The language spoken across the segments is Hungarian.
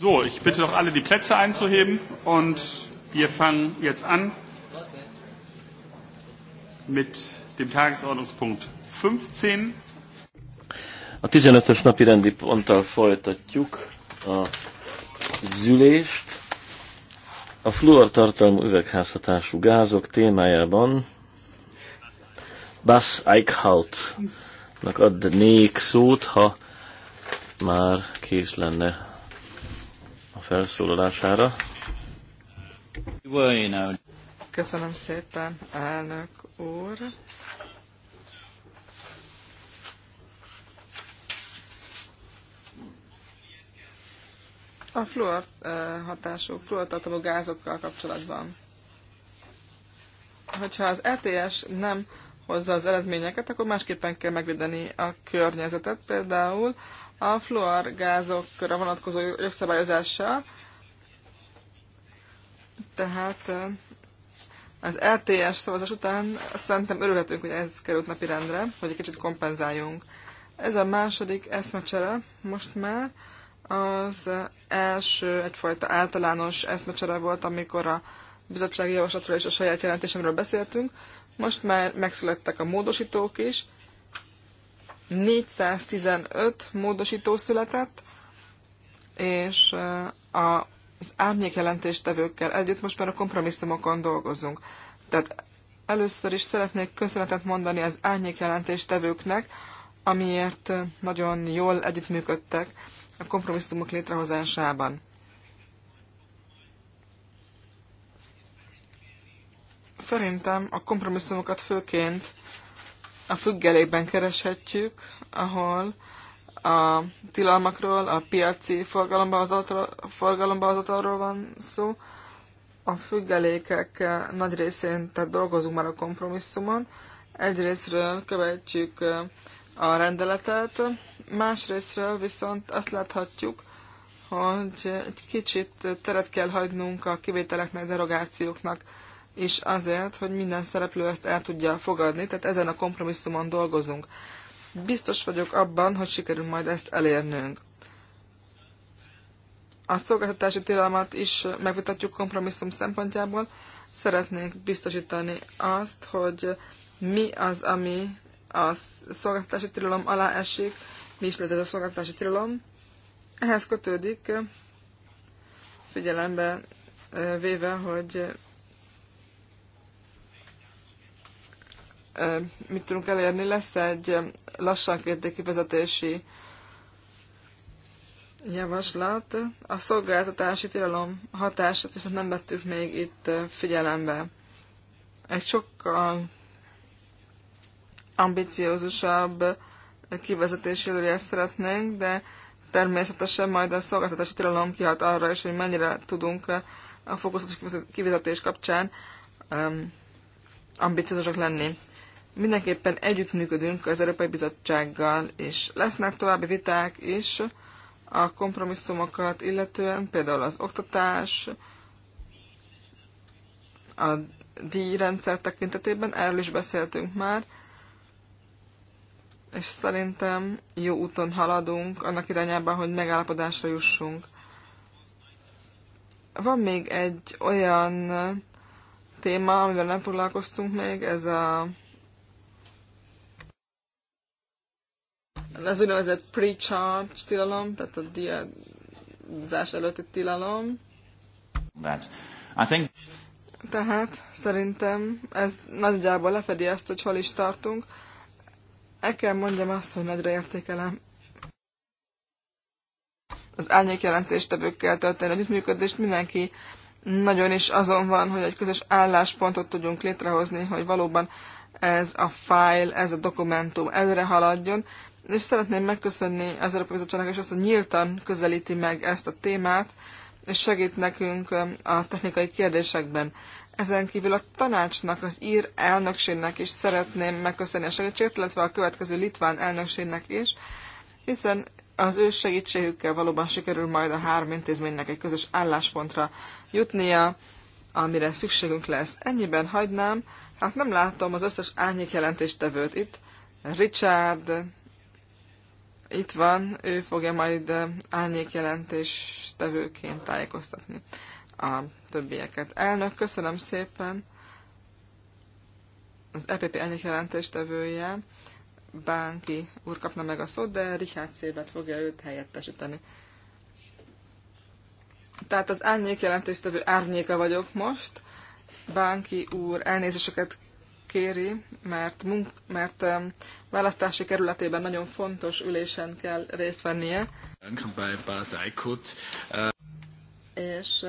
So, ich bitte doch alle, die Plätze einzuheben und wir fangen jetzt an mit dem Tagesordnungspunkt 15. A 15-ös napi rendi ponttal folytatjuk a zülést. A fluortartalmú üvegházhatású gázok témájában Bas Eichhaltnak adnék szót, ha már kész lenne felszólalására. Köszönöm szépen, elnök úr. A fluor eh, hatású, fluortartaló gázokkal kapcsolatban. Hogyha az ETS nem hozza az eredményeket, akkor másképpen kell megvédeni a környezetet. Például a fluorgázokra vonatkozó jogszabályozással, tehát az LTS szavazás után szerintem örülhetünk, hogy ez került napirendre, hogy egy kicsit kompenzáljunk. Ez a második eszmecsere most már. Az első egyfajta általános eszmecsere volt, amikor a bizottsági javaslatról és a saját jelentésemről beszéltünk. Most már megszülettek a módosítók is, 415 módosító született, és az árnyékjelentéstevőkkel együtt most már a kompromisszumokon dolgozunk. Tehát először is szeretnék köszönetet mondani az árnyékjelentéstevőknek, amiért nagyon jól együttműködtek a kompromisszumok létrehozásában. Szerintem a kompromisszumokat főként a függelékben kereshetjük, ahol a tilalmakról, a piaci forgalomba arról van szó. A függelékek nagy részén, tehát dolgozunk már a kompromisszumon. Egyrésztről követjük eh, a rendeletet, másrésztről viszont azt láthatjuk, hogy egy kicsit teret kell hagynunk a kivételeknek, derogációknak és azért, hogy minden szereplő ezt el tudja fogadni, tehát ezen a kompromisszumon dolgozunk. Biztos vagyok abban, hogy sikerül majd ezt elérnünk. A szolgáltatási tilalmat is megvitatjuk kompromisszum szempontjából. Szeretnék biztosítani azt, hogy mi az, ami a szolgáltatási tilalom alá esik, mi is lehet ez a szolgáltatási tilalom. Ehhez kötődik figyelembe véve, hogy mit tudunk elérni. Lesz egy lassan kértéki vezetési javaslat. A szolgáltatási tilalom hatását viszont nem vettük még itt figyelembe. Egy sokkal ambiciózusabb kivezetési előre szeretnénk, de természetesen majd a szolgáltatási tilalom kihat arra is, hogy mennyire tudunk a fokozatos kivezetés kapcsán um, ambiciózusak lenni mindenképpen együttműködünk az Európai Bizottsággal, és lesznek további viták is a kompromisszumokat illetően, például az oktatás, a díjrendszer tekintetében, erről is beszéltünk már, és szerintem jó úton haladunk annak irányában, hogy megállapodásra jussunk. Van még egy olyan téma, amivel nem foglalkoztunk még, ez a az úgynevezett pre-charge tilalom, tehát a diázás előtti tilalom. That. I think... Tehát szerintem ez nagyjából lefedi azt, hogy hol is tartunk. El kell mondjam azt, hogy nagyra értékelem az jelentéstevőkkel történő együttműködést. Mindenki nagyon is azon van, hogy egy közös álláspontot tudjunk létrehozni, hogy valóban ez a fájl, ez a dokumentum előre haladjon, és szeretném megköszönni az Európai Bizottságnak, és azt, hogy nyíltan közelíti meg ezt a témát, és segít nekünk um, a technikai kérdésekben. Ezen kívül a tanácsnak, az ír elnökségnek is szeretném megköszönni a segítséget, illetve a következő litván elnökségnek is, hiszen az ő segítségükkel valóban sikerül majd a három intézménynek egy közös álláspontra jutnia, amire szükségünk lesz. Ennyiben hagynám, hát nem látom az összes árnyék jelentéstevőt itt, Richard, itt van, ő fogja majd árnyékjelentés tevőként tájékoztatni a többieket. Elnök, köszönöm szépen az EPP árnyékjelentés tevője. Bánki úr kapna meg a szót, de Richard Szébet fogja őt helyettesíteni. Tehát az árnyékjelentés tevő árnyéka vagyok most. Bánki úr elnézéseket kéri, mert, munk, mert választási kerületében nagyon fontos ülésen kell részt vennie. És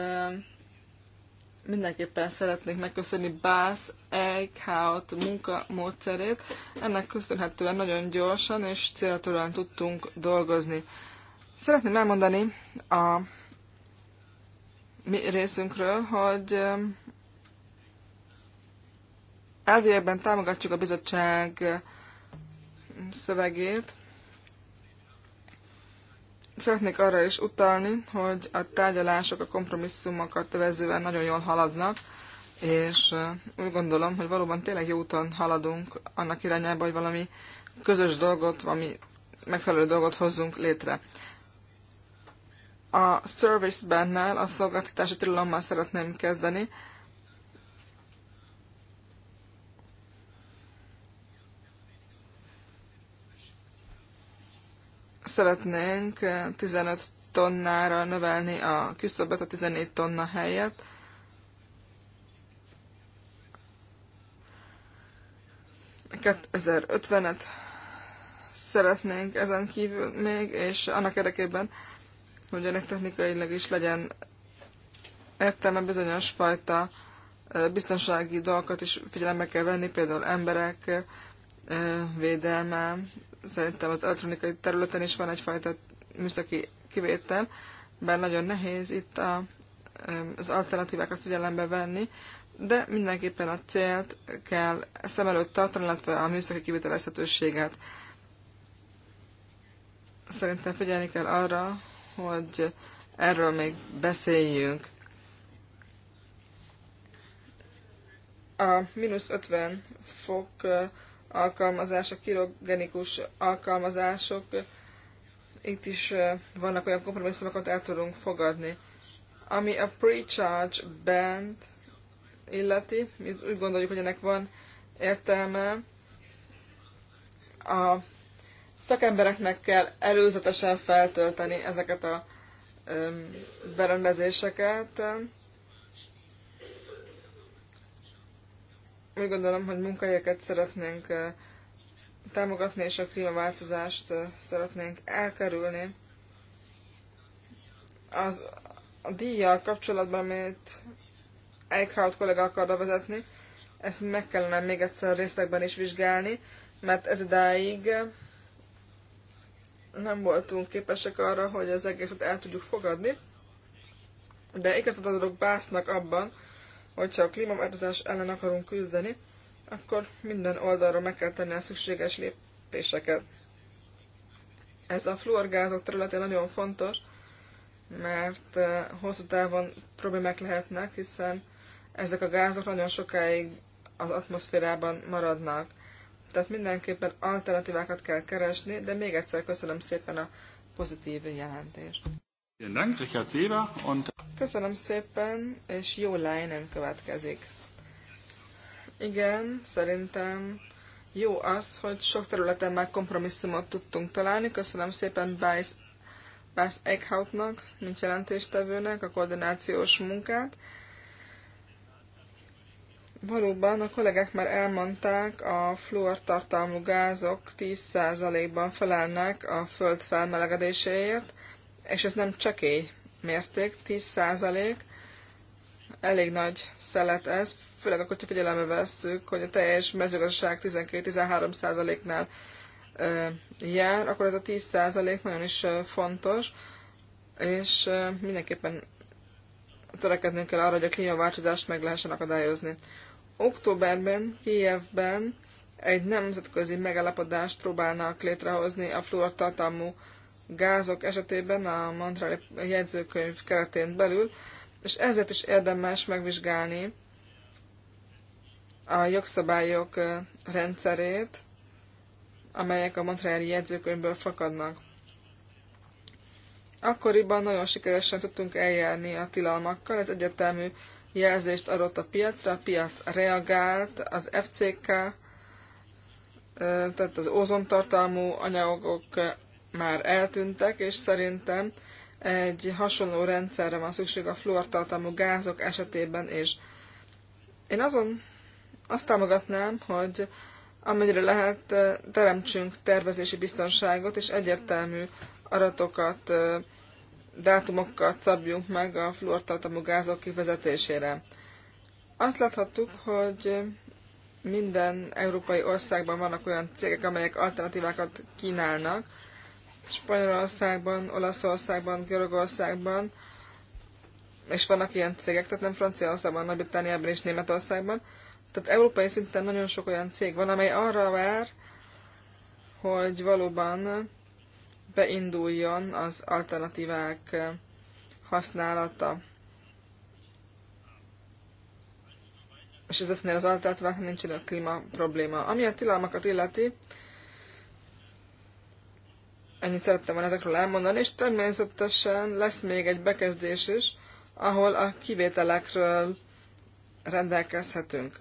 mindenképpen szeretnék megköszönni Bász Eichhout munkamódszerét. Ennek köszönhetően nagyon gyorsan és célatúrán tudtunk dolgozni. Szeretném elmondani a mi részünkről, hogy elvégben támogatjuk a bizottság szövegét. Szeretnék arra is utalni, hogy a tárgyalások a kompromisszumokat tevezően nagyon jól haladnak, és úgy gondolom, hogy valóban tényleg jó úton haladunk annak irányába, hogy valami közös dolgot, valami megfelelő dolgot hozzunk létre. A service bennel, a szolgáltatási tilalommal szeretném kezdeni. szeretnénk 15 eh, tonnára növelni a küszöbet a 14 tonna helyett. A 2050-et szeretnénk ezen kívül még, és annak érdekében, hogy ennek technikailag is legyen értelme bizonyos fajta eh, biztonsági dolgokat is figyelembe kell venni, például emberek eh, védelme, szerintem az elektronikai területen is van egyfajta műszaki kivétel, bár nagyon nehéz itt a, az alternatívákat figyelembe venni, de mindenképpen a célt kell szem előtt tartani, illetve a műszaki kivitelezhetőséget. Szerintem figyelni kell arra, hogy erről még beszéljünk. A mínusz 50 fok alkalmazások, kirogenikus alkalmazások, itt is vannak olyan kompromisszumokat el tudunk fogadni. Ami a pre-charge band illeti, mi úgy gondoljuk, hogy ennek van értelme. A szakembereknek kell előzetesen feltölteni ezeket a berendezéseket. Úgy gondolom, hogy munkahelyeket szeretnénk támogatni, és a klímaváltozást szeretnénk elkerülni. Az, a díjjal kapcsolatban, amit Eichhout kollega akar bevezetni, ezt meg kellene még egyszer részlegben is vizsgálni, mert ez idáig nem voltunk képesek arra, hogy az egészet el tudjuk fogadni, de igazad adok Básznak abban, hogyha a klímaváltozás ellen akarunk küzdeni, akkor minden oldalra meg kell tenni a szükséges lépéseket. Ez a fluorgázok területén nagyon fontos, mert eh, hosszú távon problémák lehetnek, hiszen ezek a gázok nagyon sokáig az atmoszférában maradnak. Tehát mindenképpen alternatívákat kell keresni, de még egyszer köszönöm szépen a pozitív jelentést. Köszönöm szépen, és jó nem következik. Igen, szerintem jó az, hogy sok területen már kompromisszumot tudtunk találni. Köszönöm szépen Bász, Bász Eckhoutnak, mint jelentéstevőnek a koordinációs munkát. Valóban a kollégák már elmondták, a fluortartalmú gázok 10%-ban felelnek a föld felmelegedéséért, és ez nem csekély mérték, 10% elég nagy szelet ez, főleg akkor, hogyha figyelembe vesszük, hogy a teljes mezőgazdaság 12-13%-nál jár, akkor ez a 10% nagyon is fontos, és mindenképpen törekednünk kell arra, hogy a klímaváltozást meg lehessen akadályozni. Októberben, Kijevben egy nemzetközi megállapodást próbálnak létrehozni a fluortartalmú tartalmú gázok esetében a Montreali jegyzőkönyv keretén belül, és ezért is érdemes megvizsgálni a jogszabályok rendszerét, amelyek a Montreali jegyzőkönyvből fakadnak. Akkoriban nagyon sikeresen tudtunk eljárni a tilalmakkal, ez egyetemű jelzést adott a piacra, a piac reagált, az FCK, tehát az ózontartalmú anyagok már eltűntek, és szerintem egy hasonló rendszerre van szükség a fluortartalmú gázok esetében és Én azon azt támogatnám, hogy amennyire lehet, teremtsünk tervezési biztonságot, és egyértelmű aratokat, dátumokat szabjunk meg a fluortartalmú gázok kivezetésére. Azt láthattuk, hogy minden európai országban vannak olyan cégek, amelyek alternatívákat kínálnak, Spanyolországban, Olaszországban, Görögországban, és vannak ilyen cégek, tehát nem Franciaországban, Nagy-Britániában és Németországban. Tehát európai szinten nagyon sok olyan cég van, amely arra vár, hogy valóban beinduljon az alternatívák használata. És ezeknél az alternatíváknál nincsen a klíma probléma. Ami a tilalmakat illeti, Ennyit szerettem volna ezekről elmondani, és természetesen lesz még egy bekezdés is, ahol a kivételekről rendelkezhetünk.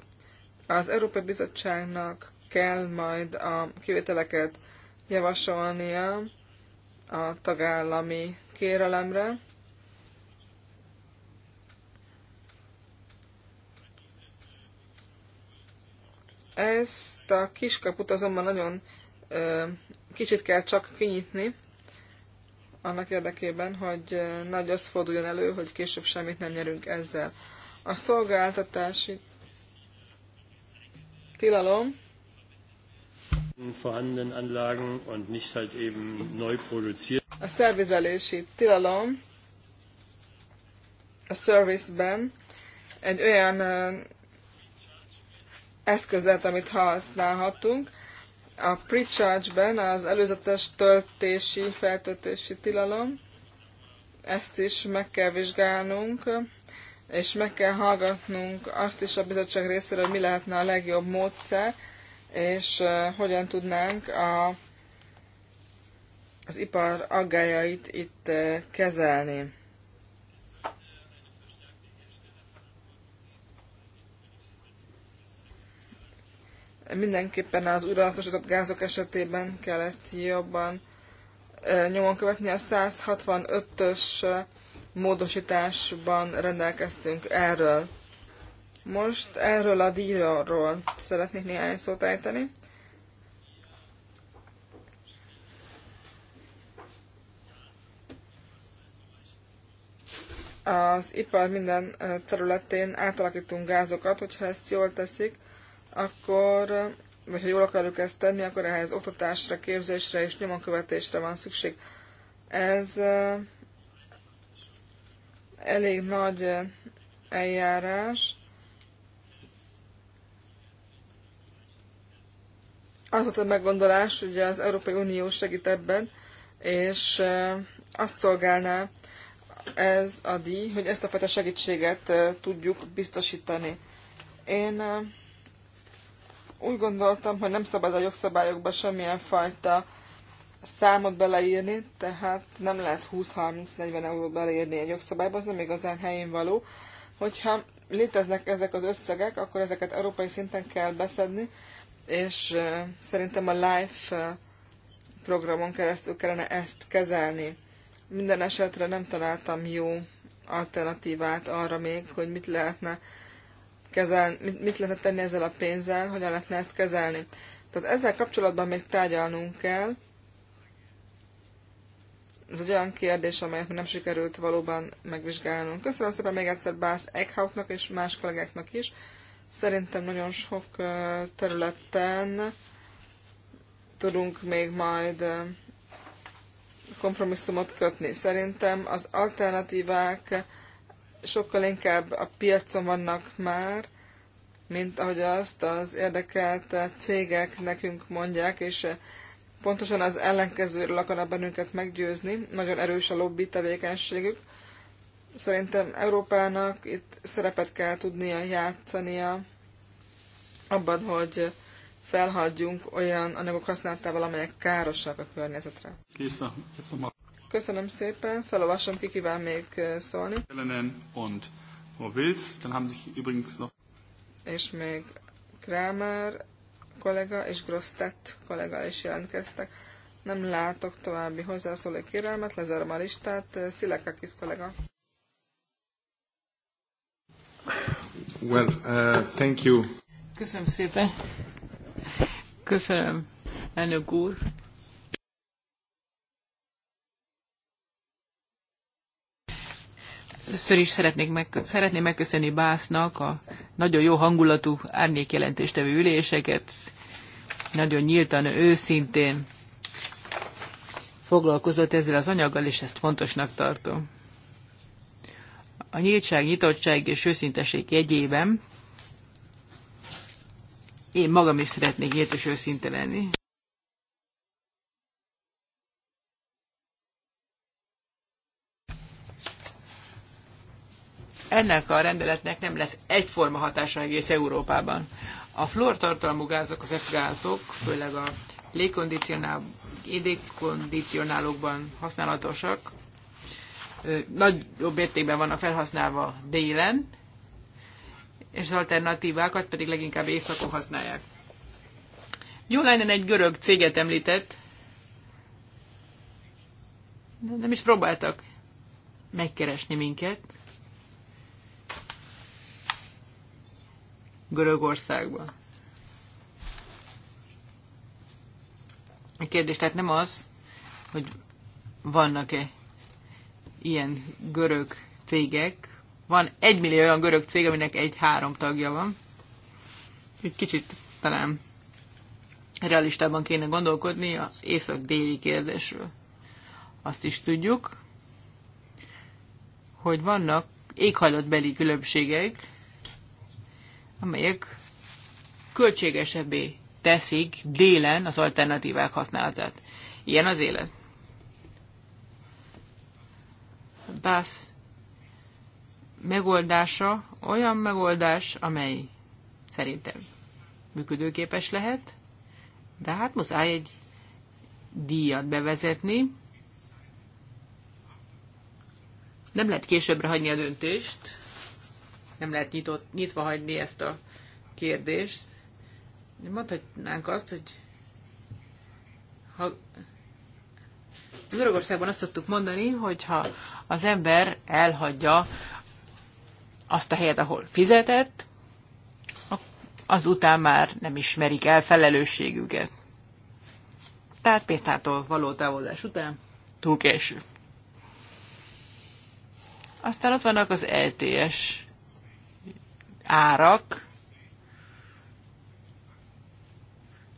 Az Európai Bizottságnak kell majd a kivételeket javasolnia a tagállami kérelemre. Ezt a kiskaput azonban nagyon ö, kicsit kell csak kinyitni, annak érdekében, hogy nagy az forduljon elő, hogy később semmit nem nyerünk ezzel. A szolgáltatási tilalom vorhandenen Anlagen und nicht halt eben neu produziert. A szervizelési tilalom a service egy olyan eszköz lehet, amit használhatunk, a pre-charge-ben az előzetes töltési, feltöltési tilalom, ezt is meg kell vizsgálnunk, és meg kell hallgatnunk azt is a bizottság részéről, hogy mi lehetne a legjobb módszer, és hogyan tudnánk a, az ipar aggájait itt kezelni. Mindenképpen az újrahasznosított gázok esetében kell ezt jobban nyomon követni. A 165-ös módosításban rendelkeztünk erről. Most erről a díjról szeretnék néhány szót ejteni. az ipar minden területén átalakítunk gázokat, hogyha ezt jól teszik, akkor, vagy ha jól akarjuk ezt tenni, akkor ehhez oktatásra, képzésre és nyomonkövetésre van szükség. Ez elég nagy eljárás. Az volt a meggondolás, hogy az Európai Unió segít ebben, és azt szolgálná ez a díj, hogy ezt a fajta segítséget tudjuk biztosítani. Én úgy gondoltam, hogy nem szabad a jogszabályokba semmilyen fajta számot beleírni, tehát nem lehet 20-30-40 eurót beleírni egy jogszabályba, az nem igazán helyén való. Hogyha léteznek ezek az összegek, akkor ezeket európai szinten kell beszedni, és szerintem a LIFE programon keresztül kellene ezt kezelni. Minden esetre nem találtam jó alternatívát arra még, hogy mit lehetne kezelni, mit, mit lehetne tenni ezzel a pénzzel, hogyan lehetne ezt kezelni. Tehát ezzel kapcsolatban még tárgyalnunk kell. Ez egy olyan kérdés, amelyet nem sikerült valóban megvizsgálnunk. Köszönöm szépen még egyszer Bász Eckhautnak és más kollégáknak is. Szerintem nagyon sok területen tudunk még majd kompromisszumot kötni. Szerintem az alternatívák sokkal inkább a piacon vannak már, mint ahogy azt az érdekelt cégek nekünk mondják, és pontosan az ellenkezőről akarnak bennünket meggyőzni. Nagyon erős a lobby tevékenységük. Szerintem Európának itt szerepet kell tudnia játszania abban, hogy felhagyjunk olyan anyagok használatával, amelyek károsak a környezetre. Köszönöm szépen, felolvasom ki, kíván még szólni. Und Wills, dann haben sich übrigens noch... És még Kramer kollega és Grosztett kollega is jelentkeztek. Nem látok további hozzászóló kérelmet, lezárom a listát. Szilekakis kollega. Well, uh, thank you. Köszönöm szépen. Köszönöm, elnök úr. Először is szeretnék meg, szeretném megköszönni Básznak a nagyon jó hangulatú árnyékjelentéstevő üléseket, nagyon nyíltan, őszintén foglalkozott ezzel az anyaggal, és ezt fontosnak tartom. A nyíltság, nyitottság és őszinteség jegyében én magam is szeretnék nyílt és őszinte lenni. ennek a rendeletnek nem lesz egyforma hatása egész Európában. A tartalmú gázok, az F-gázok, főleg a légkondicionálókban használatosak, nagyobb értékben vannak felhasználva délen, és az alternatívákat pedig leginkább éjszakon használják. Gyulainen egy görög céget említett, de nem is próbáltak megkeresni minket. Görögországban. A kérdés tehát nem az, hogy vannak-e ilyen görög cégek. Van egy millió olyan görög cég, aminek egy-három tagja van. Egy kicsit talán realistában kéne gondolkodni az észak-déli kérdésről. Azt is tudjuk, hogy vannak éghajlatbeli különbségek, amelyek költségesebbé teszik délen az alternatívák használatát. Ilyen az élet. Bász megoldása olyan megoldás, amely szerintem működőképes lehet, de hát muszáj egy díjat bevezetni. Nem lehet későbbre hagyni a döntést, nem lehet nyitott, nyitva hagyni ezt a kérdést. Mondhatnánk azt, hogy ha Görögországban azt szoktuk mondani, hogy ha az ember elhagyja azt a helyet, ahol fizetett, azután már nem ismerik el felelősségüket. Tehát pénztártól való távolás után túl késő. Aztán ott vannak az LTS e árak.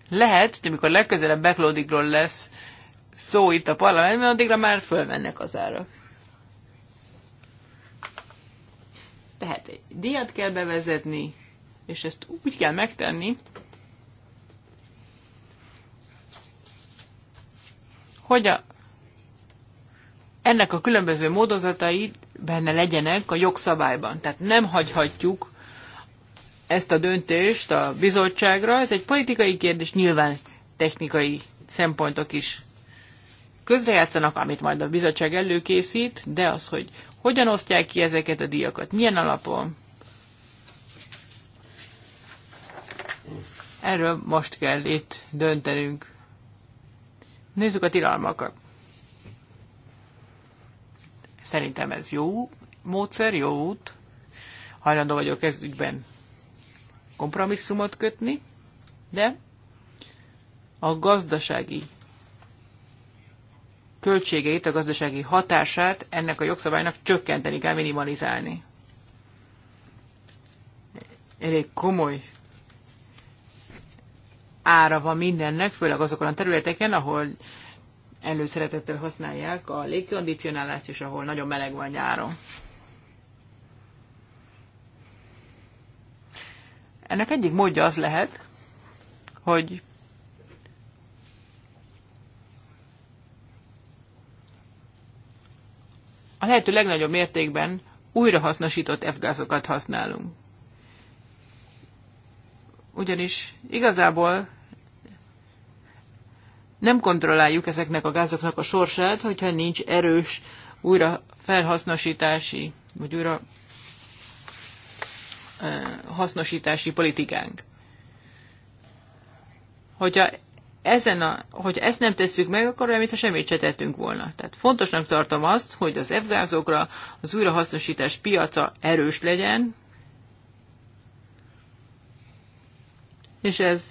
Lehet, hogy amikor legközelebb backloadingról lesz szó itt a parlamentben, addigra már fölmennek az árak. Tehát egy díjat kell bevezetni, és ezt úgy kell megtenni, hogy a, ennek a különböző módozatai benne legyenek a jogszabályban. Tehát nem hagyhatjuk ezt a döntést a bizottságra. Ez egy politikai kérdés, nyilván technikai szempontok is közrejátszanak, amit majd a bizottság előkészít, de az, hogy hogyan osztják ki ezeket a díjakat, milyen alapon, erről most kell itt döntenünk. Nézzük a tilalmakat. Szerintem ez jó módszer, jó út. Hajlandó vagyok ez ügyben kompromisszumot kötni, de a gazdasági költségeit, a gazdasági hatását ennek a jogszabálynak csökkenteni kell, minimalizálni. Elég komoly ára van mindennek, főleg azokon a területeken, ahol előszeretettel használják a légkondicionálást, és ahol nagyon meleg van nyáron. Ennek egyik módja az lehet, hogy a lehető legnagyobb mértékben újrahasznosított F-gázokat használunk. Ugyanis igazából nem kontrolláljuk ezeknek a gázoknak a sorsát, hogyha nincs erős újra felhasznosítási, vagy újra hasznosítási politikánk. Hogyha ezen a, hogy ezt nem tesszük meg, akkor olyan, mintha semmit se tettünk volna. Tehát fontosnak tartom azt, hogy az F-gázokra az újrahasznosítás piaca erős legyen, és ez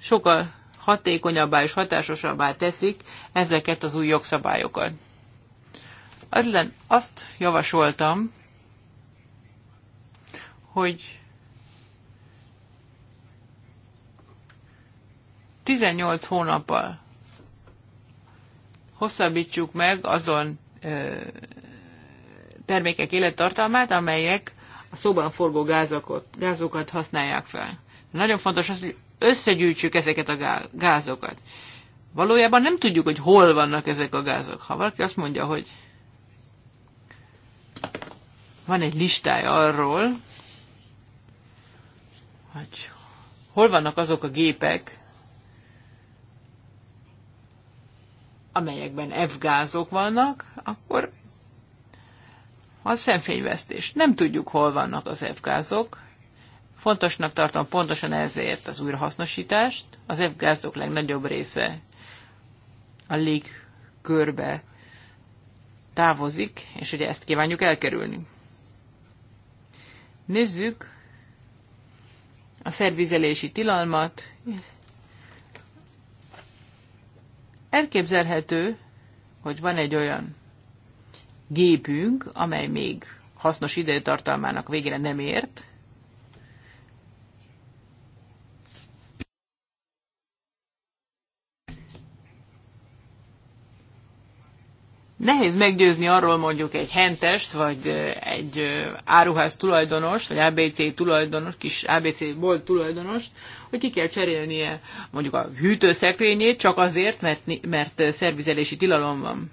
sokkal hatékonyabbá és hatásosabbá teszik ezeket az új jogszabályokat. azt javasoltam, hogy 18 hónappal hosszabbítsuk meg azon ö, termékek élettartalmát, amelyek a szóban forgó gázokat, gázokat használják fel. Nagyon fontos az, hogy összegyűjtsük ezeket a gázokat. Valójában nem tudjuk, hogy hol vannak ezek a gázok. Ha valaki azt mondja, hogy van egy listája arról, hogy hol vannak azok a gépek, amelyekben F-gázok vannak, akkor az szemfényvesztés. Nem tudjuk, hol vannak az F-gázok. Fontosnak tartom pontosan ezért az újrahasznosítást. Az F-gázok legnagyobb része a légkörbe távozik, és ugye ezt kívánjuk elkerülni. Nézzük a szervizelési tilalmat. Elképzelhető, hogy van egy olyan gépünk, amely még hasznos időtartalmának végére nem ért, Nehéz meggyőzni arról mondjuk egy hentest, vagy egy áruház tulajdonos, vagy ABC tulajdonos, kis ABC bolt tulajdonos, hogy ki kell cserélnie mondjuk a hűtőszekrényét csak azért, mert, mert szervizelési tilalom van.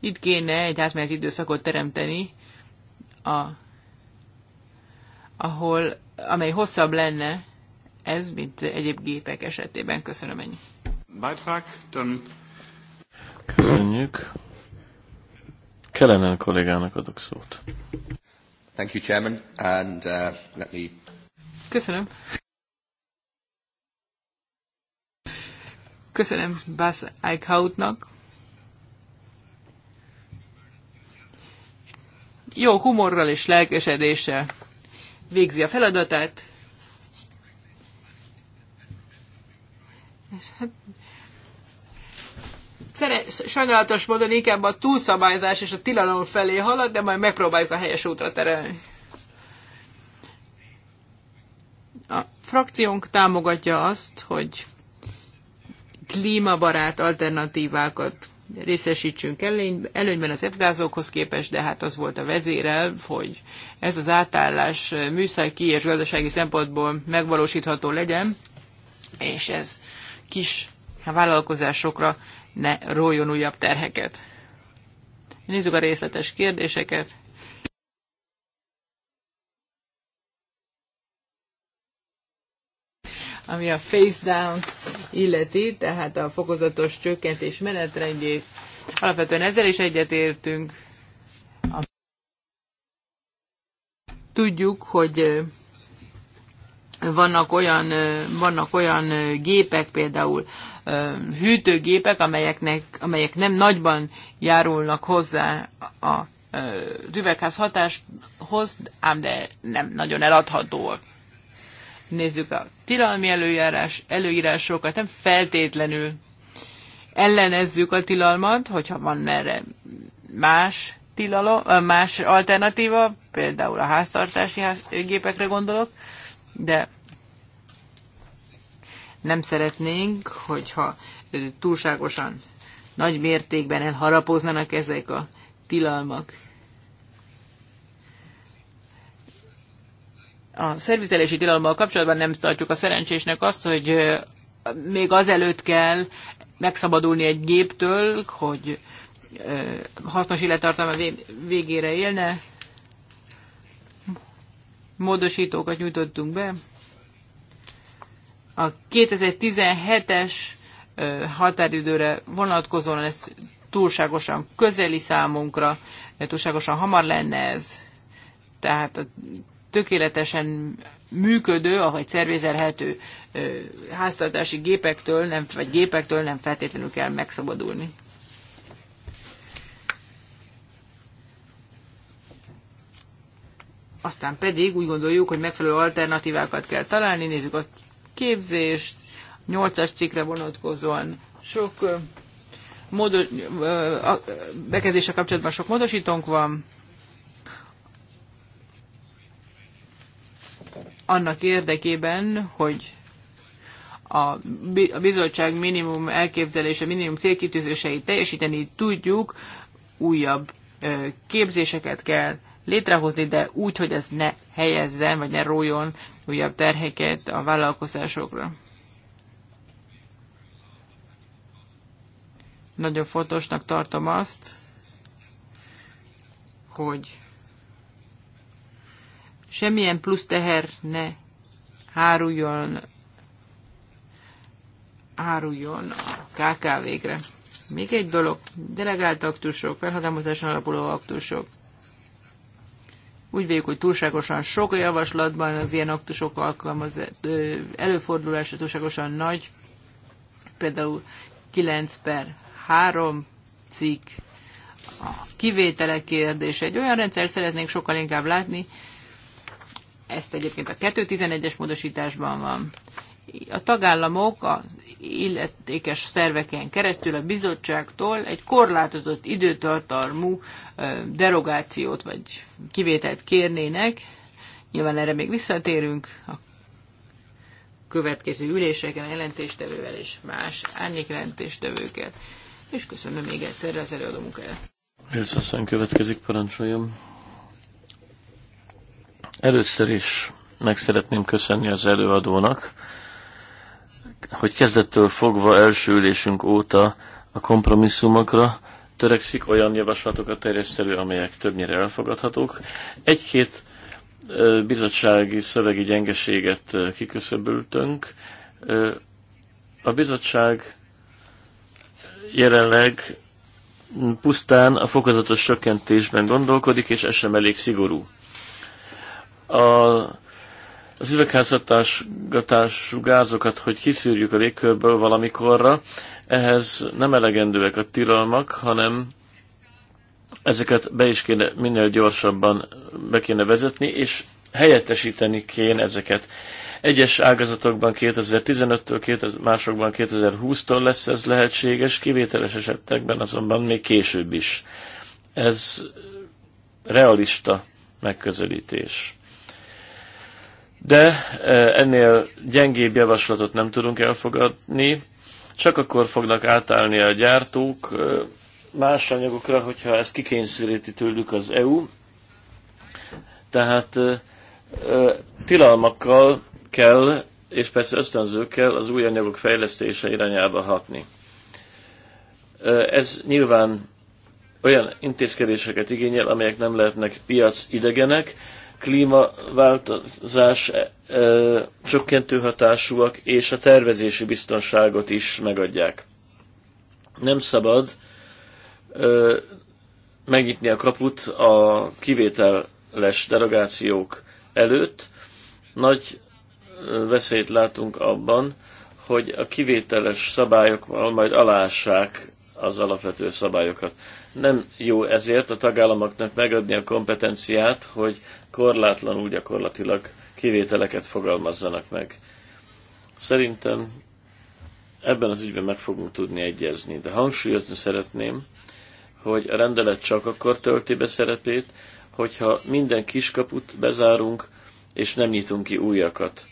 Itt kéne egy átmenet időszakot teremteni, a, ahol, amely hosszabb lenne, ez, mint egyéb gépek esetében. Köszönöm ennyi. Beitrag. Dann... Köszönjük. Kellenen kollégának adok szót. Thank you, Chairman, and uh, let me... Köszönöm. Köszönöm Bas Eichhautnak. Jó humorral és lelkesedéssel végzi a feladatát. És hát sajnálatos módon inkább a túlszabályzás és a tilalom felé halad, de majd megpróbáljuk a helyes útra terelni. A frakciónk támogatja azt, hogy klímabarát alternatívákat részesítsünk előnyben az f képest, de hát az volt a vezérel, hogy ez az átállás műszaki és gazdasági szempontból megvalósítható legyen, és ez kis vállalkozásokra ne rójon újabb terheket. Nézzük a részletes kérdéseket. Ami a face down illeti, tehát a fokozatos csökkentés menetrendjét. Alapvetően ezzel is egyetértünk. Tudjuk, hogy vannak olyan, vannak olyan gépek, például hűtőgépek, amelyeknek, amelyek nem nagyban járulnak hozzá a üvegház hatáshoz, ám de nem nagyon eladhatóak. Nézzük a tilalmi előjárás, előírásokat, nem feltétlenül ellenezzük a tilalmat, hogyha van erre más, tilalo, más alternatíva, például a háztartási gépekre gondolok, de nem szeretnénk, hogyha túlságosan nagy mértékben elharapoznának ezek a tilalmak. A szervizelési tilalommal kapcsolatban nem tartjuk a szerencsésnek azt, hogy még azelőtt kell megszabadulni egy géptől, hogy hasznos élettartalma végére élne módosítókat nyújtottunk be. A 2017-es határidőre vonatkozóan ez túlságosan közeli számunkra, túlságosan hamar lenne ez. Tehát a tökéletesen működő, ahogy szervezelhető háztartási gépektől, nem, vagy gépektől nem feltétlenül kell megszabadulni. aztán pedig úgy gondoljuk, hogy megfelelő alternatívákat kell találni, nézzük a képzést, 8-as cikkre vonatkozóan sok módos, bekezdése kapcsolatban sok módosítónk van, annak érdekében, hogy a bizottság minimum elképzelése, minimum célkitűzéseit teljesíteni tudjuk, újabb képzéseket kell létrehozni, de úgy, hogy ez ne helyezzen, vagy ne rójon újabb terheket a vállalkozásokra. Nagyon fontosnak tartom azt, hogy semmilyen plusz teher ne háruljon, háruljon a KKV-kre. Még egy dolog, delegált aktusok, felhatalmazáson alapuló aktusok. Úgy véljük, hogy túlságosan sok a javaslatban az ilyen aktusok alkalmaz, előfordulása túlságosan nagy, például 9 per 3 cikk, a kivételek kérdése. Egy olyan rendszer szeretnénk sokkal inkább látni, ezt egyébként a 2.11-es módosításban van a tagállamok az illetékes szerveken keresztül a bizottságtól egy korlátozott időtartalmú derogációt vagy kivételt kérnének. Nyilván erre még visszatérünk a következő üléseken a jelentéstevővel és más árnyék jelentéstevőkkel. És köszönöm még egyszer az előadó munkáját. Aztán következik, parancsoljam. Először is meg szeretném köszönni az előadónak, hogy kezdettől fogva első ülésünk óta a kompromisszumokra törekszik, olyan javaslatokat terjesztelő amelyek többnyire elfogadhatók. Egy-két bizottsági szövegi gyengeséget kiköszöbültünk. A bizottság jelenleg pusztán a fokozatos csökkentésben gondolkodik, és ez sem elég szigorú. A az üvegházhatás gázokat, hogy kiszűrjük a légkörből valamikorra, ehhez nem elegendőek a tilalmak, hanem ezeket be is kéne minél gyorsabban be kéne vezetni, és helyettesíteni kéne ezeket. Egyes ágazatokban 2015-től, másokban 2020-tól lesz ez lehetséges, kivételes esetekben azonban még később is. Ez realista megközelítés de eh, ennél gyengébb javaslatot nem tudunk elfogadni. Csak akkor fognak átállni a gyártók eh, más anyagokra, hogyha ezt kikényszeríti tőlük az EU. Tehát eh, tilalmakkal kell, és persze ösztönzőkkel az új anyagok fejlesztése irányába hatni. Ez nyilván olyan intézkedéseket igényel, amelyek nem lehetnek piac idegenek, klímaváltozás ö, e, e, csökkentő hatásúak és a tervezési biztonságot is megadják. Nem szabad ö, e, megnyitni a kaput a kivételes derogációk előtt. Nagy veszélyt látunk abban, hogy a kivételes szabályok majd alássák az alapvető szabályokat. Nem jó ezért a tagállamoknak megadni a kompetenciát, hogy korlátlanul gyakorlatilag kivételeket fogalmazzanak meg. Szerintem ebben az ügyben meg fogunk tudni egyezni, de hangsúlyozni szeretném, hogy a rendelet csak akkor tölti be szerepét, hogyha minden kiskaput bezárunk, és nem nyitunk ki újakat.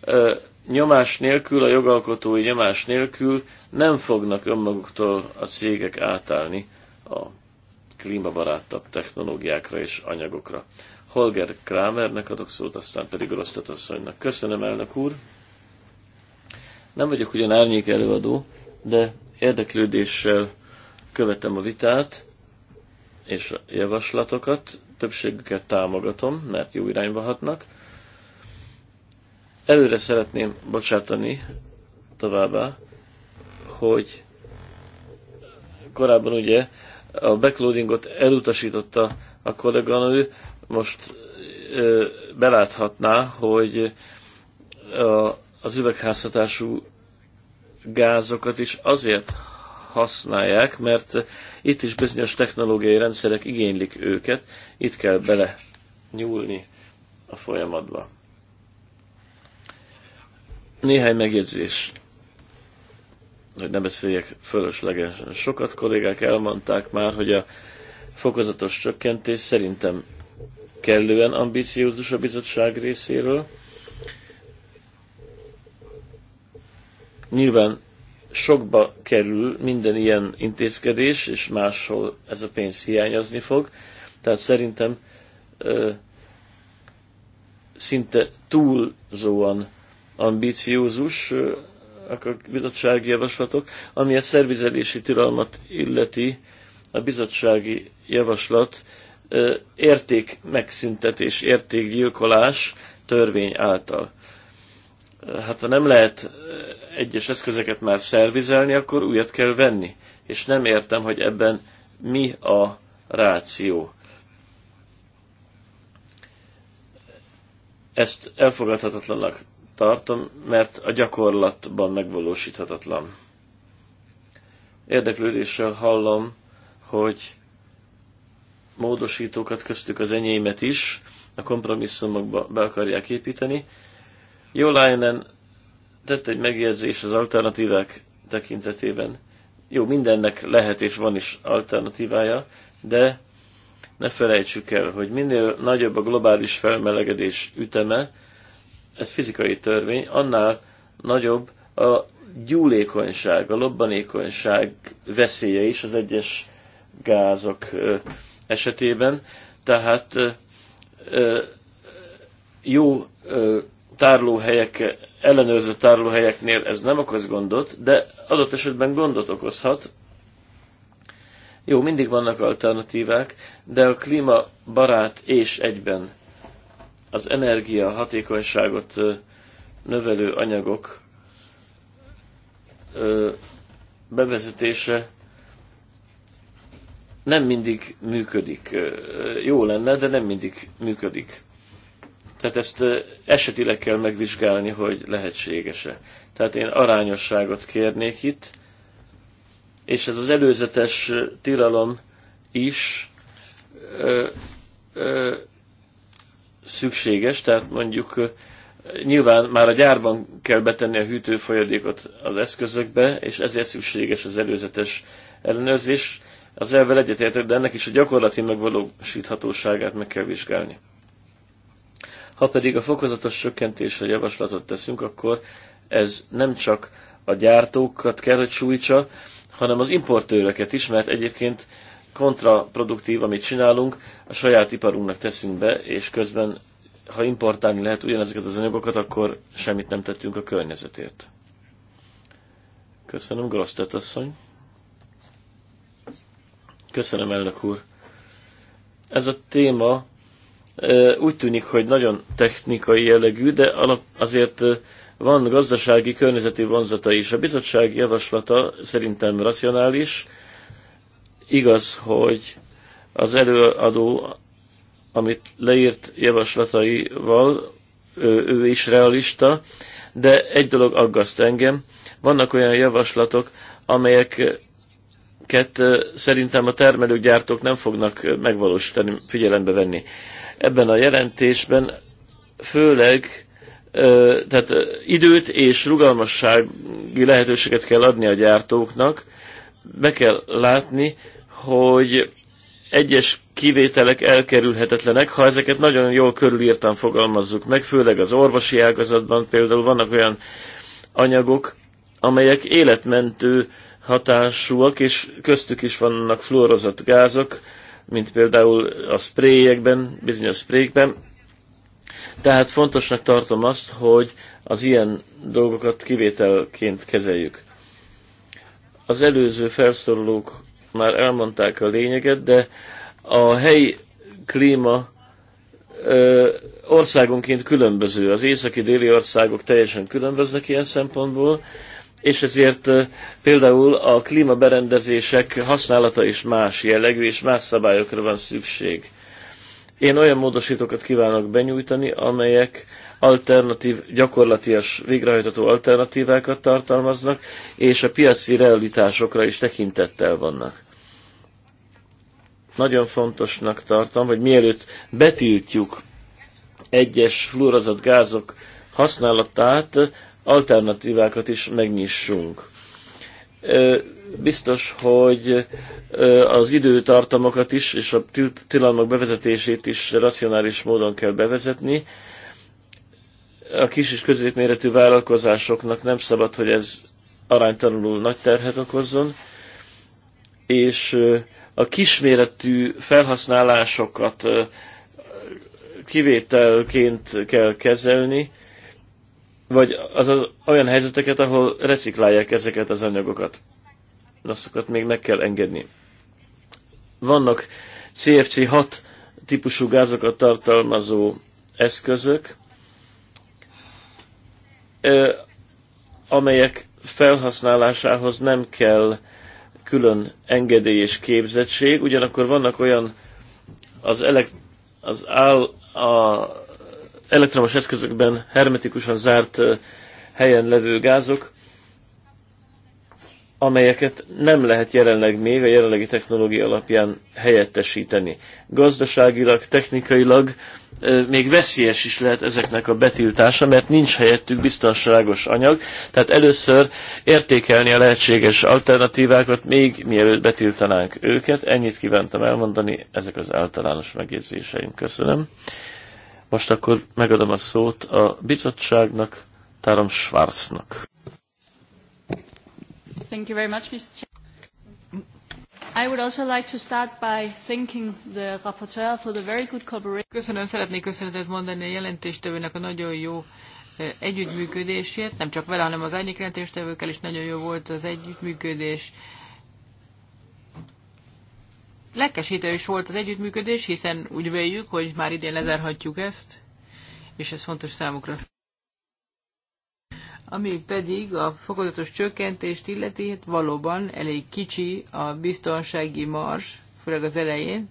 Ö, nyomás nélkül, a jogalkotói nyomás nélkül nem fognak önmaguktól a cégek átállni a klímabarátabb technológiákra és anyagokra. Holger Kramernek adok szót, aztán pedig Rostat asszonynak. Köszönöm, elnök úr! Nem vagyok ugyan árnyék előadó, de érdeklődéssel követem a vitát és a javaslatokat, többségüket támogatom, mert jó irányba hatnak. Előre szeretném bocsátani továbbá, hogy korábban ugye a backloadingot elutasította a kolléganő, most ö, beláthatná, hogy a, az üvegházhatású gázokat is azért használják, mert itt is bizonyos technológiai rendszerek igénylik őket, itt kell bele nyúlni a folyamatba. Néhány megjegyzés hogy nem beszéljek fölöslegesen sokat, kollégák elmondták már, hogy a fokozatos csökkentés szerintem kellően ambiciózus a bizottság részéről. Nyilván sokba kerül minden ilyen intézkedés, és máshol ez a pénz hiányozni fog. Tehát szerintem ö, szinte túlzóan ambiciózus a bizottsági javaslatok. Ami a szervizelési tilalmat illeti, a bizottsági javaslat érték megszüntetés, értékgyilkolás törvény által. Hát ha nem lehet egyes eszközeket már szervizelni, akkor újat kell venni. És nem értem, hogy ebben mi a ráció. Ezt elfogadhatatlanak tartom, mert a gyakorlatban megvalósíthatatlan. Érdeklődéssel hallom, hogy módosítókat, köztük az enyémet is, a kompromisszumokba be akarják építeni. Jó Lájnen tett egy megjegyzés az alternatívák tekintetében. Jó, mindennek lehet és van is alternatívája, de ne felejtsük el, hogy minél nagyobb a globális felmelegedés üteme, ez fizikai törvény, annál nagyobb a gyúlékonyság, a lobbanékonyság veszélye is az egyes gázok esetében. Tehát jó tárlóhelyek, ellenőrző tárlóhelyeknél ez nem okoz gondot, de adott esetben gondot okozhat. Jó, mindig vannak alternatívák, de a barát és egyben az energia hatékonyságot növelő anyagok bevezetése nem mindig működik. Jó lenne, de nem mindig működik. Tehát ezt esetileg kell megvizsgálni, hogy lehetséges-e. Tehát én arányosságot kérnék itt, és ez az előzetes tilalom is ö, ö, szükséges, tehát mondjuk nyilván már a gyárban kell betenni a hűtőfolyadékot az eszközökbe, és ezért szükséges az előzetes ellenőrzés. Az elvel egyetértek, de ennek is a gyakorlati megvalósíthatóságát meg kell vizsgálni. Ha pedig a fokozatos csökkentésre javaslatot teszünk, akkor ez nem csak a gyártókat kell, hogy sújtsa, hanem az importőröket is, mert egyébként kontraproduktív, amit csinálunk, a saját iparunknak teszünk be, és közben, ha importálni lehet ugyanezeket az anyagokat, akkor semmit nem tettünk a környezetért. Köszönöm, Grosztet asszony. Köszönöm, elnök úr. Ez a téma úgy tűnik, hogy nagyon technikai jellegű, de azért van gazdasági, környezeti vonzata is. A bizottság javaslata szerintem racionális, Igaz, hogy az előadó, amit leírt javaslataival, ő, ő is realista, de egy dolog aggaszt engem. Vannak olyan javaslatok, amelyeket szerintem a termelők, gyártók nem fognak megvalósítani, figyelembe venni. Ebben a jelentésben főleg tehát időt és rugalmassági lehetőséget kell adni a gyártóknak, be kell látni, hogy egyes kivételek elkerülhetetlenek, ha ezeket nagyon jól körülírtan fogalmazzuk meg, főleg az orvosi ágazatban például vannak olyan anyagok, amelyek életmentő hatásúak, és köztük is vannak fluorozott gázok, mint például a spréjekben, bizonyos sprékben. Tehát fontosnak tartom azt, hogy az ilyen dolgokat kivételként kezeljük. Az előző felszorulók már elmondták a lényeget, de a helyi klíma ö, országonként különböző. Az északi-déli országok teljesen különböznek ilyen szempontból, és ezért ö, például a klímaberendezések használata is más jellegű, és más szabályokra van szükség. Én olyan módosítókat kívánok benyújtani, amelyek alternatív, gyakorlatias végrehajtató alternatívákat tartalmaznak, és a piaci realitásokra is tekintettel vannak. Nagyon fontosnak tartom, hogy mielőtt betiltjuk egyes fluorozott gázok használatát, alternatívákat is megnyissunk. Biztos, hogy az időtartamokat is, és a tilalmak bevezetését is racionális módon kell bevezetni, a kis és középméretű vállalkozásoknak nem szabad, hogy ez aránytalanul nagy terhet okozzon, és a kisméretű felhasználásokat kivételként kell kezelni, vagy az, az olyan helyzeteket, ahol reciklálják ezeket az anyagokat. Azokat még meg kell engedni. Vannak CFC 6 típusú gázokat tartalmazó eszközök, amelyek felhasználásához nem kell külön engedély és képzettség, ugyanakkor vannak olyan az, elek, az áll, a elektromos eszközökben hermetikusan zárt helyen levő gázok, amelyeket nem lehet jelenleg még a jelenlegi technológia alapján helyettesíteni. Gazdaságilag, technikailag még veszélyes is lehet ezeknek a betiltása, mert nincs helyettük biztonságos anyag, tehát először értékelni a lehetséges alternatívákat, még mielőtt betiltanánk őket. Ennyit kívántam elmondani, ezek az általános megjegyzéseim. Köszönöm. Most akkor megadom a szót a bizottságnak, Tárom Schwarznak. Thank you very much, Mr. Chair. I would also like to start by thanking the rapporteur for the very good cooperation. Köszönöm, szeretnék köszönetet mondani a jelentéstevőnek a nagyon jó együttműködését, nem csak vele, hanem az egyik jelentéstevőkkel is nagyon jó volt az együttműködés. Lekesítő is volt az együttműködés, hiszen úgy véljük, hogy már idén lezárhatjuk ezt, és ez fontos számukra. Ami pedig a fokozatos csökkentést illeti, hát valóban elég kicsi a biztonsági mars, főleg az elején,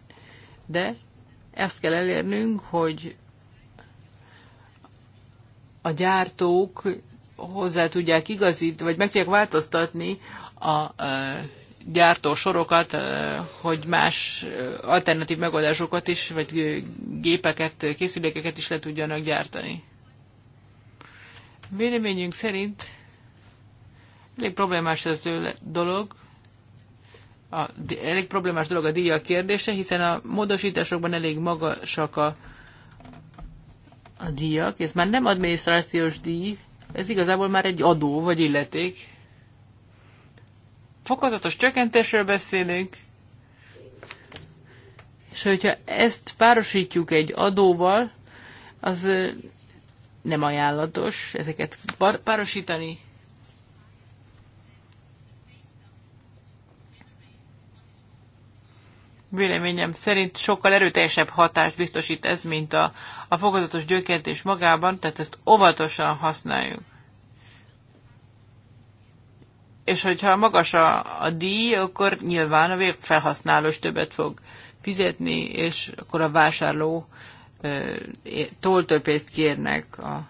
de ezt kell elérnünk, hogy a gyártók hozzá tudják igazít, vagy meg tudják változtatni a gyártó sorokat, hogy más alternatív megoldásokat is, vagy gépeket, készülékeket is le tudjanak gyártani. Véleményünk szerint elég problémás ez a dolog, a, elég problémás dolog a díjak kérdése, hiszen a módosításokban elég magasak a, a díjak. Ez már nem adminisztrációs díj, ez igazából már egy adó vagy illeték. Fokozatos csökkentésről beszélünk, és hogyha ezt párosítjuk egy adóval, az nem ajánlatos ezeket párosítani. Véleményem szerint sokkal erőteljesebb hatást biztosít ez, mint a, a fokozatos gyökentés magában, tehát ezt óvatosan használjuk. És hogyha magas a, a díj, akkor nyilván a végfelhasználós többet fog fizetni, és akkor a vásárló tól több pénzt kérnek a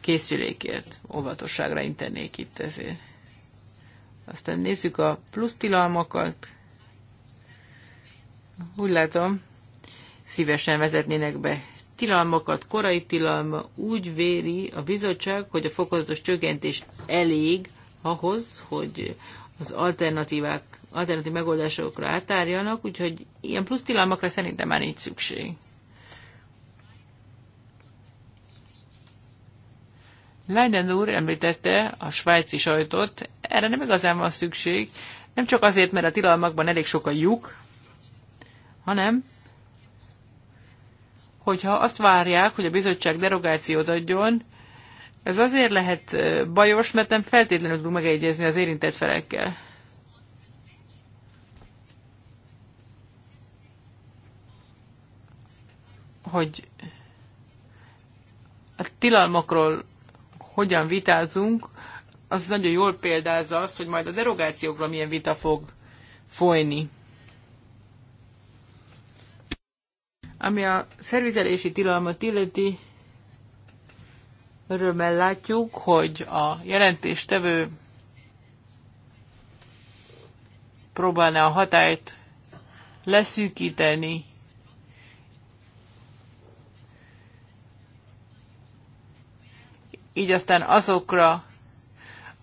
készülékért. Óvatosságra internék itt ezért. Aztán nézzük a plusz tilalmakat. Úgy látom, szívesen vezetnének be tilalmakat, korai tilalma úgy véri a bizottság, hogy a fokozatos csökkentés elég ahhoz, hogy az alternatívák, alternatív megoldásokra átárjanak, úgyhogy ilyen plusz tilalmakra szerintem már nincs szükség. Leiden úr említette a svájci sajtot, erre nem igazán van szükség, nem csak azért, mert a tilalmakban elég sok a lyuk, hanem hogyha azt várják, hogy a bizottság derogációt adjon, ez azért lehet bajos, mert nem feltétlenül tudunk megegyezni az érintett felekkel. Hogy a tilalmakról hogyan vitázunk, az nagyon jól példázza azt, hogy majd a derogációkról milyen vita fog folyni. Ami a szervizelési tilalmat illeti, örömmel látjuk, hogy a jelentéstevő próbálná a hatályt leszűkíteni így aztán azokra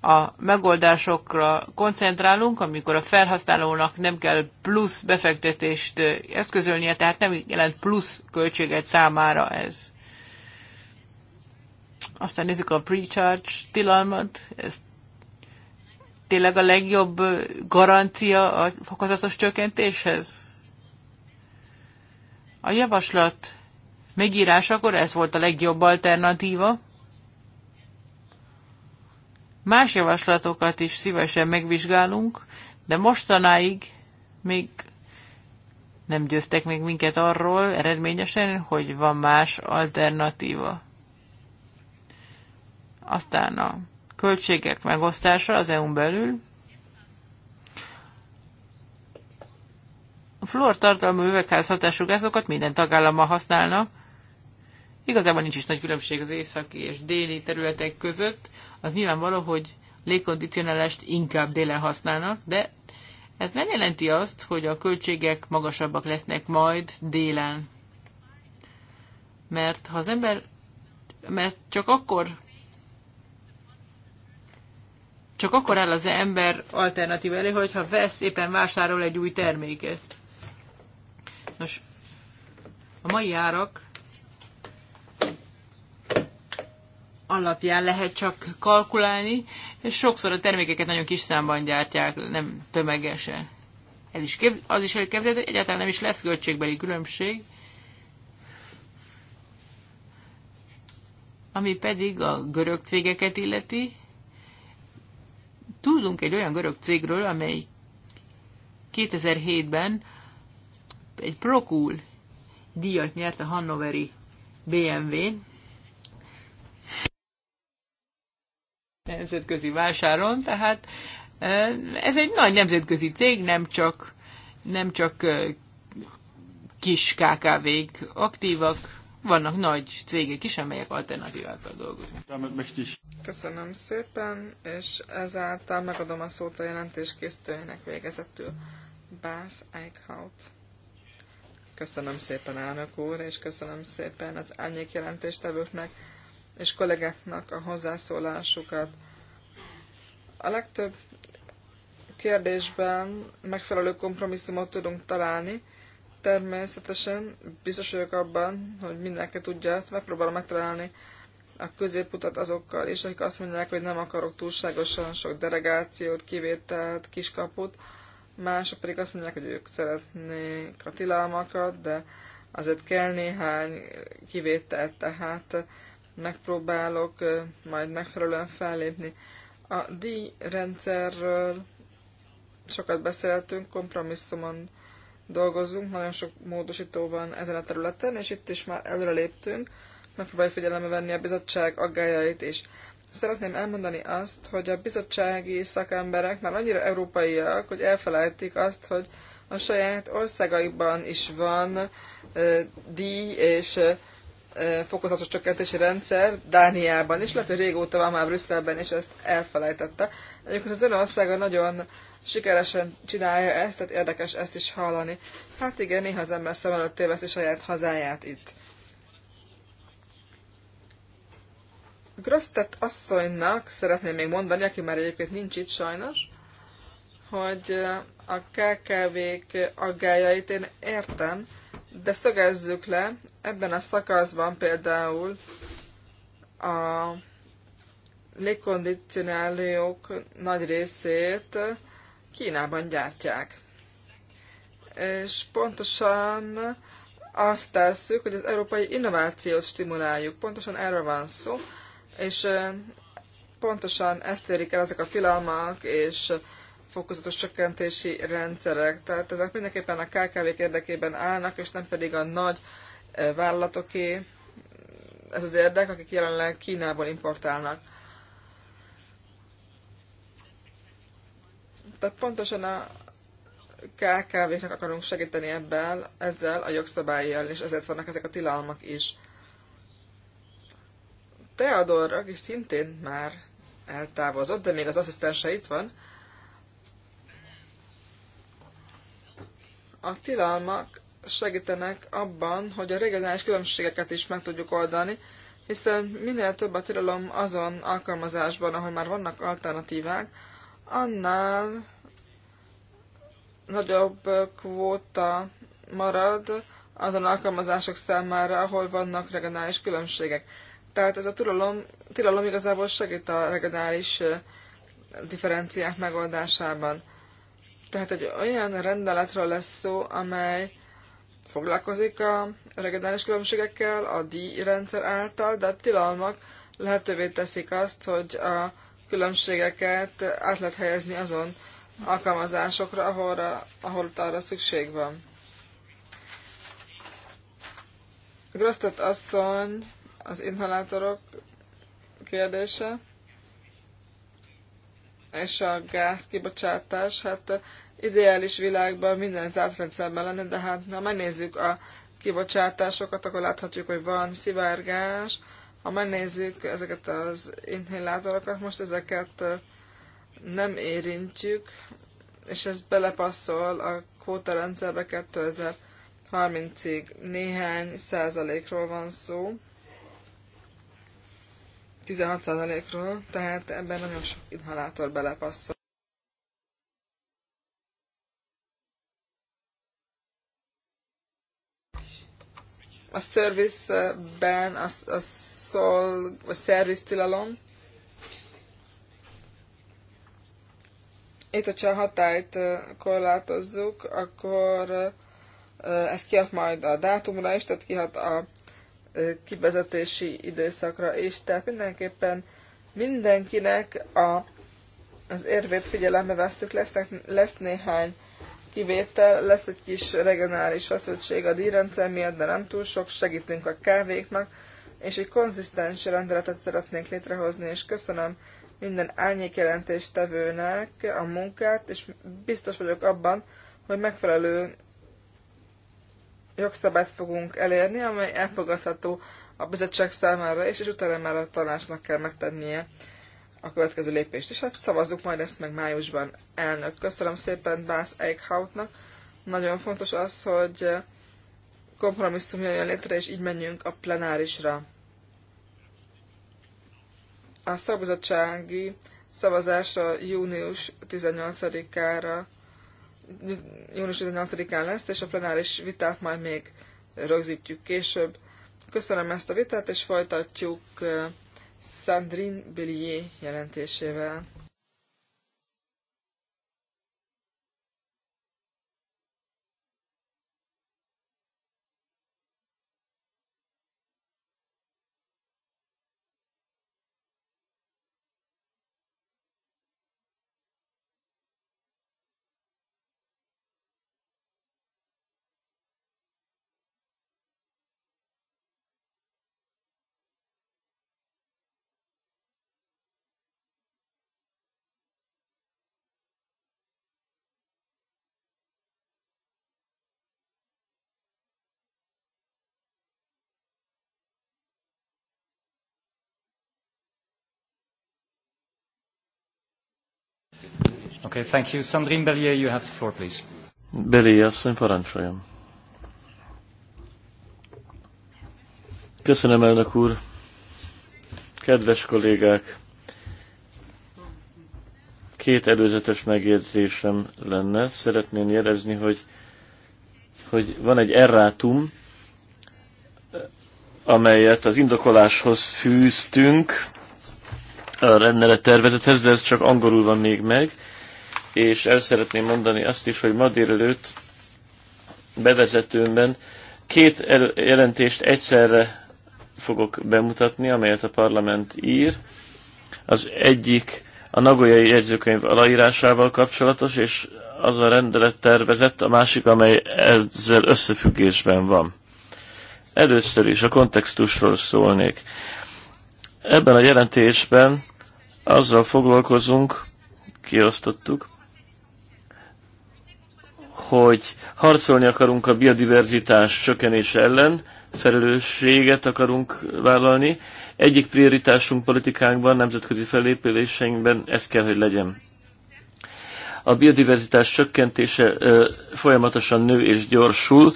a megoldásokra koncentrálunk, amikor a felhasználónak nem kell plusz befektetést eszközölnie, tehát nem jelent plusz költséget számára ez. Aztán nézzük a pre-charge tilalmat, ez tényleg a legjobb garancia a fokozatos csökkentéshez? A javaslat megírásakor ez volt a legjobb alternatíva. Más javaslatokat is szívesen megvizsgálunk, de mostanáig még nem győztek még minket arról eredményesen, hogy van más alternatíva. Aztán a költségek megosztása az EU-n belül. A fluor tartalmú üvegházhatású gázokat minden tagállammal használna. Igazából nincs is nagy különbség az északi és déli területek között az nyilvánvaló, hogy légkondicionálást inkább délen használnak, de ez nem jelenti azt, hogy a költségek magasabbak lesznek majd délen. Mert ha az ember, mert csak akkor csak akkor áll az ember alternatív elő, hogyha vesz, éppen vásárol egy új terméket. Nos, a mai árak alapján lehet csak kalkulálni, és sokszor a termékeket nagyon kis számban gyártják, nem tömegesen. Ez is kép, az is elképzelhető, hogy egyáltalán nem is lesz költségbeli különbség, ami pedig a görög cégeket illeti. Tudunk egy olyan görög cégről, amely 2007-ben egy Procul díjat nyert a Hannoveri BMW-n, nemzetközi vásáron, tehát ez egy nagy nemzetközi cég, nem csak, nem csak kis KKV-k aktívak, vannak nagy cégek is, amelyek alternatívákkal dolgoznak. Köszönöm szépen, és ezáltal megadom a szót a jelentéskészítőjének végezetül, Bász Eichhout. Köszönöm szépen, elnök úr, és köszönöm szépen az árnyék jelentéstevőknek és kollégáknak a hozzászólásukat. A legtöbb kérdésben megfelelő kompromisszumot tudunk találni. Természetesen biztos vagyok abban, hogy mindenki tudja ezt, megpróbálom megtalálni a középutat azokkal is, akik azt mondják, hogy nem akarok túlságosan sok delegációt, kivételt, kiskaput, mások pedig azt mondják, hogy ők szeretnék a tilalmakat, de azért kell néhány kivételt, tehát megpróbálok majd megfelelően fellépni. A díjrendszerről sokat beszéltünk, kompromisszumon dolgozunk, nagyon sok módosító van ezen a területen, és itt is már előre léptünk, megpróbáljuk figyelembe venni a bizottság aggájait is. Szeretném elmondani azt, hogy a bizottsági szakemberek már annyira európaiak, hogy elfelejtik azt, hogy a saját országaikban is van díj és fokozatos csökkentési rendszer Dániában is, lehet, hogy régóta van már Brüsszelben, és ezt elfelejtette. Egyébként az Önországa nagyon sikeresen csinálja ezt, tehát érdekes ezt is hallani. Hát igen, néha az ember szem előtt téveszti saját hazáját itt. Grosztett asszonynak szeretném még mondani, aki már egyébként nincs itt sajnos, hogy a KKV-k aggájait én értem, de szögezzük le, ebben a szakaszban például a légkondicionálók nagy részét Kínában gyártják. És pontosan azt tesszük, hogy az európai innovációt stimuláljuk. Pontosan erről van szó, és pontosan ezt érik el ezek a tilalmak és fokozatos csökkentési rendszerek. Tehát ezek mindenképpen a KKV-k érdekében állnak, és nem pedig a nagy eh, vállalatoké. Ez az érdek, akik jelenleg Kínából importálnak. Tehát pontosan a KKV-knek akarunk segíteni ebben, ezzel a jogszabályjal, és ezért vannak ezek a tilalmak is. Teodor, aki szintén már eltávozott, de még az asszisztense itt van, a tilalmak segítenek abban, hogy a regionális különbségeket is meg tudjuk oldani, hiszen minél több a tilalom azon alkalmazásban, ahol már vannak alternatívák, annál nagyobb kvóta marad azon alkalmazások számára, ahol vannak regionális különbségek. Tehát ez a tilalom, tilalom igazából segít a regionális differenciák megoldásában. Tehát egy olyan rendeletről lesz szó, amely foglalkozik a regionális különbségekkel, a díjrendszer által, de a tilalmak lehetővé teszik azt, hogy a különbségeket át lehet helyezni azon alkalmazásokra, ahol, ahol arra szükség van. Grosztat asszony, az inhalátorok kérdése és a gázkibocsátás, hát ideális világban minden zárt rendszerben lenne, de hát ha megnézzük a kibocsátásokat, akkor láthatjuk, hogy van szivárgás, ha megnézzük ezeket az inhalátorokat, most ezeket nem érintjük, és ez belepasszol a kóta rendszerbe 2030-ig. Néhány százalékról van szó. 16%-ról, tehát ebben nagyon sok inhalátor belepasszol. A service-ben a, a, szol, a service tilalom. Itt, hogyha a hatályt korlátozzuk, akkor ez kihat majd a dátumra is, tehát kihat a kivezetési időszakra is, tehát mindenképpen mindenkinek a, az érvét figyelembe veszük. lesznek, lesz néhány kivétel, lesz egy kis regionális feszültség a díjrendszer miatt, de nem túl sok, segítünk a kávéknak, és egy konzisztens rendeletet szeretnénk létrehozni, és köszönöm minden árnyékjelentéstevőnek a munkát, és biztos vagyok abban, hogy megfelelő jogszabályt fogunk elérni, amely elfogadható a bizottság számára és és utána már a tanácsnak kell megtennie a következő lépést. És hát szavazzuk majd ezt meg májusban, elnök. Köszönöm szépen Bász Eichhautnak. Nagyon fontos az, hogy kompromisszum jöjjön létre, és így menjünk a plenárisra. A szakbizottsági szavazása június 18-ára június 18-án lesz, és a plenáris vitát majd még rögzítjük később. Köszönöm ezt a vitát, és folytatjuk eh, Sandrine Billier jelentésével. Okay, thank you. Sandrine Bellier, you have the floor, please. Bellier asszony, parancsoljon. Köszönöm, elnök úr. Kedves kollégák, két előzetes megjegyzésem lenne. Szeretném jelezni, hogy, hogy van egy errátum, amelyet az indokoláshoz fűztünk a rendelet tervezethez, de ez csak angolul van még meg és el szeretném mondani azt is, hogy ma délelőtt bevezetőmben két jelentést egyszerre fogok bemutatni, amelyet a parlament ír. Az egyik a Nagoyai jegyzőkönyv aláírásával kapcsolatos, és az a rendelet tervezett, a másik, amely ezzel összefüggésben van. Először is a kontextusról szólnék. Ebben a jelentésben azzal foglalkozunk, kiosztottuk, hogy harcolni akarunk a biodiverzitás csökkenése ellen, felelősséget akarunk vállalni. Egyik prioritásunk politikánkban, nemzetközi fellépéléseinkben ez kell, hogy legyen. A biodiverzitás csökkentése ö, folyamatosan nő és gyorsul.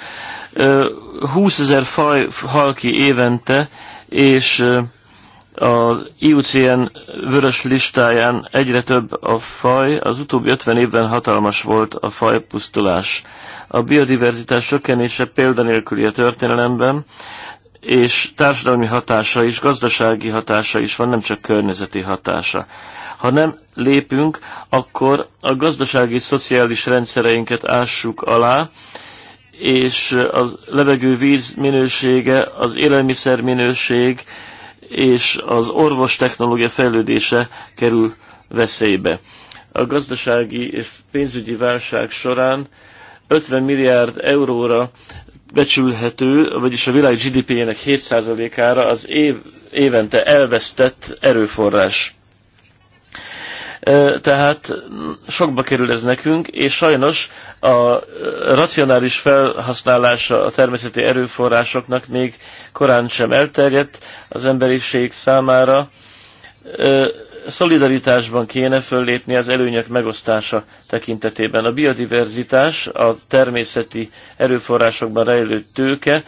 Ö, 20 ezer faj hal ki évente, és ö, az IUCN vörös listáján egyre több a faj, az utóbbi 50 évben hatalmas volt a fajpusztulás. A biodiverzitás csökkenése példanélküli a történelemben, és társadalmi hatása is, gazdasági hatása is van, nem csak környezeti hatása. Ha nem lépünk, akkor a gazdasági, szociális rendszereinket ássuk alá, és a levegő víz minősége, az élelmiszer minőség, és az orvos technológia fejlődése kerül veszélybe. A gazdasági és pénzügyi válság során 50 milliárd euróra becsülhető, vagyis a világ GDP-jének 7%-ára az év, évente elvesztett erőforrás. Tehát sokba kerül ez nekünk, és sajnos a racionális felhasználása a természeti erőforrásoknak még korán sem elterjedt az emberiség számára. Szolidaritásban kéne föllépni az előnyök megosztása tekintetében. A biodiverzitás, a természeti erőforrásokban rejlő tőke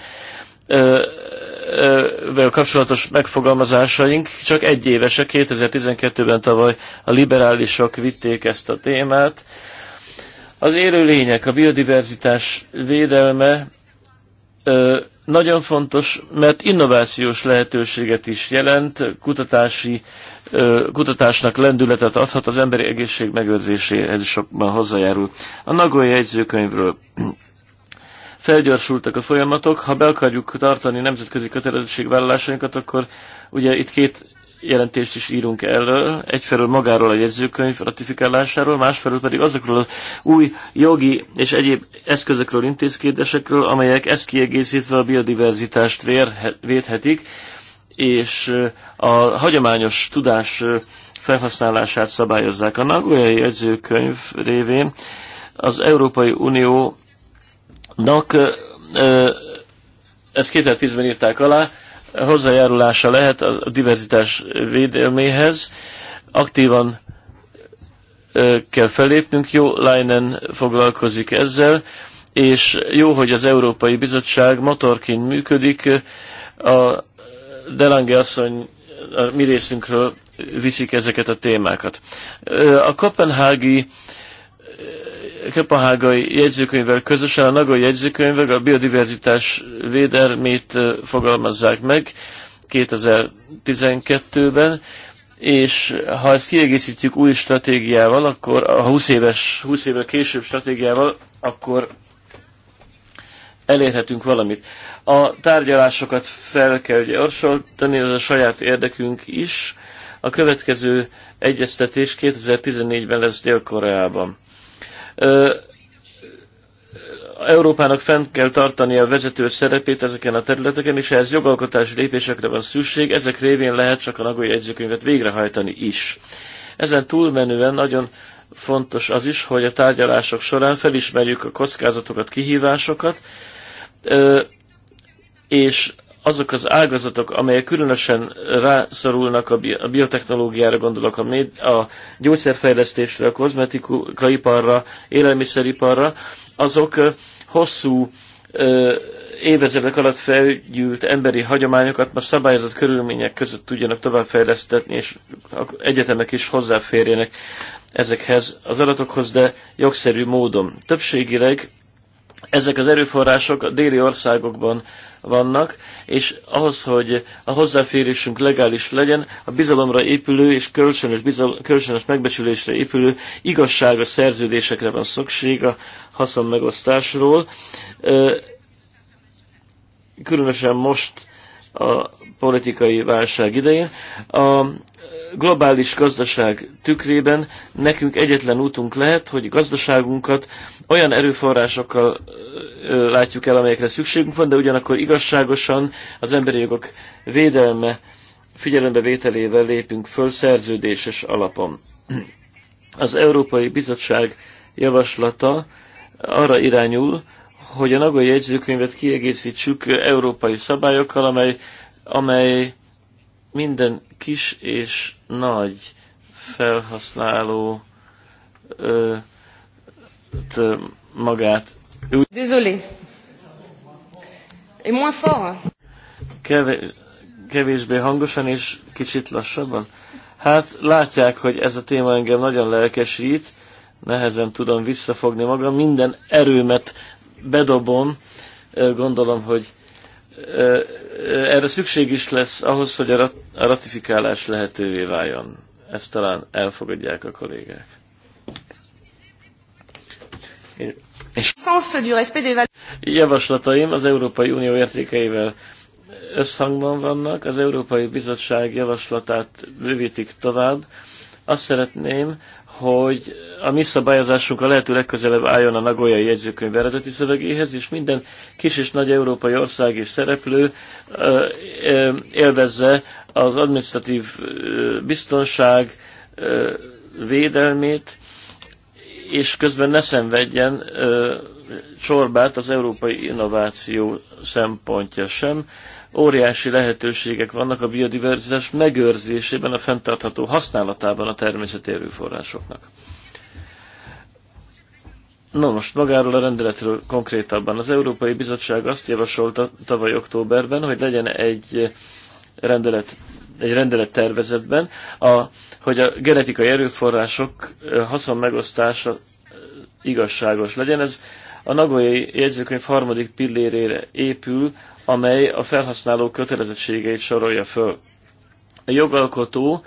kapcsolatos megfogalmazásaink csak egy évesek, 2012-ben tavaly a liberálisok vitték ezt a témát. Az lények, a biodiverzitás védelme nagyon fontos, mert innovációs lehetőséget is jelent, kutatási, kutatásnak lendületet adhat, az emberi egészség megőrzéséhez is sokban hozzájárul. A Nagoya jegyzőkönyvről felgyorsultak a folyamatok. Ha be akarjuk tartani nemzetközi kötelezettségvállalásainkat, akkor ugye itt két jelentést is írunk erről, egyfelől magáról a jegyzőkönyv ratifikálásáról, másfelől pedig azokról az új jogi és egyéb eszközökről, intézkedésekről, amelyek ezt kiegészítve a biodiverzitást védhetik, és a hagyományos tudás felhasználását szabályozzák. A Nagoyai jegyzőkönyv révén az Európai Unió Nak, ezt 2010-ben írták alá, hozzájárulása lehet a diverzitás védelméhez. Aktívan kell fellépnünk, jó Leinen foglalkozik ezzel, és jó, hogy az Európai Bizottság motorként működik, a Delange asszony a mi részünkről viszik ezeket a témákat. A kopenhági Köpenhágai jegyzőkönyvvel közösen a Nagoi jegyzőkönyvek a biodiverzitás védelmét fogalmazzák meg 2012-ben, és ha ezt kiegészítjük új stratégiával, akkor a 20 éves, 20 évvel később stratégiával, akkor elérhetünk valamit. A tárgyalásokat fel kell gyorsoltani, ez a saját érdekünk is. A következő egyeztetés 2014-ben lesz Dél-Koreában. Európának fent kell tartani a vezető szerepét ezeken a területeken, és ehhez jogalkotási lépésekre van szükség, ezek révén lehet csak a Nagoi jegyzőkönyvet végrehajtani is. Ezen túlmenően nagyon fontos az is, hogy a tárgyalások során felismerjük a kockázatokat, kihívásokat, és azok az ágazatok, amelyek különösen rászorulnak a, bi- a biotechnológiára, gondolok a, méd- a gyógyszerfejlesztésre, a kozmetikaiparra, élelmiszeriparra, azok hosszú ö, évezredek alatt felgyűlt emberi hagyományokat most szabályozott körülmények között tudjanak továbbfejlesztetni, és egyetemek is hozzáférjenek ezekhez az adatokhoz, de jogszerű módon. Többségileg ezek az erőforrások a déli országokban vannak, és ahhoz, hogy a hozzáférésünk legális legyen, a bizalomra épülő és kölcsönös, bizal, kölcsönös megbecsülésre épülő igazságos szerződésekre van szükség a haszonmegosztásról. megosztásról. Különösen most a politikai válság idején. A globális gazdaság tükrében nekünk egyetlen útunk lehet, hogy gazdaságunkat olyan erőforrásokkal látjuk el, amelyekre szükségünk van, de ugyanakkor igazságosan az emberi jogok védelme figyelembevételével lépünk föl szerződéses alapon. Az Európai Bizottság javaslata arra irányul, hogy a Nagoi jegyzőkönyvet kiegészítsük európai szabályokkal, amely, amely minden kis és nagy felhasználó ö, t, magát. Désolé. Et moins fort. Kevés, kevésbé hangosan és kicsit lassabban. Hát látják, hogy ez a téma engem nagyon lelkesít, nehezen tudom visszafogni magam, minden erőmet bedobom, gondolom, hogy erre szükség is lesz ahhoz, hogy a ratifikálás lehetővé váljon. Ezt talán elfogadják a kollégák. És javaslataim az Európai Unió értékeivel összhangban vannak, az Európai Bizottság javaslatát bővítik tovább. Azt szeretném, hogy a mi szabályozásunk a lehető legközelebb álljon a Nagoya jegyzőkönyv eredeti szövegéhez, és minden kis és nagy európai ország és szereplő élvezze az administratív biztonság védelmét, és közben ne szenvedjen csorbát az európai innováció szempontja sem óriási lehetőségek vannak a biodiverzitás megőrzésében, a fenntartható használatában a természeti erőforrásoknak. Na most magáról a rendeletről konkrétabban. Az Európai Bizottság azt javasolta tavaly októberben, hogy legyen egy rendelet egy tervezetben, a, hogy a genetikai erőforrások haszon megosztása igazságos legyen. Ez a Nagoyai jegyzőkönyv harmadik pillérére épül, amely a felhasználó kötelezettségeit sorolja föl. A jogalkotó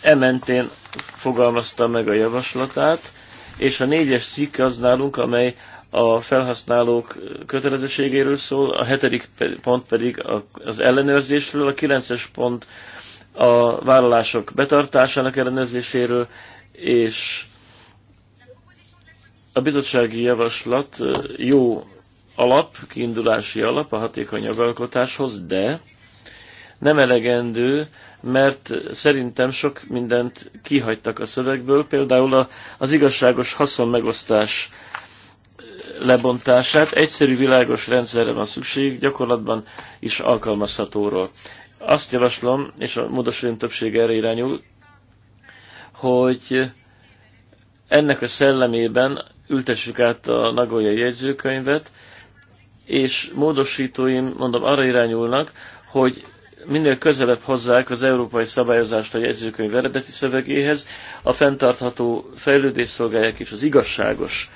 ementén fogalmazta meg a javaslatát, és a négyes cikk az nálunk, amely a felhasználók kötelezettségéről szól, a hetedik pont pedig az ellenőrzésről, a kilences pont a vállalások betartásának ellenőrzéséről, és a bizottsági javaslat jó alap, kiindulási alap a hatékony jogalkotáshoz, de nem elegendő, mert szerintem sok mindent kihagytak a szövegből, például a, az igazságos haszon megosztás lebontását. Egyszerű, világos rendszerre van szükség, gyakorlatban is alkalmazhatóról. Azt javaslom, és a módosítőn többség erre irányul, hogy ennek a szellemében ültessük át a Nagoya jegyzőkönyvet, és módosítóim, mondom, arra irányulnak, hogy minél közelebb hozzák az európai szabályozást a jegyzőkönyv eredeti szövegéhez, a fenntartható fejlődés szolgálják és az igazságos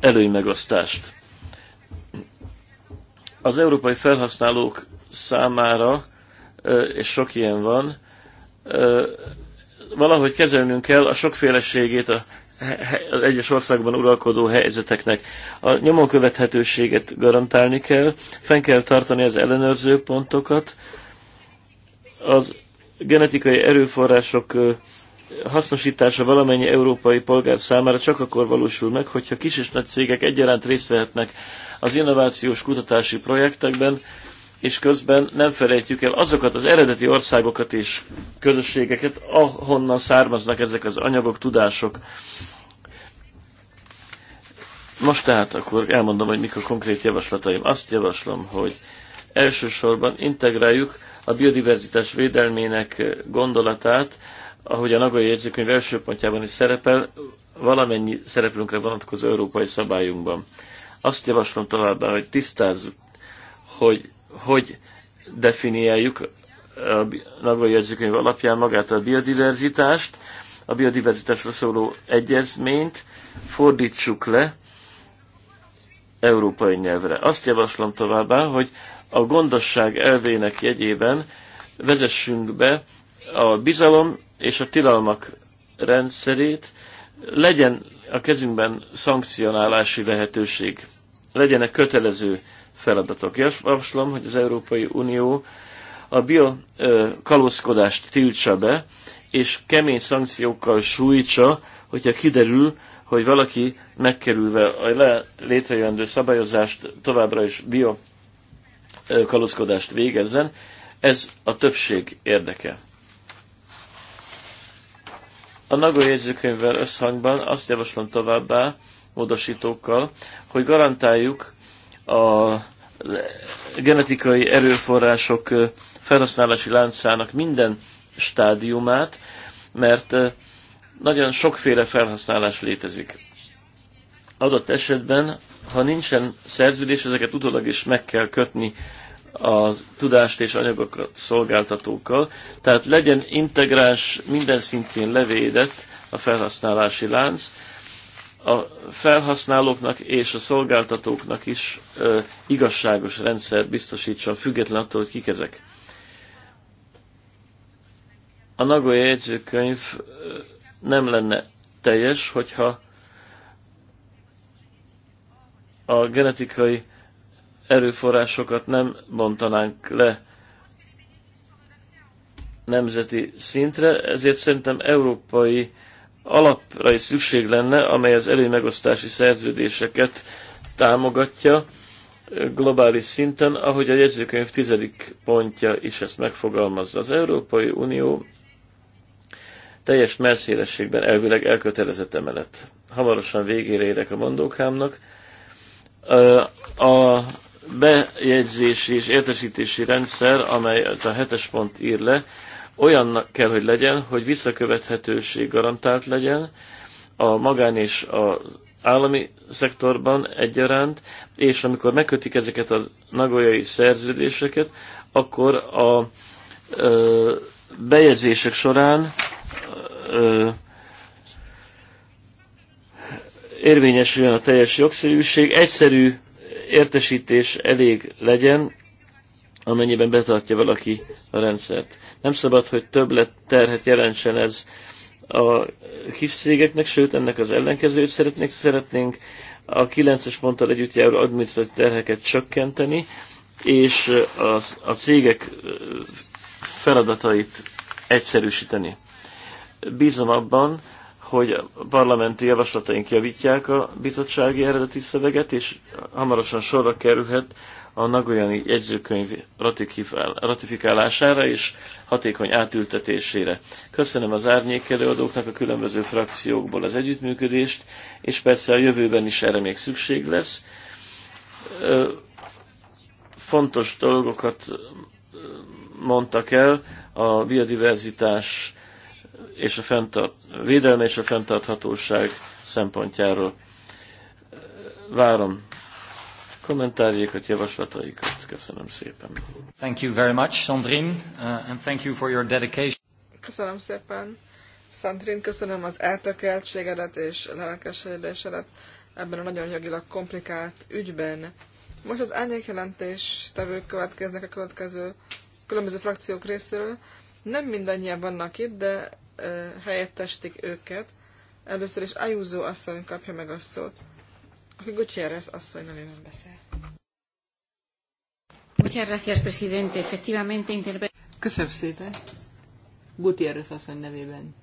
előnymegosztást. Az európai felhasználók számára, és sok ilyen van, valahogy kezelnünk kell a sokféleségét a az egyes országban uralkodó helyzeteknek. A nyomon követhetőséget garantálni kell, fenn kell tartani az ellenőrző pontokat, az genetikai erőforrások hasznosítása valamennyi európai polgár számára csak akkor valósul meg, hogyha kis és nagy cégek egyaránt részt vehetnek az innovációs kutatási projektekben, és közben nem felejtjük el azokat az eredeti országokat és közösségeket, ahonnan származnak ezek az anyagok, tudások. Most tehát akkor elmondom, hogy mik a konkrét javaslataim. Azt javaslom, hogy elsősorban integráljuk a biodiverzitás védelmének gondolatát, ahogy a Nagoya jegyzőkönyv első pontjában is szerepel, valamennyi szereplőnkre vonatkozó európai szabályunkban. Azt javaslom továbbá, hogy tisztázzuk, hogy hogy definiáljuk a Nagoya jegyzőkönyv alapján magát a biodiverzitást, a biodiverzitásra szóló egyezményt fordítsuk le európai nyelvre. Azt javaslom továbbá, hogy a gondosság elvének jegyében vezessünk be a bizalom és a tilalmak rendszerét, legyen a kezünkben szankcionálási lehetőség, legyenek kötelező feladatok. Javaslom, hogy az Európai Unió a biokalózkodást tiltsa be, és kemény szankciókkal sújtsa, hogyha kiderül, hogy valaki megkerülve a le, szabályozást továbbra is biokalózkodást végezzen. Ez a többség érdeke. A Nagoya jegyzőkönyvvel összhangban azt javaslom továbbá, módosítókkal, hogy garantáljuk a genetikai erőforrások felhasználási láncának minden stádiumát, mert nagyon sokféle felhasználás létezik. Adott esetben, ha nincsen szerződés, ezeket utólag is meg kell kötni a tudást és anyagokat szolgáltatókkal, tehát legyen integráns, minden szintjén levédett a felhasználási lánc, a felhasználóknak és a szolgáltatóknak is ö, igazságos rendszer biztosítson, független attól, hogy kik ezek. A Nagoya jegyzőkönyv nem lenne teljes, hogyha a genetikai erőforrásokat nem bontanánk le nemzeti szintre, ezért szerintem európai alapra is szükség lenne, amely az előmegosztási szerződéseket támogatja globális szinten, ahogy a jegyzőkönyv tizedik pontja is ezt megfogalmazza. Az Európai Unió teljes merszélességben elvileg elkötelezett emelet. Hamarosan végére érek a mondókámnak. A bejegyzési és értesítési rendszer, amelyet a hetes pont ír le, olyan kell, hogy legyen, hogy visszakövethetőség garantált legyen a magán és az állami szektorban egyaránt, és amikor megkötik ezeket a nagolyai szerződéseket, akkor a ö, bejegyzések során ö, érvényesüljön a teljes jogszerűség, egyszerű értesítés elég legyen, amennyiben betartja valaki a rendszert. Nem szabad, hogy lett terhet jelentsen ez a kis szégeknek, sőt ennek az ellenkezőjét szeretnék, szeretnénk a 9-es ponttal együtt járó adminisztratív terheket csökkenteni, és a, a cégek feladatait egyszerűsíteni. Bízom abban, hogy a parlamenti javaslataink javítják a bizottsági eredeti szöveget, és hamarosan sorra kerülhet a Nagoyani jegyzőkönyv ratifikálására és hatékony átültetésére. Köszönöm az árnyék előadóknak a különböző frakciókból az együttműködést, és persze a jövőben is erre még szükség lesz. Fontos dolgokat mondtak el a biodiverzitás és a fenntart, védelme és a fenntarthatóság szempontjáról. Várom kommentárjaikat, javaslataikat. Köszönöm szépen. Thank you very much, Sandrine, uh, and thank you for your dedication. Köszönöm szépen, Sandrine, köszönöm az eltökeltségedet és lelkesedésedet ebben a nagyon jogilag komplikált ügyben. Most az árnyékjelentés tevők következnek a következő különböző frakciók részéről. Nem mindannyian vannak itt, de uh, helyettesítik őket. Először is Ayuso asszony kapja meg a szót. Gutierrez asszony nevében beszél. Muchas gracias, presidente. Efectivamente, interve... Köszönöm szépen. Gutierrez asszony nevében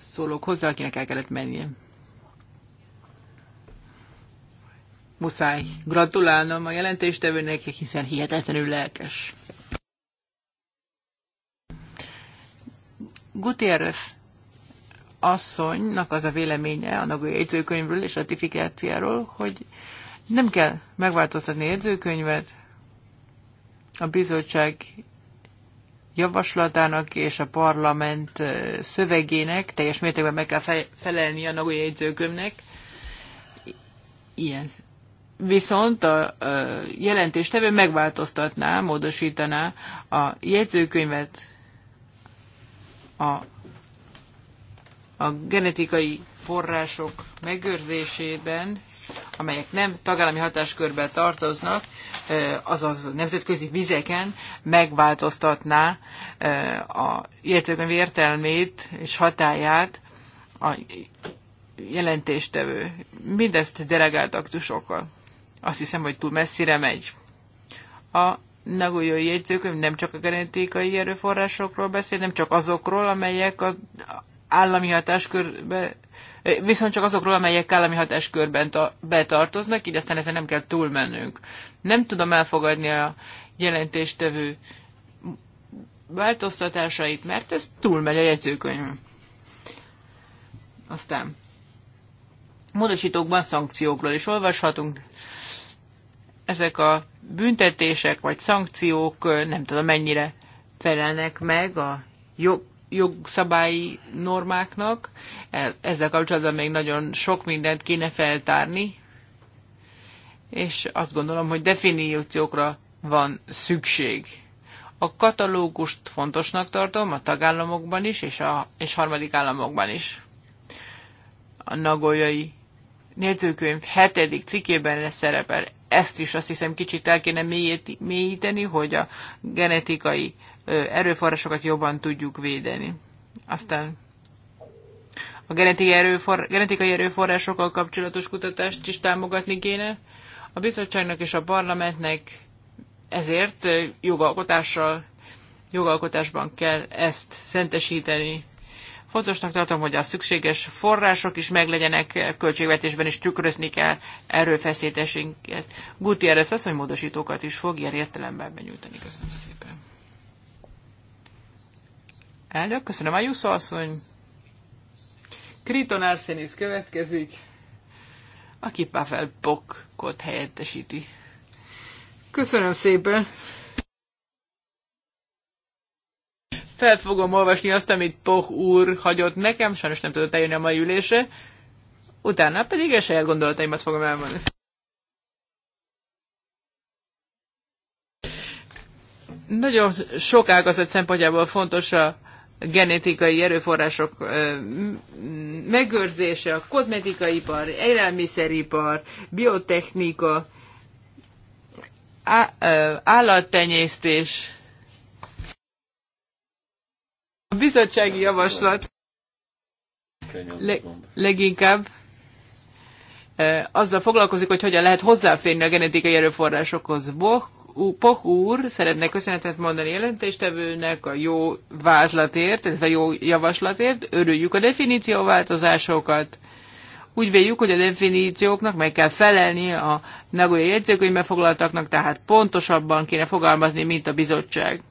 szólok hozzá, akinek el kellett mennie. Muszáj gratulálnom a jelentéstevőnek, hiszen hihetetlenül lelkes. Gutierrez asszonynak az a véleménye a Nagoya jegyzőkönyvről és ratifikáciáról, hogy nem kell megváltoztatni jegyzőkönyvet, a bizottság javaslatának és a parlament szövegének teljes mértékben meg kell felelni a Nagoya jegyzőkönyvnek. Ilyen. Viszont a, a jelentéstevő megváltoztatná, módosítaná a jegyzőkönyvet a a genetikai források megőrzésében, amelyek nem tagállami hatáskörbe tartoznak, azaz nemzetközi vizeken megváltoztatná a jegyzőkönyv értelmét és hatáját a jelentéstevő. Mindezt delegált aktusokkal. Azt hiszem, hogy túl messzire megy. A Nagoyai jegyzőkönyv nem csak a genetikai erőforrásokról beszél, nem csak azokról, amelyek a, állami hatáskörbe, viszont csak azokról, amelyek állami hatáskörben ta, betartoznak, így aztán ezen nem kell túlmennünk. Nem tudom elfogadni a jelentéstevő változtatásait, mert ez túlmegy a jegyzőkönyv. Aztán módosítókban szankciókról is olvashatunk. Ezek a büntetések vagy szankciók nem tudom mennyire felelnek meg a jog, jogszabályi normáknak. E- ezzel kapcsolatban még nagyon sok mindent kéne feltárni, és azt gondolom, hogy definíciókra van szükség. A katalógust fontosnak tartom a tagállamokban is, és, a, és harmadik államokban is. A nagolyai nézőkönyv hetedik cikkében lesz szerepel. Ezt is azt hiszem kicsit el kéne mélyíteni, hogy a genetikai erőforrásokat jobban tudjuk védeni. Aztán a genetikai, erőfor, genetikai erőforrásokkal kapcsolatos kutatást is támogatni kéne. A bizottságnak és a parlamentnek ezért jogalkotással, jogalkotásban kell ezt szentesíteni. Fontosnak tartom, hogy a szükséges források is meglegyenek, költségvetésben is tükrözni kell erőfeszítésénket. azt, hogy módosítókat is fog ilyen értelemben benyújtani. Köszönöm szépen. Elnök, köszönöm. A Jusszó asszony. Kriton Arsenis következik, aki Pavel Bokkot helyettesíti. Köszönöm szépen. Fel fogom olvasni azt, amit Poch úr hagyott nekem, sajnos nem tudott eljönni a mai ülése utána pedig a saját gondolataimat fogom elmondani. Nagyon sok ágazat szempontjából fontos a genetikai erőforrások megőrzése, a kozmetikai ipar, élelmiszeripar, biotechnika, állattenyésztés, a bizottsági javaslat leginkább azzal foglalkozik, hogy hogyan lehet hozzáférni a genetikai erőforrásokhoz. Poch úr szeretne köszönetet mondani jelentéstevőnek a jó vázlatért, a jó javaslatért. Örüljük a definícióváltozásokat. Úgy véljük, hogy a definícióknak meg kell felelni a Nagoya jegyzőkönyvbe foglaltaknak, tehát pontosabban kéne fogalmazni, mint a bizottság.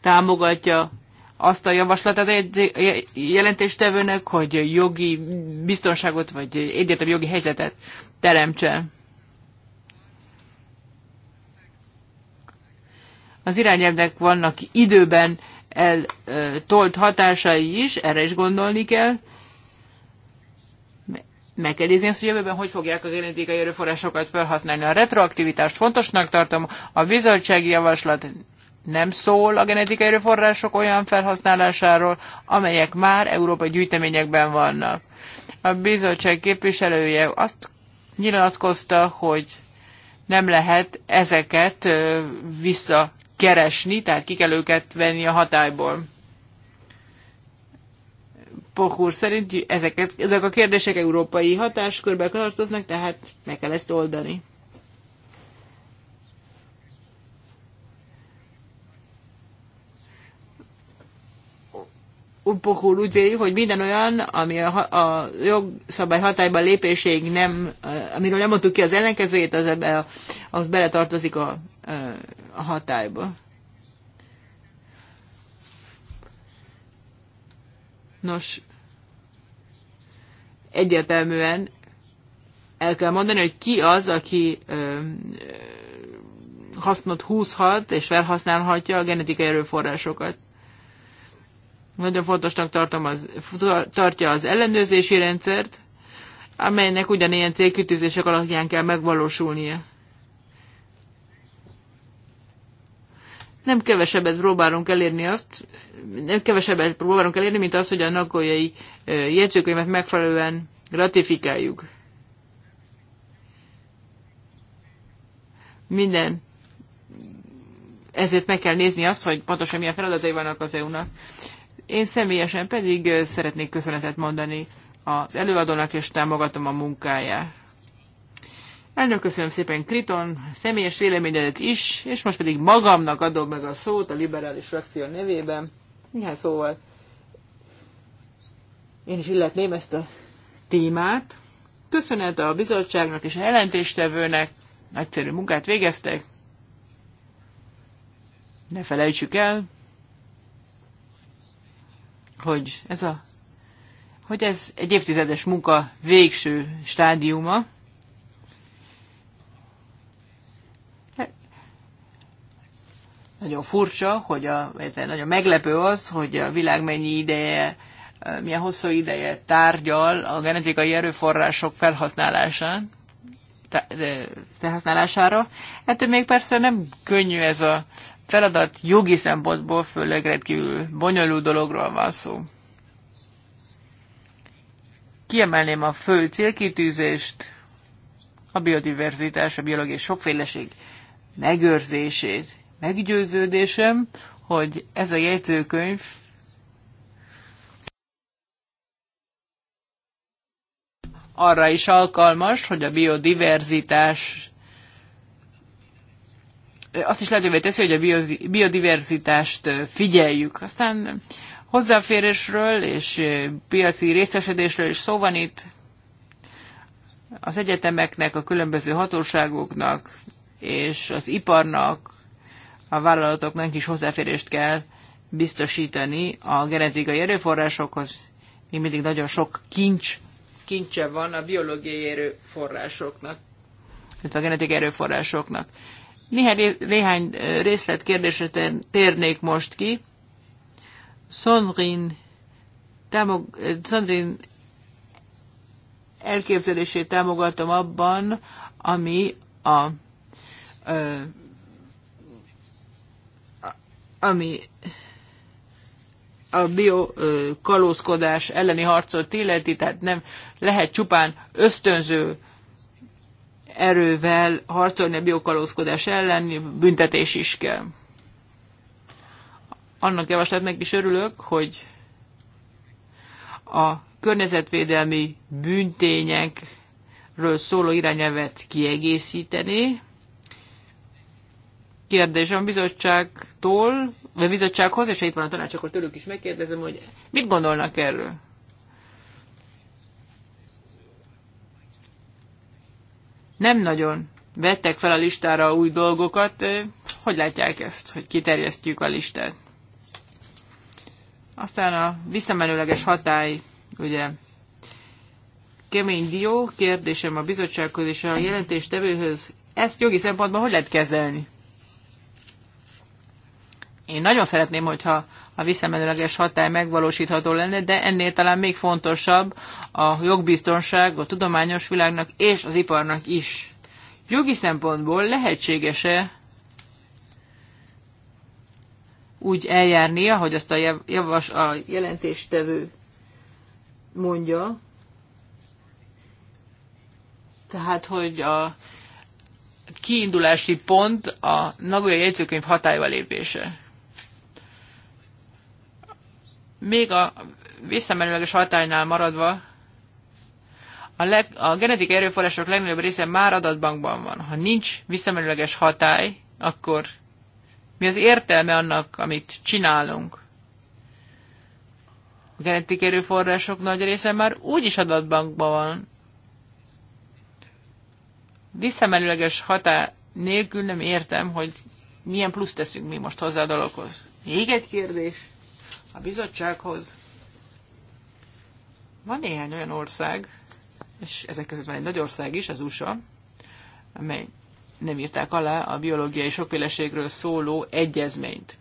Támogatja azt a javaslatát a jelentéstevőnek, hogy jogi biztonságot vagy egyértelmű jogi helyzetet teremtsen. Az irányelvnek vannak időben eltolt hatásai is, erre is gondolni kell. Meg kell nézni azt, hogy jövőben hogy fogják a genetikai erőforrásokat felhasználni. A retroaktivitást fontosnak tartom, a bizottsági javaslat nem szól a genetikai erőforrások olyan felhasználásáról, amelyek már európai gyűjteményekben vannak. A bizottság képviselője azt nyilatkozta, hogy nem lehet ezeket vissza keresni, tehát ki kell őket venni a hatályból. Pohúr szerint ezeket, ezek a kérdések európai hatáskörbe tartoznak, tehát meg kell ezt oldani. Upokul úgy véli, hogy minden olyan, ami a, a jogszabály hatályban lépéséig nem, eh, amiről nem mondtuk ki az ellenkezőjét, az, ebbe a, az beletartozik a, eh, a hatályba. Nos, egyértelműen el kell mondani, hogy ki az, aki ö, eh, ö, hasznot húzhat és felhasználhatja a genetikai erőforrásokat. Nagyon fontosnak tartom az, tartja az ellenőrzési rendszert, amelynek ugyanilyen célkütőzések alapján kell megvalósulnia. Nem kevesebbet próbálunk elérni azt, nem kevesebbet próbálunk elérni, mint az, hogy a nagoljai jegyzőkönyvet megfelelően ratifikáljuk. Minden. Ezért meg kell nézni azt, hogy pontosan milyen feladatai vannak az EU-nak. Én személyesen pedig szeretnék köszönetet mondani az előadónak, és támogatom a munkáját. Elnök, köszönöm szépen Kriton, személyes véleményedet is, és most pedig magamnak adom meg a szót a liberális frakció nevében. Néhány szóval én is illetném ezt a témát. Köszönet a bizottságnak és a jelentéstevőnek, nagyszerű munkát végeztek. Ne felejtsük el, hogy ez, a, hogy ez egy évtizedes munka végső stádiuma. Nagyon furcsa, hogy a, nagyon meglepő az, hogy a világ mennyi ideje, milyen hosszú ideje tárgyal a genetikai erőforrások felhasználásán, felhasználására. Hát még persze nem könnyű ez a feladat, jogi szempontból főleg rendkívül bonyolult dologról van szó. Kiemelném a fő célkitűzést, a biodiverzitás, a biológiai sokféleség megőrzését. Meggyőződésem, hogy ez a jegyzőkönyv arra is alkalmas, hogy a biodiverzitás azt is lehetővé teszi, hogy a biodiverzitást figyeljük. Aztán hozzáférésről és piaci részesedésről is szó van itt. Az egyetemeknek, a különböző hatóságoknak és az iparnak, a vállalatoknak is hozzáférést kell biztosítani a genetikai erőforrásokhoz. Még mindig nagyon sok kincs, kincse van a biológiai erőforrásoknak, illetve a genetikai erőforrásoknak. Néhány, néhány részletkérdésre térnék most ki. Szondrin, támog, Szondrin elképzelését támogatom abban, ami a a, ami a biokalózkodás elleni harcot illeti, tehát nem lehet csupán ösztönző erővel harcolni a biokalózkodás ellen, büntetés is kell. Annak javaslatnak is örülök, hogy a környezetvédelmi büntényekről szóló irányelvet kiegészíteni. Kérdésem a bizottságtól, vagy a bizottsághoz, és itt van a tanács, akkor tőlük is megkérdezem, hogy mit gondolnak erről. nem nagyon vettek fel a listára új dolgokat. Hogy látják ezt, hogy kiterjesztjük a listát? Aztán a visszamenőleges hatály, ugye kemény dió, kérdésem a bizottsághoz és a jelentéstevőhöz, ezt jogi szempontból hogy lehet kezelni? Én nagyon szeretném, hogyha a visszamenőleges hatály megvalósítható lenne, de ennél talán még fontosabb a jogbiztonság a tudományos világnak és az iparnak is. Jogi szempontból lehetséges-e úgy eljárni, hogy azt a, javas, a jelentéstevő mondja, tehát, hogy a kiindulási pont a Nagoya jegyzőkönyv hatályba lépése még a visszamenőleges hatálynál maradva, a, leg, a genetikai erőforrások legnagyobb része már adatbankban van. Ha nincs visszamenőleges hatály, akkor mi az értelme annak, amit csinálunk? A genetikai erőforrások nagy része már úgyis adatbankban van. Visszamenőleges hatály nélkül nem értem, hogy milyen plusz teszünk mi most hozzá a dologhoz. Még egy kérdés a bizottsághoz. Van néhány olyan ország, és ezek között van egy nagy ország is, az USA, amely nem írták alá a biológiai sokféleségről szóló egyezményt.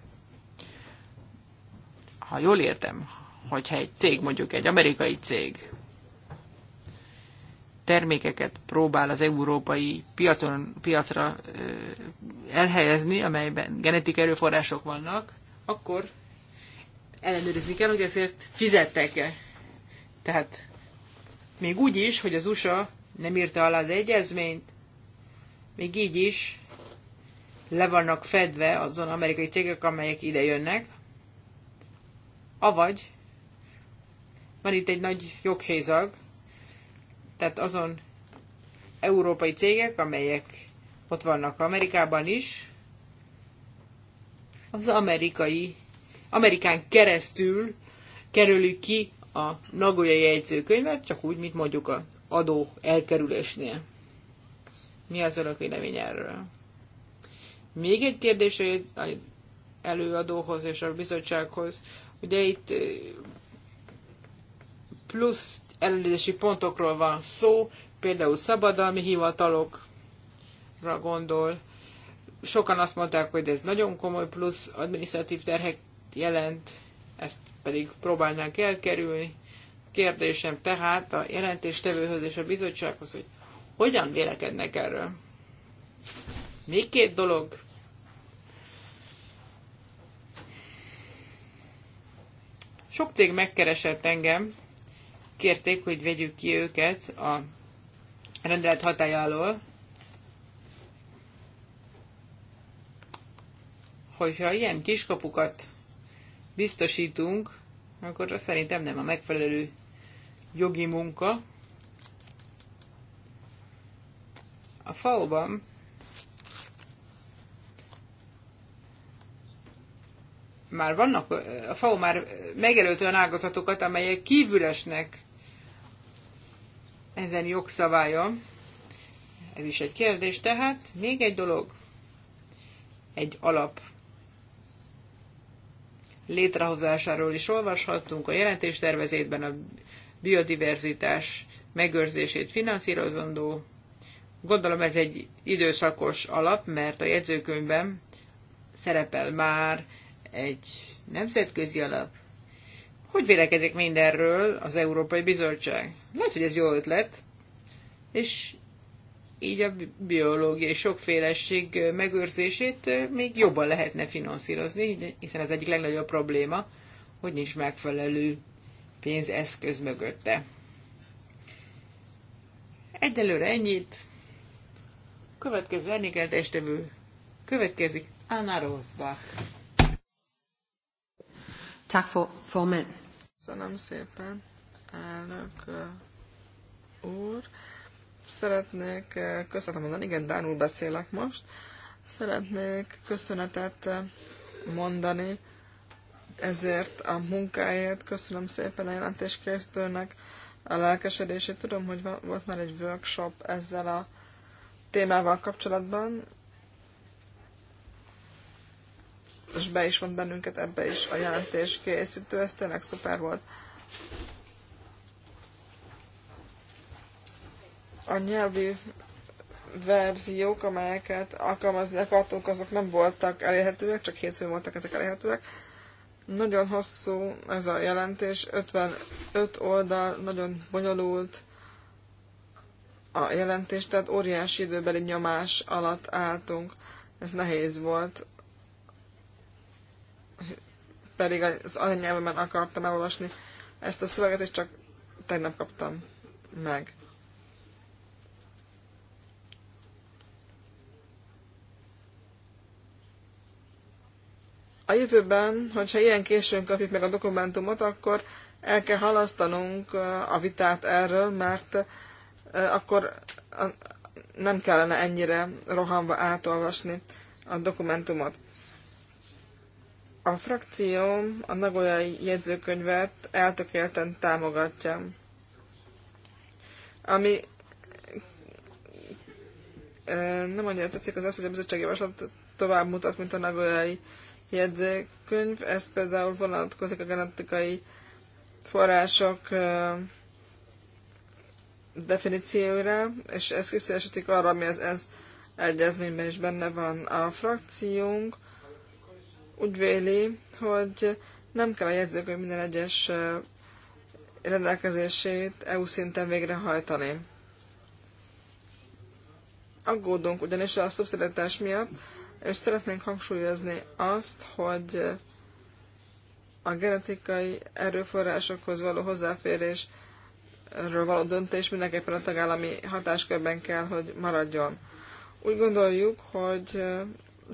Ha jól értem, hogyha egy cég, mondjuk egy amerikai cég termékeket próbál az európai piacon, piacra elhelyezni, amelyben genetik erőforrások vannak, akkor ellenőrizni kell, hogy ezért fizettek-e. Tehát még úgy is, hogy az USA nem írta alá az egyezményt, még így is le vannak fedve azon amerikai cégek, amelyek ide jönnek, avagy van itt egy nagy joghézag, tehát azon európai cégek, amelyek ott vannak Amerikában is, az amerikai Amerikán keresztül kerüli ki a Nagoya jegyzőkönyvet, csak úgy, mint mondjuk az adó elkerülésnél. Mi az önök vélemény erről? Még egy kérdés előadóhoz és a bizottsághoz. Ugye itt plusz ellenőrzési pontokról van szó, például szabadalmi hivatalokra gondol. Sokan azt mondták, hogy ez nagyon komoly plusz adminisztratív terhek jelent, ezt pedig próbálnánk elkerülni. Kérdésem tehát a jelentéstevőhöz és a bizottsághoz, hogy hogyan vélekednek erről. Még két dolog. Sok cég megkeresett engem, kérték, hogy vegyük ki őket a rendelet hatája alól, hogyha ilyen kiskapukat biztosítunk, akkor az szerintem nem a megfelelő jogi munka. A FAO-ban már vannak, a FAO már megjelölt olyan ágazatokat, amelyek kívülesnek ezen jogszabálya. Ez is egy kérdés, tehát még egy dolog, egy alap létrehozásáról is olvashattunk. A jelentés jelentéstervezetben a biodiverzitás megőrzését finanszírozandó. Gondolom ez egy időszakos alap, mert a jegyzőkönyvben szerepel már egy nemzetközi alap. Hogy vélekedik mindenről az Európai Bizottság? Lehet, hogy ez jó ötlet, és így a biológiai sokféleség megőrzését még jobban lehetne finanszírozni, hiszen az egyik legnagyobb probléma, hogy nincs megfelelő pénzeszköz mögötte. Egyelőre ennyit. Következő estevő következik Anna Rosbach. Tak for formand. Köszönöm szépen, elnök úr. Szeretnék eh, köszönetet mondani, igen, Dánul beszélek most. Szeretnék köszönetet eh, mondani ezért a munkáért. Köszönöm szépen a jelentéskészítőnek a lelkesedését. Tudom, hogy volt már egy workshop ezzel a témával kapcsolatban, és be is volt bennünket ebbe is a jelentéskészítő, készítő, ez tényleg szuper volt. a nyelvi verziók, amelyeket alkalmazni akartunk, azok nem voltak elérhetőek, csak hétfőn voltak ezek elérhetőek. Nagyon hosszú ez a jelentés, 55 oldal, nagyon bonyolult a jelentés, tehát óriási időbeli nyomás alatt álltunk. Ez nehéz volt, pedig az anyanyelvemen akartam elolvasni ezt a szöveget, és csak tegnap kaptam meg. A jövőben, hogyha ilyen későn kapjuk meg a dokumentumot, akkor el kell halasztanunk a vitát erről, mert akkor nem kellene ennyire rohanva átolvasni a dokumentumot. A frakcióm a Nagoyai jegyzőkönyvet eltökélten támogatja. Ami nem annyira tetszik az az, hogy a tovább mutat, mint a Nagoyai jegyzőkönyv, ez például vonatkozik a genetikai források definícióra, és ez kiszélesítik arra, ami az ez egyezményben is benne van. A frakciónk úgy véli, hogy nem kell a jegyzőkönyv minden egyes rendelkezését EU szinten végrehajtani. Aggódunk ugyanis a szubszidiaritás miatt, és szeretnénk hangsúlyozni azt, hogy a genetikai erőforrásokhoz való hozzáférés való döntés mindenképpen a tagállami hatáskörben kell, hogy maradjon. Úgy gondoljuk, hogy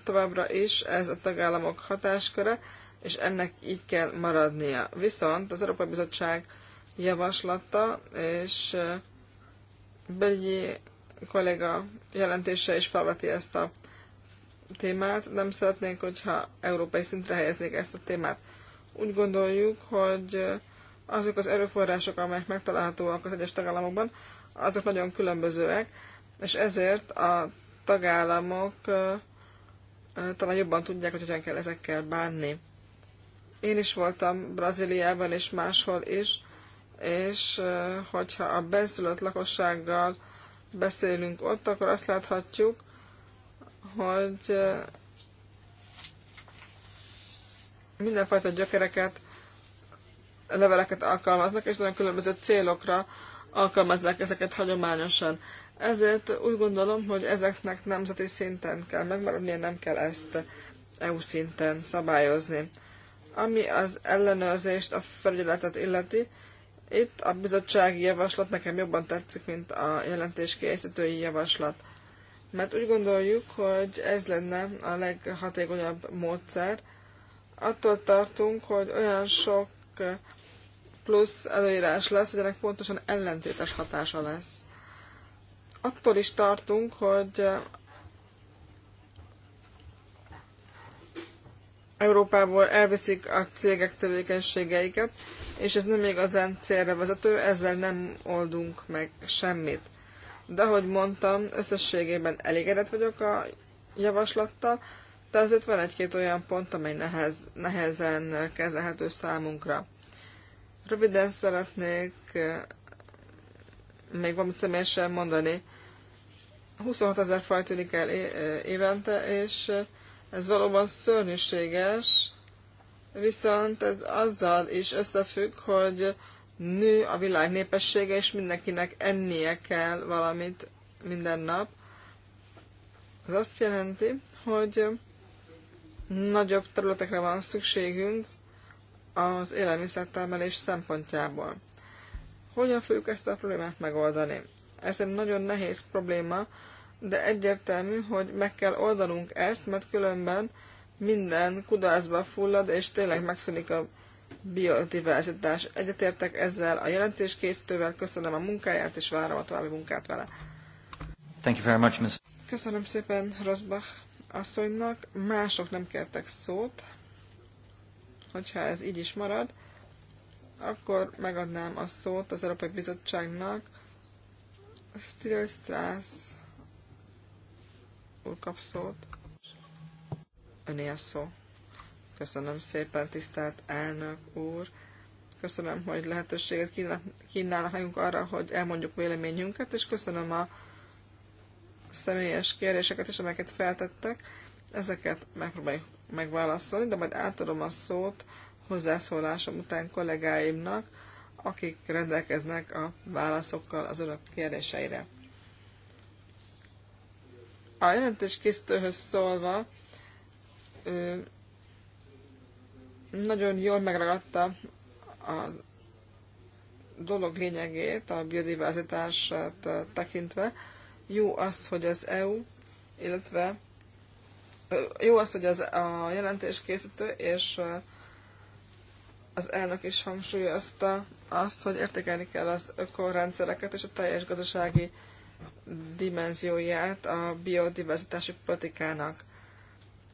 továbbra is ez a tagállamok hatásköre, és ennek így kell maradnia. Viszont az Európai Bizottság javaslata és uh, Belgyi kolléga jelentése is felveti ezt a témát, nem szeretnénk, hogyha európai szintre helyeznék ezt a témát. Úgy gondoljuk, hogy azok az erőforrások, amelyek megtalálhatóak az egyes tagállamokban, azok nagyon különbözőek, és ezért a tagállamok talán jobban tudják, hogy hogyan kell ezekkel bánni. Én is voltam Brazíliában és máshol is, és hogyha a benszülött lakossággal beszélünk ott, akkor azt láthatjuk, hogy mindenfajta gyökereket, leveleket alkalmaznak, és nagyon különböző célokra alkalmazzák ezeket hagyományosan. Ezért úgy gondolom, hogy ezeknek nemzeti szinten kell megmaradni, nem kell ezt EU szinten szabályozni. Ami az ellenőrzést, a felügyeletet illeti, itt a bizottsági javaslat nekem jobban tetszik, mint a jelentés készítői javaslat mert úgy gondoljuk, hogy ez lenne a leghatékonyabb módszer. Attól tartunk, hogy olyan sok plusz előírás lesz, hogy ennek pontosan ellentétes hatása lesz. Attól is tartunk, hogy Európából elviszik a cégek tevékenységeiket, és ez nem igazán célra vezető, ezzel nem oldunk meg semmit de ahogy mondtam, összességében elégedett vagyok a javaslattal, de azért van egy-két olyan pont, amely nehez, nehezen kezelhető számunkra. Röviden szeretnék eh, még valamit személyesen mondani. 26 ezer faj tűnik el eh, évente, és eh, ez valóban szörnyűséges, viszont ez azzal is összefügg, hogy nő a világ népessége, és mindenkinek ennie kell valamit minden nap. Ez azt jelenti, hogy nagyobb területekre van szükségünk az élelmiszertermelés szempontjából. Hogyan fogjuk ezt a problémát megoldani? Ez egy nagyon nehéz probléma, de egyértelmű, hogy meg kell oldanunk ezt, mert különben minden kudarcba fullad, és tényleg megszűnik a biodiverzitás. Egyetértek ezzel a jelentéskészítővel, köszönöm a munkáját, és várom a további munkát vele. Thank you very much, Ms. Köszönöm szépen Rosbach asszonynak. Mások nem kértek szót. Hogyha ez így is marad, akkor megadnám a szót az Európai Bizottságnak. Still Strass úr kap szót. Öné a szó. Köszönöm szépen, tisztelt elnök úr. Köszönöm, hogy lehetőséget kínálnak nekünk arra, hogy elmondjuk véleményünket, és köszönöm a személyes kérdéseket is, amelyeket feltettek. Ezeket megpróbáljuk megválaszolni, de majd átadom a szót hozzászólásom után kollégáimnak, akik rendelkeznek a válaszokkal az önök kérdéseire. A jelentés készítőhöz szólva, nagyon jól megragadta a dolog lényegét, a biodiverzitását tekintve. Jó az, hogy az EU, illetve jó az, hogy az a jelentés készítő és az elnök is hangsúlyozta azt, hogy értékelni kell az ökorrendszereket és a teljes gazdasági dimenzióját a biodiverzitási politikának.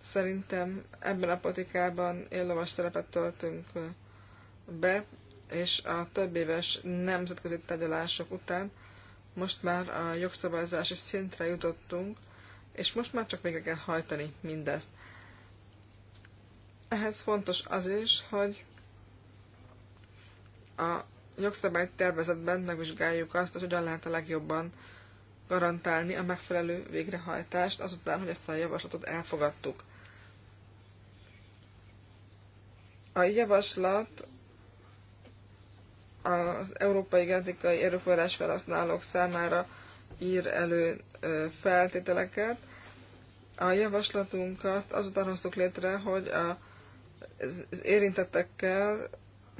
Szerintem ebben a politikában éllovas szerepet töltünk be, és a több éves nemzetközi tárgyalások után most már a jogszabályozási szintre jutottunk, és most már csak végre kell hajtani mindezt. Ehhez fontos az is, hogy a jogszabály tervezetben megvizsgáljuk azt, hogy hogyan lehet a legjobban garantálni a megfelelő végrehajtást azután, hogy ezt a javaslatot elfogadtuk. A javaslat az európai genetikai erőforrás felhasználók számára ír elő feltételeket. A javaslatunkat azután hoztuk létre, hogy a, az érintettekkel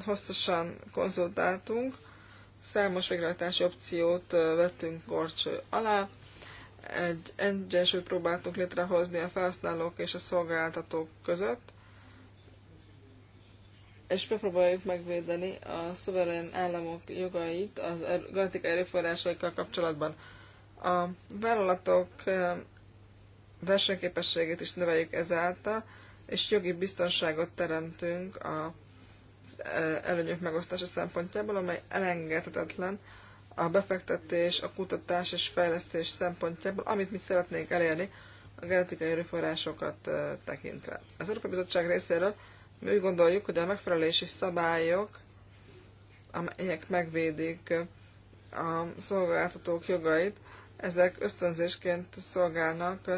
hosszasan konzultáltunk, számos végrehajtási opciót vettünk gorcső alá, egy egyensúlyt próbáltunk létrehozni a felhasználók és a szolgáltatók között, és megpróbáljuk megvédeni a szuverén államok jogait az er- genetikai erőforrásaikkal kapcsolatban. A vállalatok eh, versenyképességét is növeljük ezáltal, és jogi biztonságot teremtünk az eh, előnyök megosztása szempontjából, amely elengedhetetlen a befektetés, a kutatás és fejlesztés szempontjából, amit mi szeretnénk elérni a genetikai erőforrásokat eh, tekintve. Az Európai Bizottság részéről mi úgy gondoljuk, hogy a megfelelési szabályok, amelyek megvédik a szolgáltatók jogait, ezek ösztönzésként szolgálnak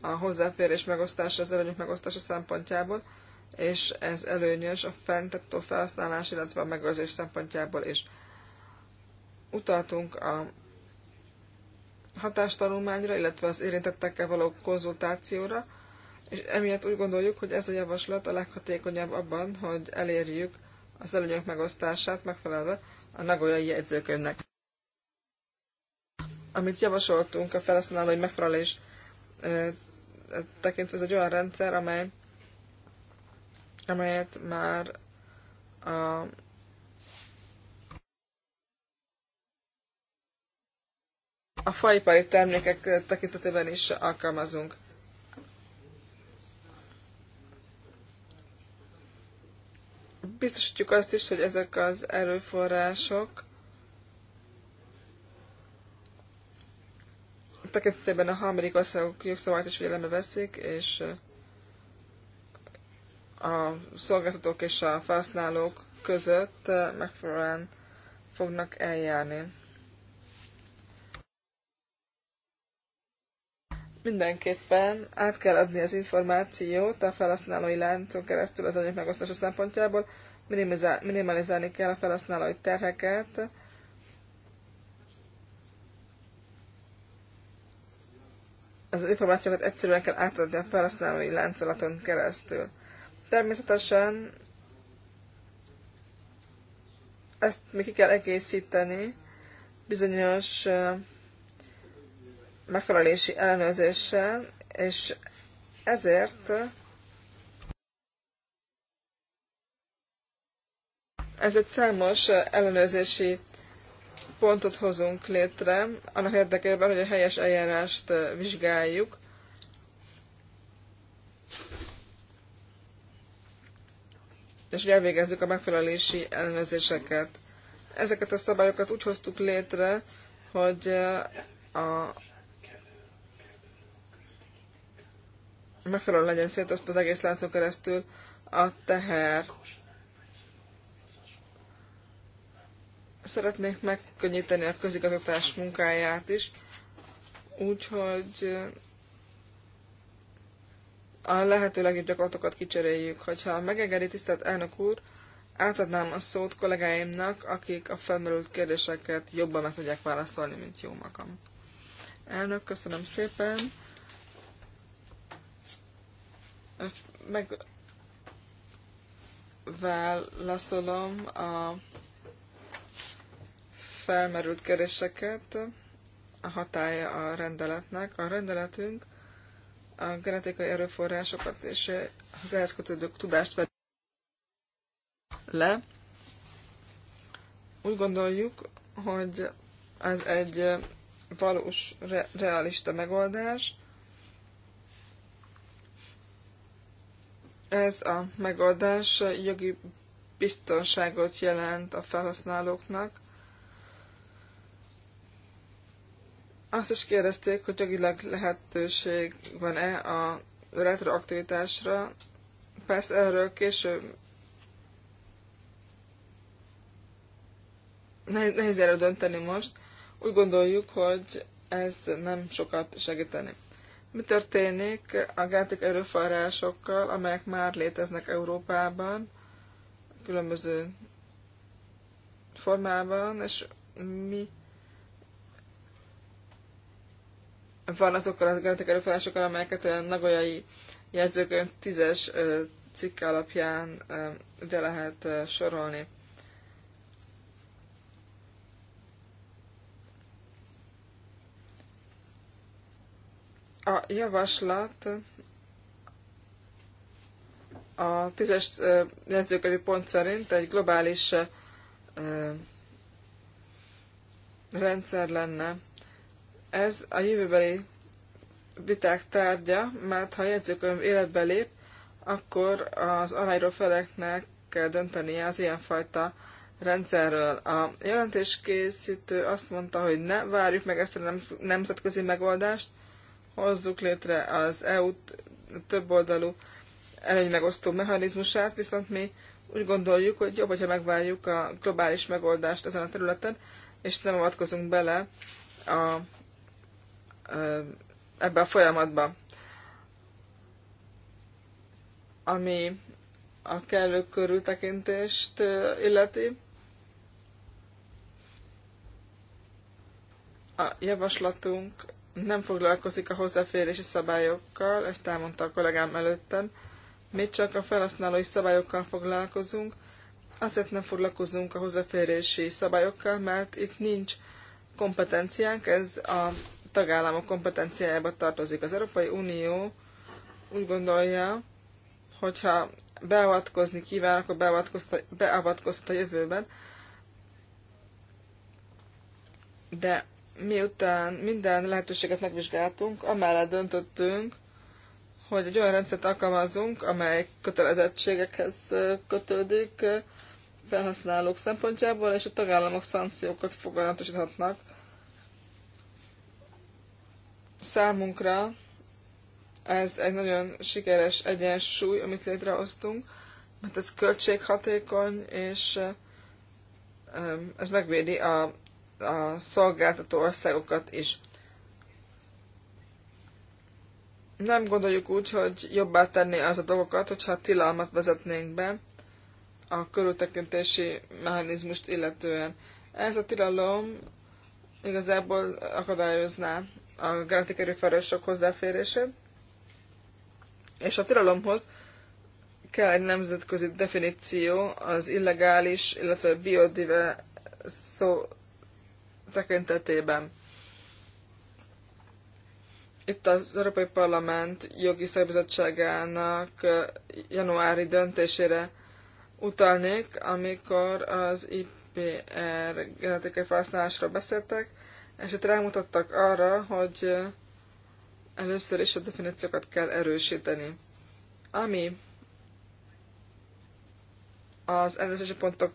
a hozzáférés megosztása, az előnyök megosztása szempontjából, és ez előnyös a fenntartó felhasználás, illetve a megőrzés szempontjából is. Utaltunk a hatástanulmányra, illetve az érintettekkel való konzultációra, és emiatt úgy gondoljuk, hogy ez a javaslat a leghatékonyabb abban, hogy elérjük az előnyök megosztását megfelelve a nagolyai jegyzőkönyvnek. Amit javasoltunk a felhasználói megfelelés tekintve, ez egy olyan rendszer, amely, amelyet már a a faipari termékek tekintetében is alkalmazunk. biztosítjuk azt is, hogy ezek az erőforrások tekintetében a harmadik országok jogszabályt is figyelembe veszik, és a szolgáltatók és a felhasználók között megfelelően fognak eljárni. Mindenképpen át kell adni az információt a felhasználói láncon keresztül az anyag megosztása szempontjából, minimalizálni kell a felhasználói terheket, az információkat egyszerűen kell átadni a felhasználói láncolaton keresztül. Természetesen ezt még ki kell egészíteni bizonyos megfelelési ellenőrzéssel, és ezért Ezért számos ellenőrzési pontot hozunk létre, annak érdekében, hogy a helyes eljárást vizsgáljuk. és hogy elvégezzük a megfelelési ellenőrzéseket. Ezeket a szabályokat úgy hoztuk létre, hogy a megfelelően legyen szétosztva az egész láncon keresztül a teher. szeretnék megkönnyíteni a közigazgatás munkáját is, úgyhogy eh, a lehető legjobb gyakorlatokat kicseréljük. Hogyha megengedi tisztelt elnök úr, átadnám a szót kollégáimnak, akik a felmerült kérdéseket jobban meg tudják válaszolni, mint jó magam. Elnök, köszönöm szépen. Meg válaszolom a felmerült kérdéseket a hatája a rendeletnek. A rendeletünk a genetikai erőforrásokat és az ehhez kötődő tudást vett le. Úgy gondoljuk, hogy ez egy valós, re- realista megoldás. Ez a megoldás jogi biztonságot jelent a felhasználóknak, Azt is kérdezték, hogy jogilag lehetőség van-e a retroaktivitásra. Persze erről később nehéz erről dönteni most. Úgy gondoljuk, hogy ez nem sokat segíteni. Mi történik a gátik erőforrásokkal, amelyek már léteznek Európában, különböző formában, és mi van azokkal a genetik erőforrásokkal, amelyeket a nagolyai jegyzőkönyv tízes cikk alapján ide lehet sorolni. A javaslat a tízes jegyzőkönyv pont szerint egy globális rendszer lenne ez a jövőbeli viták tárgya, mert ha a jegyzőkönyv életbe lép, akkor az aláíró feleknek kell döntenie az ilyenfajta rendszerről. A jelentéskészítő azt mondta, hogy ne várjuk meg ezt a nemzetközi megoldást, hozzuk létre az EU többoldalú előnymegosztó mechanizmusát, viszont mi úgy gondoljuk, hogy jobb, hogyha megvárjuk a globális megoldást ezen a területen, és nem avatkozunk bele a ebbe a folyamatba. Ami a kellő körültekintést illeti, a javaslatunk nem foglalkozik a hozzáférési szabályokkal, ezt elmondta a kollégám előttem. Mi csak a felhasználói szabályokkal foglalkozunk, azért nem foglalkozunk a hozzáférési szabályokkal, mert itt nincs kompetenciánk, ez a tagállamok kompetenciájába tartozik. Az Európai Unió úgy gondolja, hogyha beavatkozni kíván, akkor beavatkoztat, a jövőben. De miután minden lehetőséget megvizsgáltunk, amellett döntöttünk, hogy egy olyan rendszert alkalmazunk, amely kötelezettségekhez kötődik felhasználók szempontjából, és a tagállamok szankciókat fogalmatosíthatnak Számunkra ez egy nagyon sikeres egyensúly, amit létrehoztunk, mert ez költséghatékony, és ez megvédi a, a szolgáltató országokat is. Nem gondoljuk úgy, hogy jobbá tenni az a dolgokat, hogyha tilalmat vezetnénk be a körültekintési mechanizmust illetően. Ez a tilalom igazából akadályozná a genetikai erőforrások hozzáférését, és a tilalomhoz kell egy nemzetközi definíció az illegális, illetve biodive szó tekintetében. Itt az Európai Parlament jogi szakbizottságának januári döntésére utalnék, amikor az IPR genetikai felhasználásról beszéltek, és itt rámutattak arra, hogy először is a definíciókat kell erősíteni. Ami az előzési pontok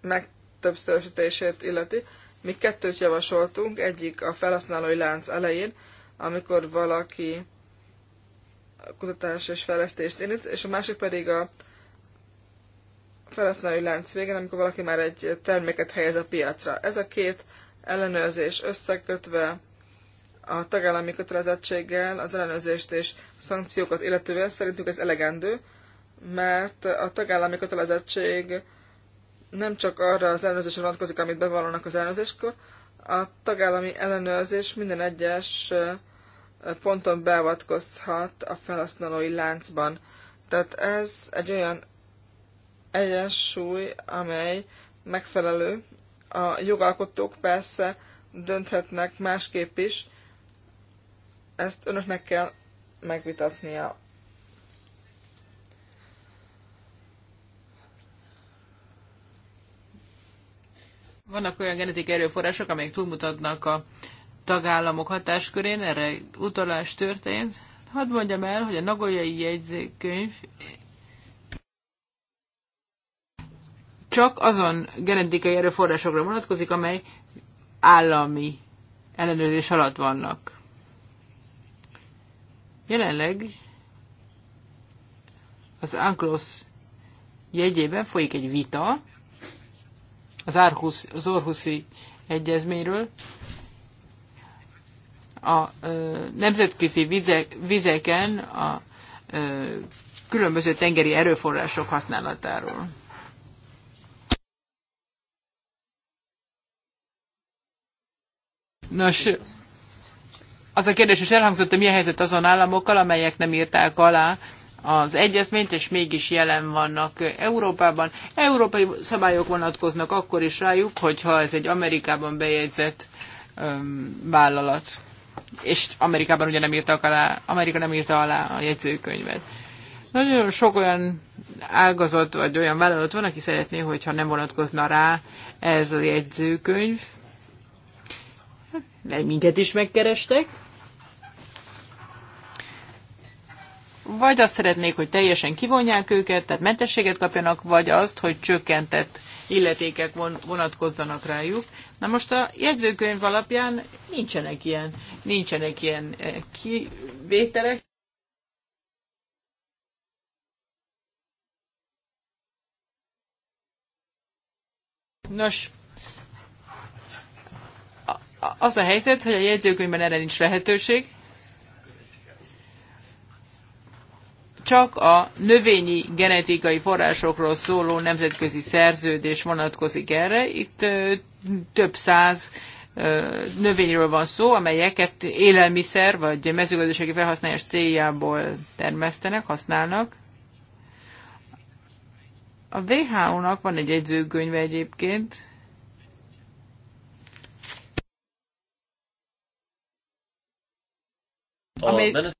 megtöbbszörösítését illeti, mi kettőt javasoltunk, egyik a felhasználói lánc elején, amikor valaki kutatás és fejlesztést indít, és a másik pedig a felhasználói lánc végén, amikor valaki már egy terméket helyez a piacra. Ez a két ellenőrzés összekötve a tagállami kötelezettséggel az ellenőrzést és szankciókat illetően szerintünk ez elegendő, mert a tagállami kötelezettség nem csak arra az ellenőrzésre vonatkozik, amit bevallanak az ellenőrzéskor, a tagállami ellenőrzés minden egyes ponton beavatkozhat a felhasználói láncban. Tehát ez egy olyan egyensúly, amely megfelelő a jogalkotók persze dönthetnek másképp is, ezt önöknek kell megvitatnia. Vannak olyan genetikai erőforrások, amelyek túlmutatnak a tagállamok hatáskörén, erre utalás történt. Hadd mondjam el, hogy a Nagoyai Jegyzékkönyv csak azon genetikai erőforrásokra vonatkozik, amely állami ellenőrzés alatt vannak. Jelenleg az Anklos jegyében folyik egy vita az, Arhus, az Orhuszi egyezményről. A ö, nemzetközi vizek, vizeken a ö, különböző tengeri erőforrások használatáról. Nos, az a kérdés is elhangzott, hogy milyen helyzet azon államokkal, amelyek nem írták alá az egyezményt, és mégis jelen vannak Európában. Európai szabályok vonatkoznak akkor is rájuk, hogyha ez egy Amerikában bejegyzett öm, vállalat. És Amerikában ugye nem írtak alá, Amerika nem írta alá a jegyzőkönyvet. Nagyon sok olyan ágazat, vagy olyan vállalat van, aki szeretné, hogyha nem vonatkozna rá ez a jegyzőkönyv, mert minket is megkerestek, vagy azt szeretnék, hogy teljesen kivonják őket, tehát mentességet kapjanak, vagy azt, hogy csökkentett illetékek vonatkozzanak rájuk. Na most a jegyzőkönyv alapján nincsenek ilyen, nincsenek ilyen eh, kivételek. Nos, az a helyzet, hogy a jegyzőkönyvben erre nincs lehetőség, csak a növényi genetikai forrásokról szóló nemzetközi szerződés vonatkozik erre. Itt több száz növényről van szó, amelyeket élelmiszer vagy mezőgazdasági felhasználás céljából termesztenek, használnak. A WHO-nak van egy jegyzőkönyve egyébként, A amely, menet...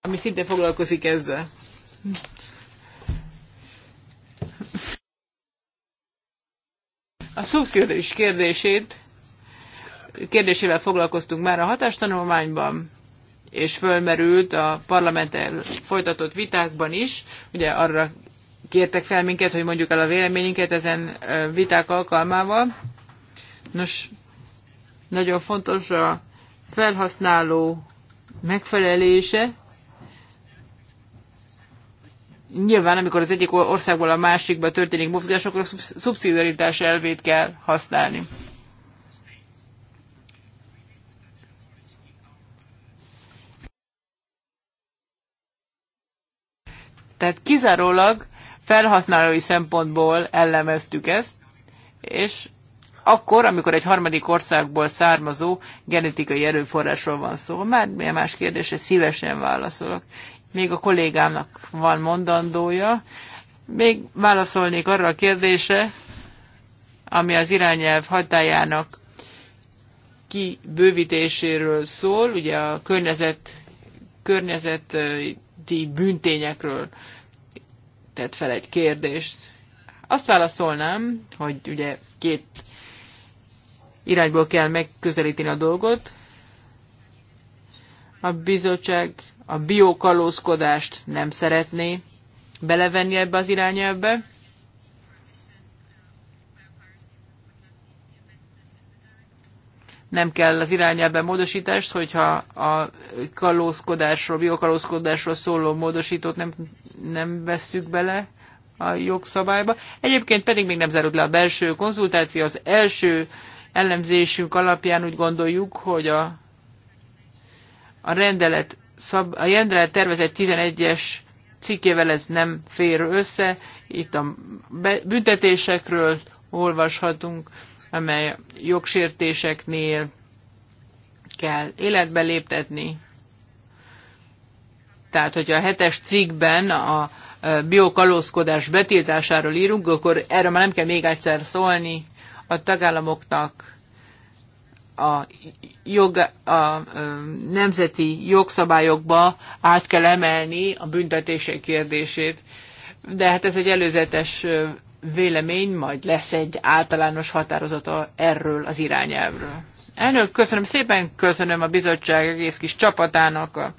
ami szintén foglalkozik ezzel. A szubszidiaris kérdését kérdésével foglalkoztunk már a hatástanulmányban, és fölmerült a parlamenttel folytatott vitákban is. Ugye arra kértek fel minket, hogy mondjuk el a véleményünket ezen viták alkalmával. Nos, nagyon fontos a felhasználó megfelelése. Nyilván, amikor az egyik országból a másikba történik mozgás, akkor a szubszidaritás elvét kell használni. Tehát kizárólag felhasználói szempontból elemeztük ezt, és akkor, amikor egy harmadik országból származó genetikai erőforrásról van szó. Már milyen más kérdésre szívesen válaszolok. Még a kollégámnak van mondandója. Még válaszolnék arra a kérdése, ami az irányelv hatájának kibővítéséről szól, ugye a környezet, környezeti bűntényekről tett fel egy kérdést. Azt válaszolnám, hogy ugye két irányból kell megközelíteni a dolgot. A bizottság a biokalózkodást nem szeretné belevenni ebbe az irányelbe. nem kell az irányelbe módosítást, hogyha a kalózkodásról, biokalózkodásról szóló módosítót nem, nem vesszük bele a jogszabályba. Egyébként pedig még nem zárult le a belső konzultáció, az első ellenzésünk alapján úgy gondoljuk, hogy a, a rendelet, szab, a rendelet tervezett 11-es cikkével ez nem fér össze. Itt a büntetésekről olvashatunk, amely jogsértéseknél kell életbe léptetni. Tehát, hogyha a hetes cikkben a biokalózkodás betiltásáról írunk, akkor erről már nem kell még egyszer szólni a tagállamoknak a, jog, a nemzeti jogszabályokba át kell emelni a büntetések kérdését. De hát ez egy előzetes vélemény, majd lesz egy általános határozata erről az irányelvről. Elnök, köszönöm szépen, köszönöm a bizottság egész kis csapatának a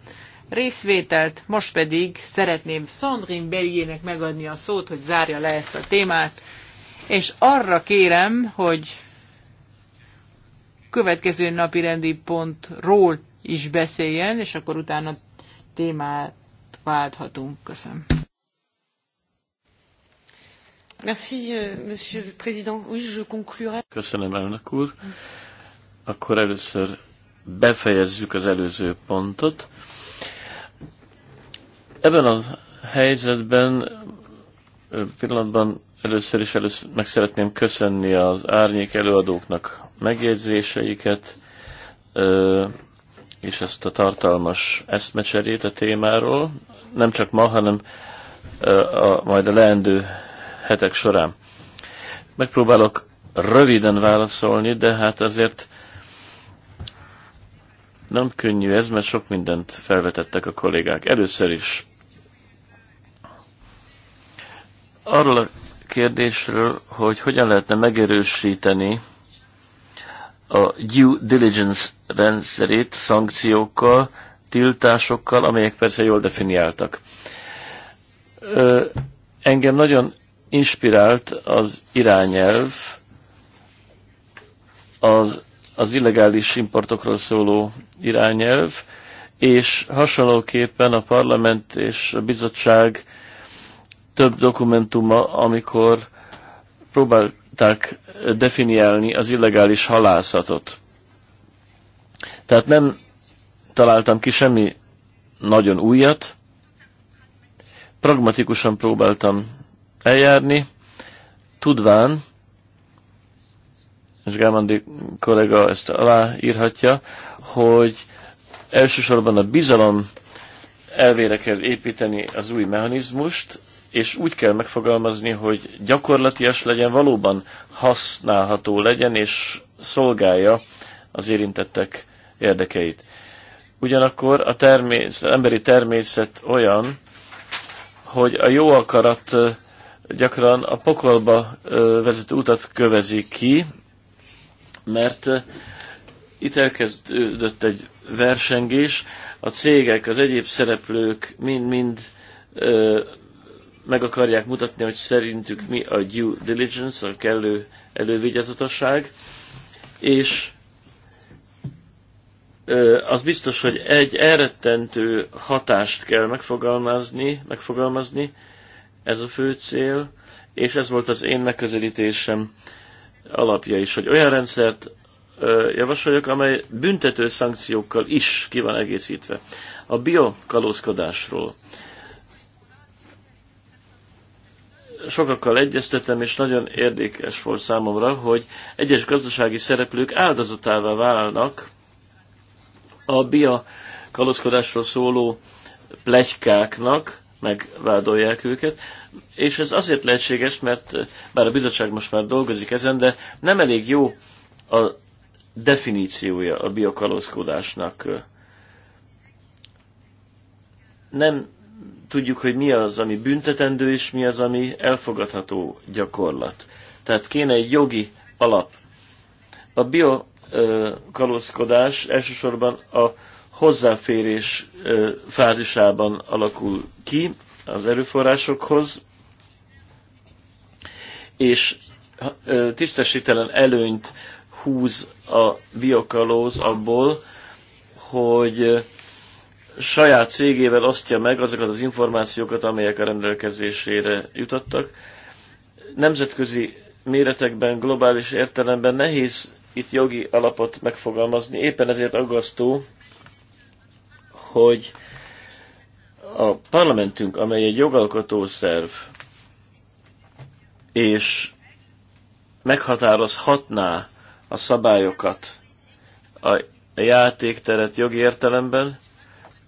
részvételt, most pedig szeretném Szondrin Belgének megadni a szót, hogy zárja le ezt a témát és arra kérem, hogy következő napi rendi pontról is beszéljen, és akkor utána témát válthatunk. Köszönöm. Merci, euh, Monsieur le Président. Oui, je conclurai. Köszönöm, elnök úr. Akkor először befejezzük az előző pontot. Ebben a helyzetben pillanatban Először is először meg szeretném köszönni az árnyék előadóknak megjegyzéseiket, és ezt a tartalmas eszmecserét a témáról, nem csak ma, hanem a, majd a leendő hetek során. Megpróbálok röviden válaszolni, de hát azért nem könnyű ez, mert sok mindent felvetettek a kollégák. Először is arról a kérdésről, hogy hogyan lehetne megerősíteni a due diligence rendszerét szankciókkal, tiltásokkal, amelyek persze jól definiáltak. Ö, engem nagyon inspirált az irányelv, az, az illegális importokról szóló irányelv, és hasonlóképpen a parlament és a bizottság több dokumentuma, amikor próbálták definiálni az illegális halászatot. Tehát nem találtam ki semmi nagyon újat, pragmatikusan próbáltam eljárni, tudván, és Gámandi kollega ezt aláírhatja, hogy elsősorban a bizalom elvére kell építeni az új mechanizmust, és úgy kell megfogalmazni, hogy gyakorlatias legyen, valóban használható legyen, és szolgálja az érintettek érdekeit. Ugyanakkor a természet, emberi természet olyan, hogy a jó akarat gyakran a pokolba vezető utat kövezi ki, mert itt elkezdődött egy versengés, a cégek, az egyéb szereplők mind-mind meg akarják mutatni, hogy szerintük mi a due diligence, a kellő elővigyázatosság, és az biztos, hogy egy elrettentő hatást kell megfogalmazni, megfogalmazni, ez a fő cél, és ez volt az én megközelítésem alapja is, hogy olyan rendszert javasoljak, amely büntető szankciókkal is ki van egészítve. A biokalózkodásról sokakkal egyeztetem, és nagyon érdekes volt számomra, hogy egyes gazdasági szereplők áldozatává válnak a bia kalózkodásról szóló plegykáknak, megvádolják őket, és ez azért lehetséges, mert bár a bizottság most már dolgozik ezen, de nem elég jó a definíciója a biokalózkodásnak. Nem tudjuk, hogy mi az, ami büntetendő, és mi az, ami elfogadható gyakorlat. Tehát kéne egy jogi alap. A biokalózkodás elsősorban a hozzáférés fázisában alakul ki az erőforrásokhoz, és tisztesítelen előnyt húz a biokalóz abból, hogy saját cégével osztja meg azokat az információkat, amelyek a rendelkezésére jutottak. Nemzetközi méretekben, globális értelemben nehéz itt jogi alapot megfogalmazni. Éppen ezért aggasztó, hogy a parlamentünk, amely egy jogalkotó szerv, és meghatározhatná a szabályokat a játékteret jogi értelemben,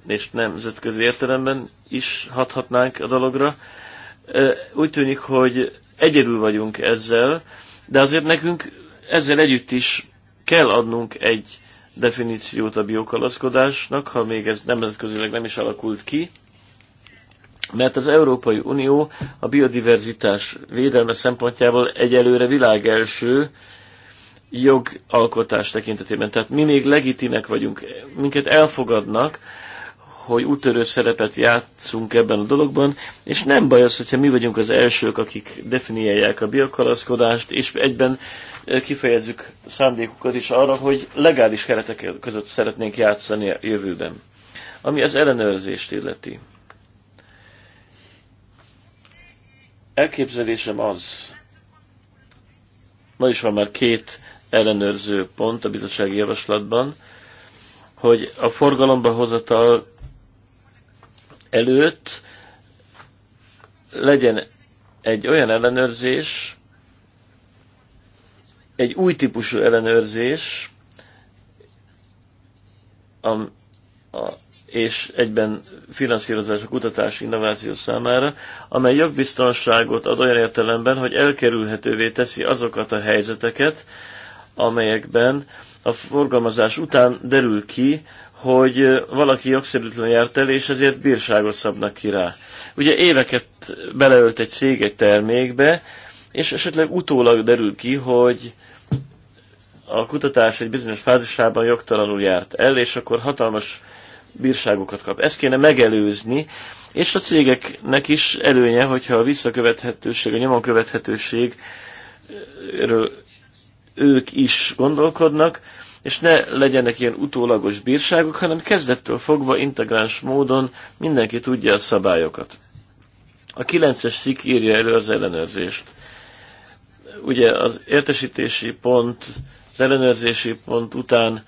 és nemzetközi értelemben is hathatnánk a dologra. Úgy tűnik, hogy egyedül vagyunk ezzel, de azért nekünk ezzel együtt is kell adnunk egy definíciót a biokalaszkodásnak, ha még ez nemzetközileg nem is alakult ki, mert az Európai Unió a biodiverzitás védelme szempontjából egyelőre világelső jogalkotás tekintetében. Tehát mi még legitimek vagyunk, minket elfogadnak, hogy úttörő szerepet játszunk ebben a dologban, és nem baj az, hogyha mi vagyunk az elsők, akik definiálják a biokalaszkodást, és egyben kifejezzük szándékukat is arra, hogy legális keretek között szeretnénk játszani a jövőben. Ami az ellenőrzést illeti. Elképzelésem az, ma is van már két ellenőrző pont a bizottsági javaslatban, hogy a forgalomba hozatal előtt legyen egy olyan ellenőrzés, egy új típusú ellenőrzés, am, a, és egyben finanszírozás a kutatás innováció számára, amely jogbiztonságot ad olyan értelemben, hogy elkerülhetővé teszi azokat a helyzeteket, amelyekben a forgalmazás után derül ki, hogy valaki jogszerűtlen járt el, és ezért bírságot szabnak ki rá. Ugye éveket beleölt egy cég egy termékbe, és esetleg utólag derül ki, hogy a kutatás egy bizonyos fázisában jogtalanul járt el, és akkor hatalmas bírságokat kap. Ezt kéne megelőzni, és a cégeknek is előnye, hogyha a visszakövethetőség, a nyomon követhetőségről ők is gondolkodnak, és ne legyenek ilyen utólagos bírságok, hanem kezdettől fogva integráns módon mindenki tudja a szabályokat. A 9-es szik írja elő az ellenőrzést. Ugye az értesítési pont, az ellenőrzési pont után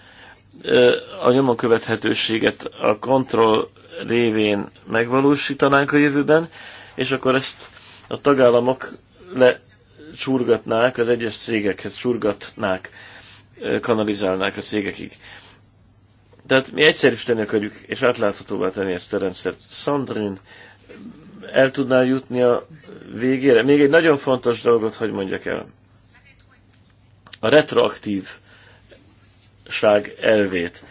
a nyomon követhetőséget a kontroll révén megvalósítanánk a jövőben, és akkor ezt a tagállamok lecsurgatnák, az egyes cégekhez csurgatnák kanalizálnák a szégekig. Tehát mi egyszerűsíteni akarjuk, és átláthatóvá tenni ezt a rendszert. Sandrin el tudná jutni a végére. Még egy nagyon fontos dolgot, hogy mondjak el. A retroaktív ság elvét.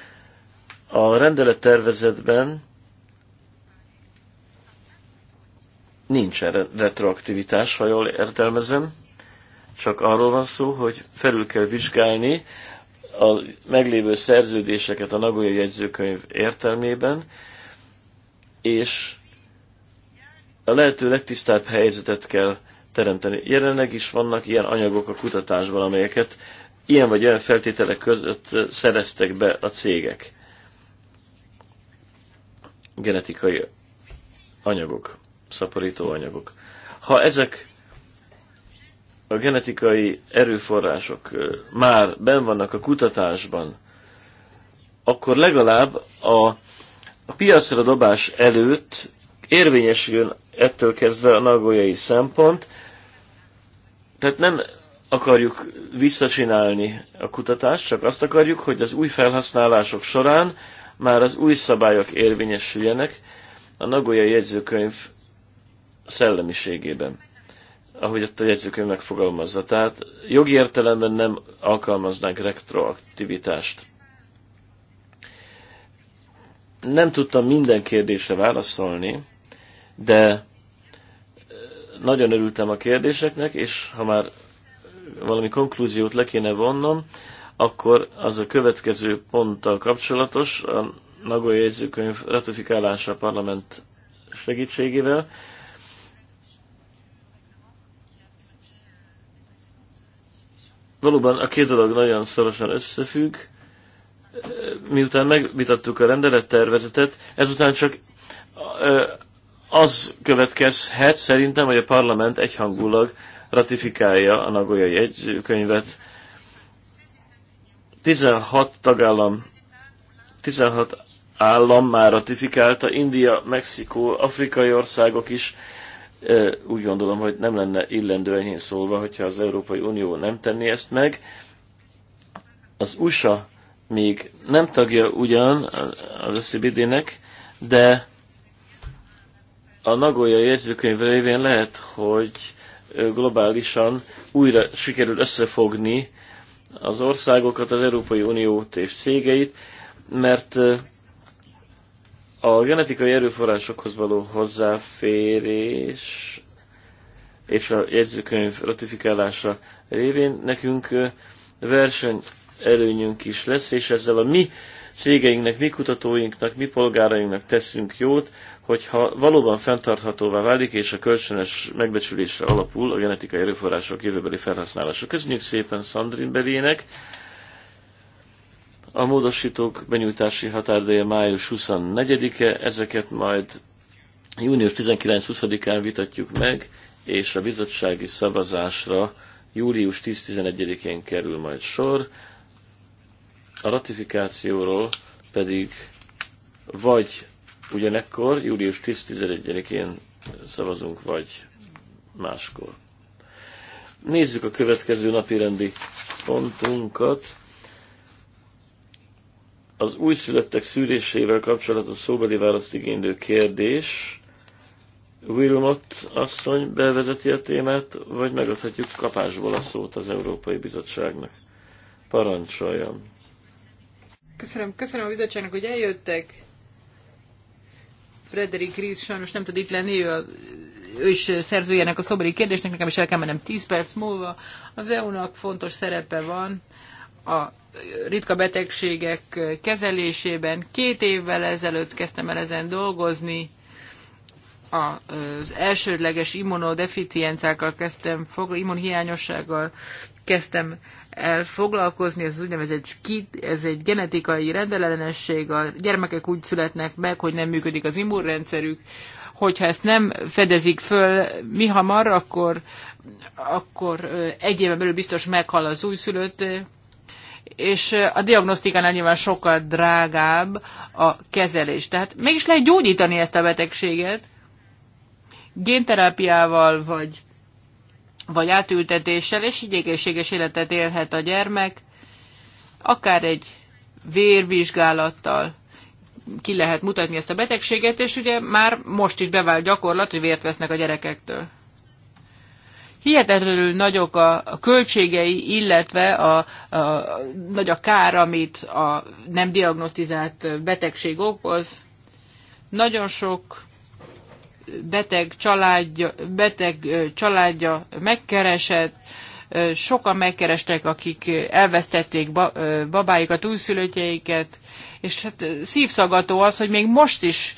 A rendelet tervezetben nincsen retroaktivitás, ha jól értelmezem csak arról van szó, hogy felül kell vizsgálni a meglévő szerződéseket a Nagoya jegyzőkönyv értelmében, és a lehető legtisztább helyzetet kell teremteni. Jelenleg is vannak ilyen anyagok a kutatásban, amelyeket ilyen vagy olyan feltételek között szereztek be a cégek. Genetikai anyagok, szaporító anyagok. Ha ezek a genetikai erőforrások már ben vannak a kutatásban, akkor legalább a, a piacra dobás előtt érvényesüljön ettől kezdve a nagolyai szempont, tehát nem akarjuk visszacsinálni a kutatást, csak azt akarjuk, hogy az új felhasználások során már az új szabályok érvényesüljenek a nagolyai jegyzőkönyv szellemiségében ahogy ott a jegyzőkönyv megfogalmazza. Tehát jogi értelemben nem alkalmaznánk retroaktivitást. Nem tudtam minden kérdésre válaszolni, de eh, nagyon örültem a kérdéseknek, és ha már valami konklúziót le kéne vonnom, akkor az a következő ponttal kapcsolatos, a Nagoya jegyzőkönyv ratifikálása a parlament segítségével, Valóban a két dolog nagyon szorosan összefügg. Miután megvitattuk a rendelettervezetet, ezután csak az következhet szerintem, hogy a parlament egyhangulag ratifikálja a Nagoyai jegyzőkönyvet. 16 tagállam, 16 állam már ratifikálta, India, Mexikó, afrikai országok is úgy gondolom, hogy nem lenne illendő enyhén szólva, hogyha az Európai Unió nem tenné ezt meg. Az USA még nem tagja ugyan az SZBD-nek, de a Nagoya jegyzőkönyv révén lehet, hogy globálisan újra sikerül összefogni az országokat, az Európai Uniót és cégeit, mert a genetikai erőforrásokhoz való hozzáférés és a jegyzőkönyv ratifikálása révén nekünk verseny előnyünk is lesz, és ezzel a mi cégeinknek, mi kutatóinknak, mi polgárainknak teszünk jót, hogyha valóban fenntarthatóvá válik, és a kölcsönös megbecsülésre alapul a genetikai erőforrások jövőbeli felhasználása. Köszönjük szépen Szandrin Belének! A módosítók benyújtási határdéje május 24-e, ezeket majd június 19-20-án vitatjuk meg, és a bizottsági szavazásra július 10-11-én kerül majd sor. A ratifikációról pedig vagy ugyanekkor, július 10-11-én szavazunk, vagy máskor. Nézzük a következő napi rendi pontunkat. Az újszülöttek szűrésével kapcsolatos szóbeli választ igénylő kérdés. Wilmot asszony bevezeti a témát, vagy megadhatjuk kapásból a szót az Európai Bizottságnak. Parancsoljon! Köszönöm, köszönöm a bizottságnak, hogy eljöttek. Frederik Ries sajnos nem tud itt lenni, ő, a, ő is szerzőjének a szobori kérdésnek, nekem is el kell mennem 10 perc múlva. Az EU-nak fontos szerepe van a ritka betegségek kezelésében. Két évvel ezelőtt kezdtem el ezen dolgozni, az elsődleges immunodeficienciákkal kezdtem, immunhiányossággal kezdtem el foglalkozni, ez úgynevezett skid, ez egy genetikai rendellenesség, a gyermekek úgy születnek meg, hogy nem működik az immunrendszerük, hogyha ezt nem fedezik föl mi hamar, akkor, akkor egy éven belül biztos meghal az újszülött, és a diagnosztikánál nyilván sokkal drágább a kezelés. Tehát mégis lehet gyógyítani ezt a betegséget génterápiával, vagy, vagy átültetéssel, és így egészséges életet élhet a gyermek, akár egy vérvizsgálattal ki lehet mutatni ezt a betegséget, és ugye már most is bevált gyakorlat, hogy vért vesznek a gyerekektől hihetetlenül nagyok a, a költségei, illetve a, a, nagy a kár, amit a nem diagnosztizált betegség okoz. Nagyon sok beteg családja, beteg családja megkeresett, sokan megkerestek, akik elvesztették babáikat, újszülöttjeiket, és hát szívszagató az, hogy még most is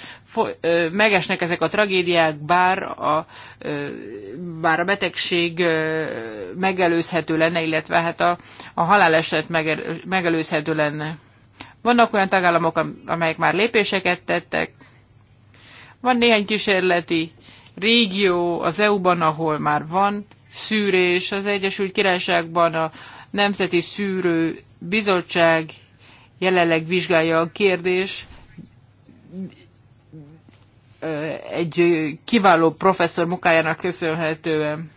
megesnek ezek a tragédiák, bár a, bár a betegség megelőzhető lenne, illetve hát a, a haláleset megelőzhető lenne. Vannak olyan tagállamok, amelyek már lépéseket tettek. Van néhány kísérleti régió az EU-ban, ahol már van szűrés. Az Egyesült Királyságban a Nemzeti Szűrő Bizottság jelenleg vizsgálja a kérdés, egy kiváló professzor munkájának köszönhetően.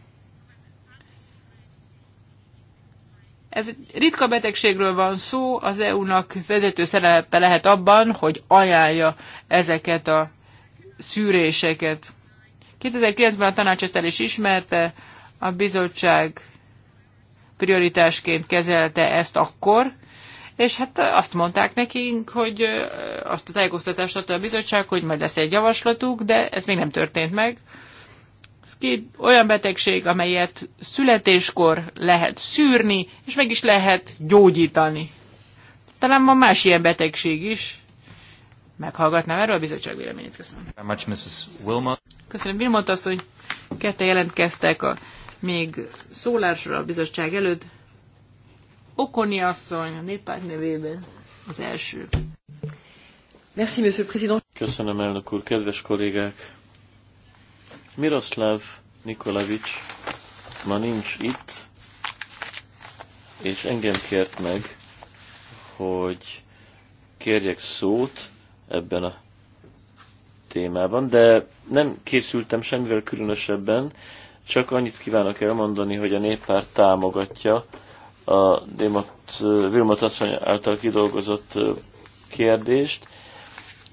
Ez egy ritka betegségről van szó, az EU-nak vezető szerepe lehet abban, hogy ajánlja ezeket a szűréseket. 2009-ben a tanács ezt el is ismerte, a bizottság prioritásként kezelte ezt akkor, és hát azt mondták nekünk, hogy azt a tájékoztatást adta a bizottság, hogy majd lesz egy javaslatuk, de ez még nem történt meg. Szkid olyan betegség, amelyet születéskor lehet szűrni, és meg is lehet gyógyítani. Talán van más ilyen betegség is. Meghallgatnám erről a bizottság véleményét. Köszönöm. Much, Mrs. Wilmot. Köszönöm, Wilmot asszony. Kette jelentkeztek a még szólásra a bizottság előtt. Okoni asszony, a néppárt nevében az első. Merci, monsieur président. Köszönöm, elnök úr, kedves kollégák! Miroslav Nikolavics ma nincs itt, és engem kért meg, hogy kérjek szót ebben a témában, de nem készültem semmivel különösebben, csak annyit kívánok elmondani, hogy a néppárt támogatja a Démat, Vilmat asszony által kidolgozott kérdést,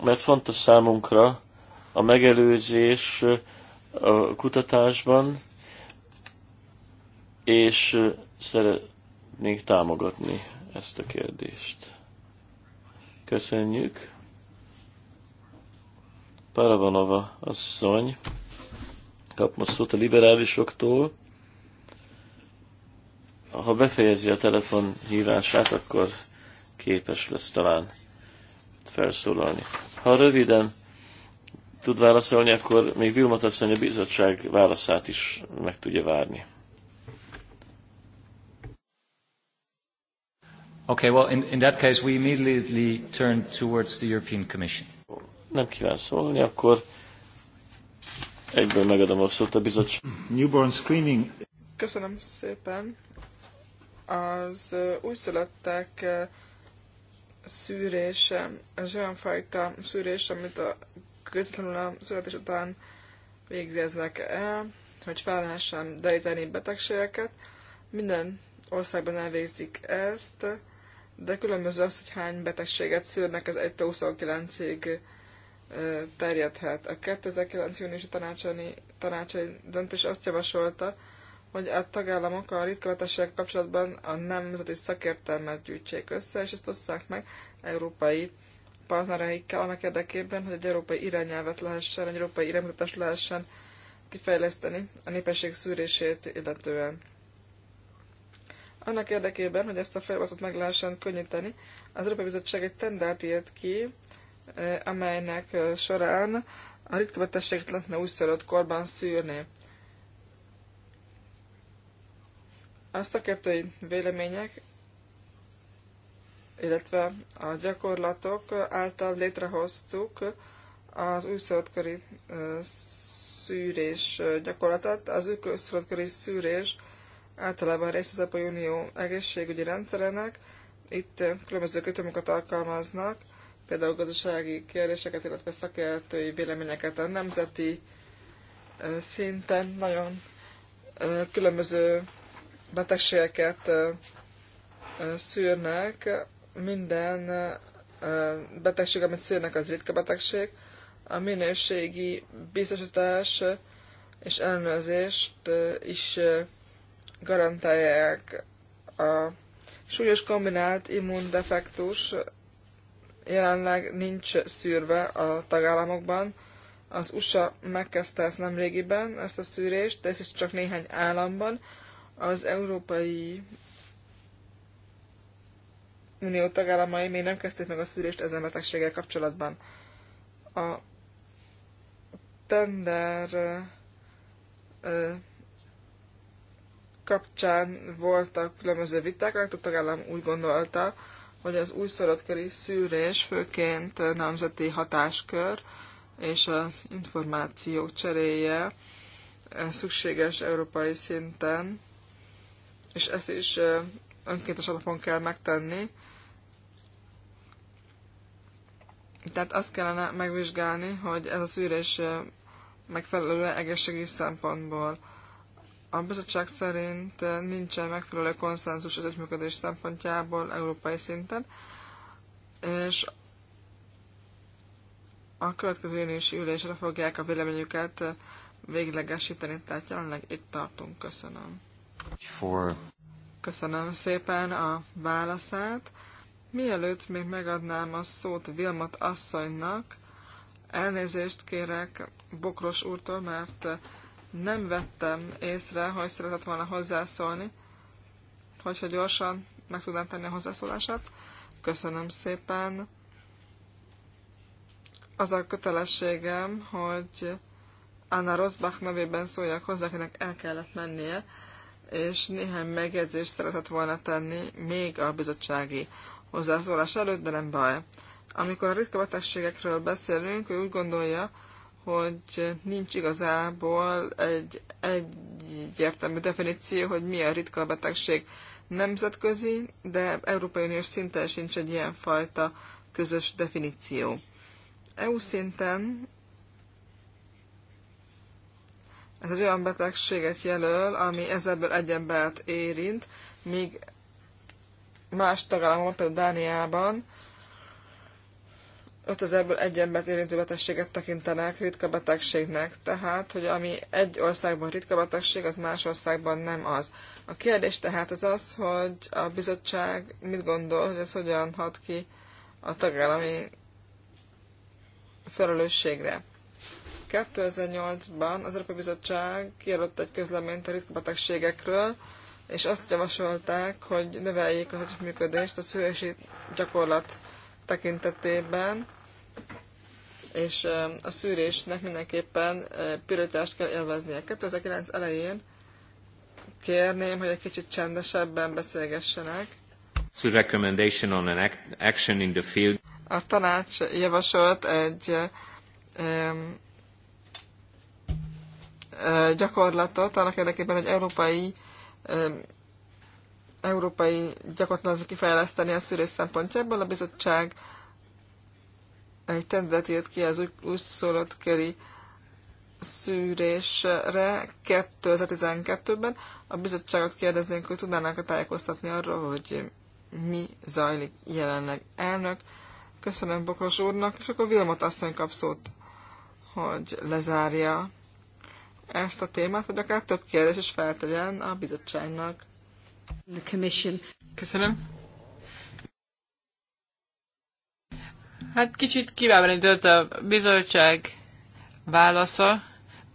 mert fontos számunkra a megelőzés a kutatásban, és szeretnénk támogatni ezt a kérdést. Köszönjük. Paravanova asszony kap most szót a liberálisoktól ha befejezi a telefon hívását, akkor képes lesz talán felszólalni. Ha röviden tud válaszolni, akkor még Vilmot asszony a bizottság válaszát is meg tudja várni. Okay, well, in, in that case we immediately turn towards the European Commission. Nem kíván szólni, akkor egyből megadom a szót a bizottság. Newborn screening. Köszönöm szépen. Az újszülöttek szűrése, az olyan fajta szűrés, amit a közvetlenül a születés után végzeznek el, hogy fel lehessen deríteni betegségeket. Minden országban elvégzik ezt, de különböző az, hogy hány betegséget szűrnek, ez 1-29-ig terjedhet. A 2009 júniusi tanácsai döntés azt javasolta, hogy a tagállamok a ritkavetességek kapcsolatban a nemzeti szakértelmet gyűjtsék össze, és ezt osszák meg európai partnereikkel annak érdekében, hogy egy európai irányelvet lehessen, egy európai iránymutatást lehessen kifejleszteni a népesség szűrését illetően. Annak érdekében, hogy ezt a folyamatot meg lehessen könnyíteni, az Európai Bizottság egy tendert írt ki, eh, amelynek eh, során a ritka lehetne újszörött korban szűrni. A kettői vélemények, illetve a gyakorlatok által létrehoztuk az új szövetkori szűrés gyakorlatát. Az új szövetkori szűrés általában része az Európai Unió egészségügyi rendszerének. Itt különböző kötömöket alkalmaznak, például gazdasági kérdéseket, illetve szakértői véleményeket a nemzeti szinten nagyon különböző betegségeket szűrnek, minden betegség, amit szűrnek, az ritka betegség. A minőségi biztosítás és ellenőrzést is garantálják a súlyos kombinált immundefektus jelenleg nincs szűrve a tagállamokban. Az USA megkezdte ezt nemrégiben, ezt a szűrést, de ez is csak néhány államban az Európai Unió tagállamai még nem kezdték meg a szűrést ezen betegséggel kapcsolatban. A tender kapcsán voltak különböző viták, a tagállam úgy gondolta, hogy az új szorotkori szűrés főként nemzeti hatáskör és az információk cseréje szükséges európai szinten és ezt is önkéntes alapon kell megtenni. Tehát azt kellene megvizsgálni, hogy ez a szűrés megfelelő egészségügyi szempontból. A bizottság szerint nincsen megfelelő konszenzus az együttműködés szempontjából európai szinten, és a következő jönési ülésre fogják a véleményüket véglegesíteni, tehát jelenleg itt tartunk. Köszönöm. Köszönöm szépen a válaszát. Mielőtt még megadnám a szót Vilmot asszonynak, elnézést kérek Bokros úrtól, mert nem vettem észre, hogy szeretett volna hozzászólni, hogyha gyorsan meg tudnám tenni a hozzászólását. Köszönöm szépen. Az a kötelességem, hogy Anna Rosbach nevében szóljak hozzá, akinek el kellett mennie és néhány megjegyzést szeretett volna tenni még a bizottsági hozzászólás előtt, de nem baj. Amikor a ritka betegségekről beszélünk, ő úgy gondolja, hogy nincs igazából egy egyértelmű definíció, hogy mi a ritka betegség nemzetközi, de Európai Uniós szinten sincs egy ilyen fajta közös definíció. EU szinten ez egy olyan betegséget jelöl, ami ezerből egy embert érint, míg más tagállamokban, például Dániában, 5000-ből egy embert érintő betegséget tekintenek ritka betegségnek, tehát, hogy ami egy országban ritka betegség, az más országban nem az. A kérdés tehát az az, hogy a bizottság mit gondol, hogy ez hogyan hat ki a tagállami felelősségre. 2008-ban az Európai Bizottság kiadott egy közleményt a ritka betegségekről, és azt javasolták, hogy növeljék az működést a szülési gyakorlat tekintetében, és a szűrésnek mindenképpen prioritást kell élveznie. 2009 elején kérném, hogy egy kicsit csendesebben beszélgessenek. recommendation on an action in the field. A tanács javasolt egy um, gyakorlatot annak érdekében, hogy európai európai gyakorlatot kifejleszteni a szűrés szempontjából. A bizottság egy tendet írt ki az úgy, úgy szólott keri szűrésre 2012-ben. A bizottságot kérdeznénk, hogy tudnának tájékoztatni arról, hogy mi zajlik jelenleg elnök. Köszönöm Bokros úrnak, és akkor Vilmot asszony kap szót, hogy lezárja ezt a témát, vagy akár több kérdés is feltegyen a bizottságnak. Köszönöm. Hát kicsit kivábrenyített a bizottság válasza.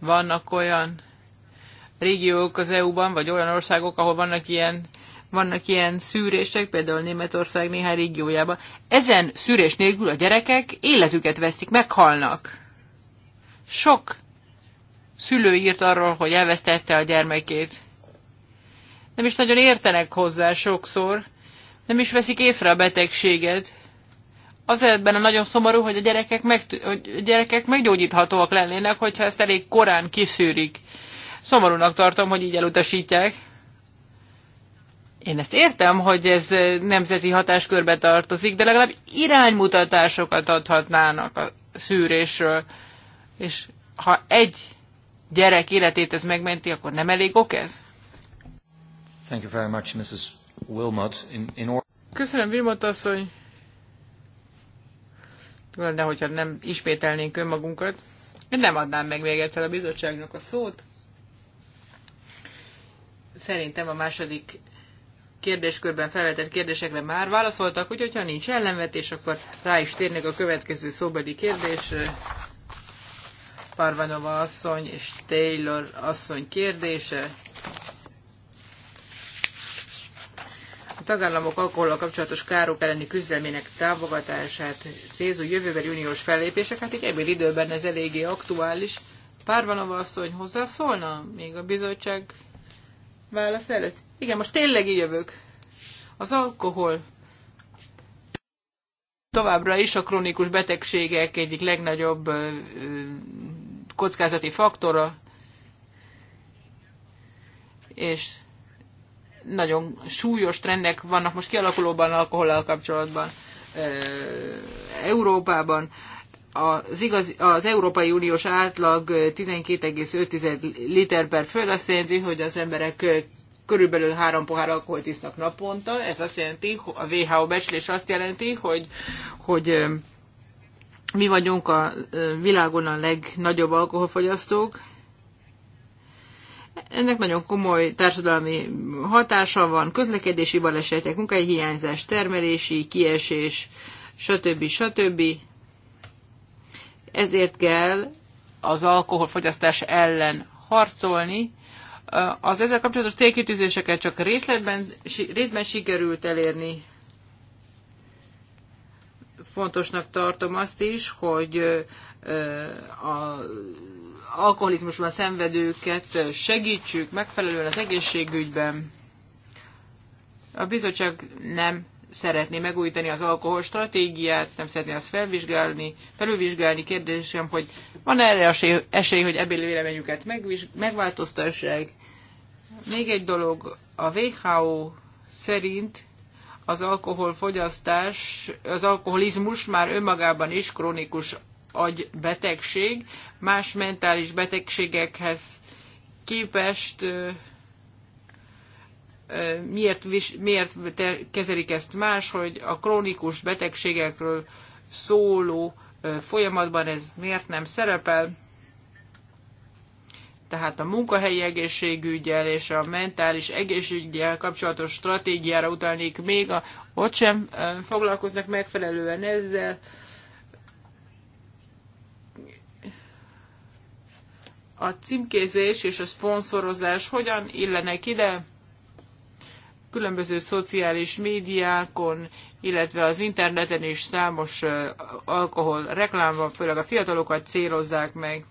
Vannak olyan régiók az EU-ban, vagy olyan országok, ahol vannak ilyen vannak ilyen szűrések, például Németország néhány régiójában. Ezen szűrés nélkül a gyerekek életüket vesztik, meghalnak. Sok szülő írt arról, hogy elvesztette a gyermekét. Nem is nagyon értenek hozzá sokszor, nem is veszik észre a betegséget. Az benne a nagyon szomorú, hogy a gyerekek, meg, hogy a gyerekek meggyógyíthatóak lennének, hogyha ezt elég korán kiszűrik. Szomorúnak tartom, hogy így elutasítják. Én ezt értem, hogy ez nemzeti hatáskörbe tartozik, de legalább iránymutatásokat adhatnának a szűrésről. És ha egy gyerek életét ez megmenti, akkor nem elég ok ez? Thank you very much, Mrs. Wilmot. In, in or- Köszönöm, Wilmot asszony. De hogyha nem ismételnénk önmagunkat, én nem adnám meg még egyszer a bizottságnak a szót. Szerintem a második kérdéskörben felvetett kérdésekre már válaszoltak, úgyhogy ha nincs ellenvetés, akkor rá is térnek a következő szóbeli kérdésre. Parvanova asszony és Taylor asszony kérdése. A tagállamok alkoholra kapcsolatos károk elleni küzdelmének támogatását célzó jövőbeli uniós fellépések, hát egy ebből időben ez eléggé aktuális. Párvanova asszony hozzászólna még a bizottság válasz előtt? Igen, most tényleg így jövök. Az alkohol továbbra is a krónikus betegségek egyik legnagyobb kockázati faktora, és nagyon súlyos trendek vannak most kialakulóban alkohollal kapcsolatban Európában. Az, igaz, az Európai Uniós átlag 12,5 liter per fő, azt jelenti, hogy az emberek körülbelül három pohár alkoholt isznak naponta. Ez azt jelenti, a WHO becslés azt jelenti, hogy, hogy mi vagyunk a világon a legnagyobb alkoholfogyasztók. Ennek nagyon komoly társadalmi hatása van, közlekedési balesetek, hiányzás, termelési, kiesés, stb. stb. Ezért kell az alkoholfogyasztás ellen harcolni. Az ezzel kapcsolatos célkitűzéseket csak részletben, részben sikerült elérni Fontosnak tartom azt is, hogy a alkoholizmusban szenvedőket segítsük megfelelően az egészségügyben. A bizottság nem szeretné megújítani az alkohol stratégiát, nem szeretné azt felvizsgálni, felülvizsgálni. Kérdésem, hogy van erre esély, esély hogy ebből véleményüket megváltoztassák? Még egy dolog, a WHO szerint az alkoholfogyasztás, az alkoholizmus már önmagában is krónikus agybetegség, más mentális betegségekhez képest miért, miért kezelik ezt más, hogy a krónikus betegségekről szóló folyamatban ez miért nem szerepel tehát a munkahelyi egészségügyel és a mentális egészségügyel kapcsolatos stratégiára utalnék még, a, ott sem foglalkoznak megfelelően ezzel. A címkézés és a szponszorozás hogyan illenek ide? Különböző szociális médiákon, illetve az interneten is számos alkohol reklámban, főleg a fiatalokat célozzák meg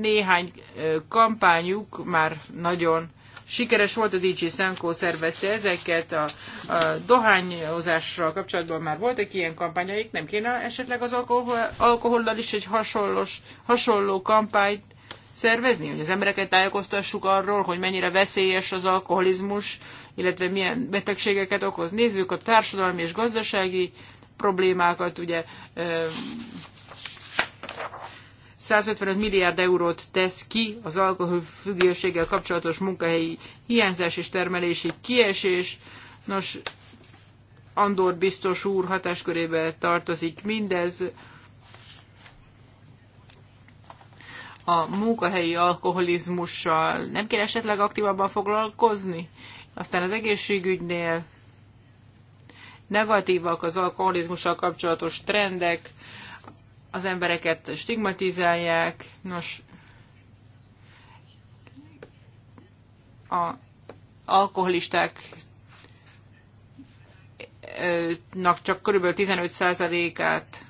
néhány kampányuk már nagyon sikeres volt, a DJ Senko szervezte ezeket, a, a dohányozással kapcsolatban már voltak ilyen kampányaik, nem kéne esetleg az alkohol, alkohollal is egy hasonlós, hasonló kampányt szervezni, hogy az embereket tájékoztassuk arról, hogy mennyire veszélyes az alkoholizmus, illetve milyen betegségeket okoz. Nézzük a társadalmi és gazdasági problémákat, ugye 155 milliárd eurót tesz ki az alkoholfüggőséggel kapcsolatos munkahelyi hiányzás és termelési kiesés. Nos, Andor biztos úr hatáskörébe tartozik mindez. A munkahelyi alkoholizmussal nem kell esetleg aktívabban foglalkozni? Aztán az egészségügynél negatívak az alkoholizmussal kapcsolatos trendek, az embereket stigmatizálják, nos, a alkoholisták csak kb. 15%-át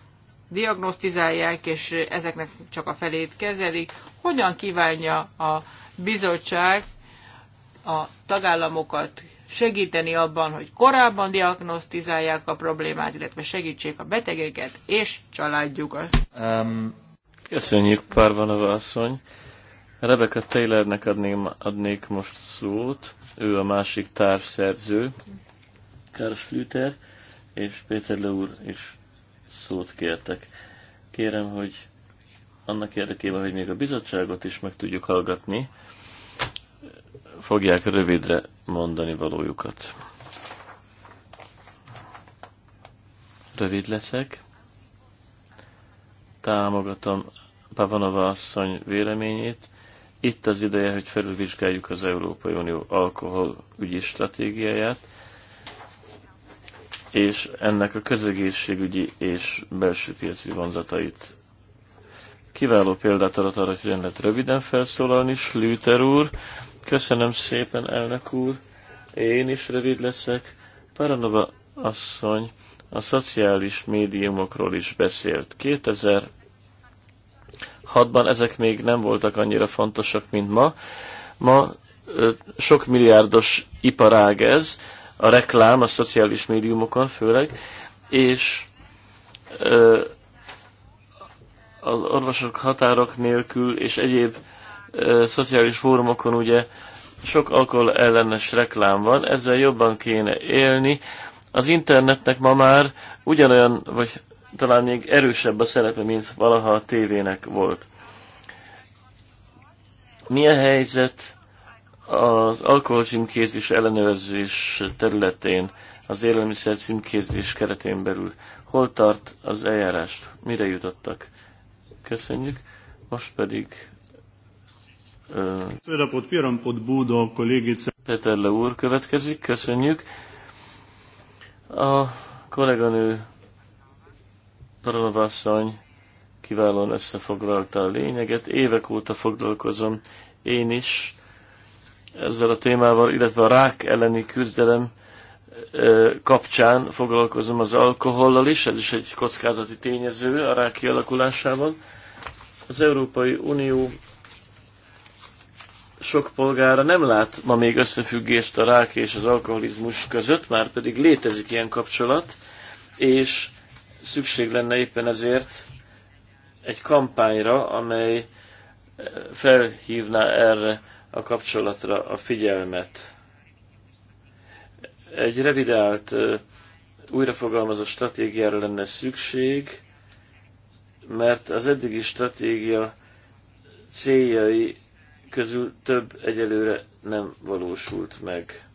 diagnosztizálják, és ezeknek csak a felét kezelik. Hogyan kívánja a bizottság a tagállamokat segíteni abban, hogy korábban diagnosztizálják a problémát, illetve segítsék a betegeket és családjukat. Um, köszönjük, Párvanova asszony. Rebecca Taylornek adném, adnék most szót. Ő a másik társszerző. Karl Schlüter és Péter Le úr is szót kértek. Kérem, hogy annak érdekében, hogy még a bizottságot is meg tudjuk hallgatni, fogják rövidre mondani valójukat. Rövid leszek. Támogatom Pavanova asszony véleményét. Itt az ideje, hogy felülvizsgáljuk az Európai Unió alkoholügyi stratégiáját, és ennek a közegészségügyi és belső piaci vonzatait kiváló példát adott arra, hogy lehet röviden felszólalni. Slüter úr, Köszönöm szépen, elnök úr. Én is rövid leszek. Paranova asszony a szociális médiumokról is beszélt. 2006-ban ezek még nem voltak annyira fontosak, mint ma. Ma sok milliárdos iparág ez, a reklám a szociális médiumokon főleg, és az orvosok határok nélkül és egyéb szociális fórumokon ugye sok alkohol ellenes reklám van, ezzel jobban kéne élni. Az internetnek ma már ugyanolyan, vagy talán még erősebb a szerepe, mint valaha a tévének volt. Mi a helyzet az címkézés ellenőrzés területén, az élelmiszer címkézés keretén belül? Hol tart az eljárást? Mire jutottak? Köszönjük. Most pedig Peterle úr következik, köszönjük. A kolléganő Paranovasszony kiválóan összefoglalta a lényeget. Évek óta foglalkozom én is ezzel a témával, illetve a rák elleni küzdelem kapcsán foglalkozom az alkohollal is, ez is egy kockázati tényező a rák kialakulásában. Az Európai Unió sok polgára nem lát ma még összefüggést a rák és az alkoholizmus között, már pedig létezik ilyen kapcsolat, és szükség lenne éppen ezért egy kampányra, amely eh, felhívná erre a kapcsolatra a figyelmet. Egy revidált, eh, újrafogalmazó stratégiára lenne szükség, mert az eddigi stratégia céljai közül több egyelőre nem valósult meg.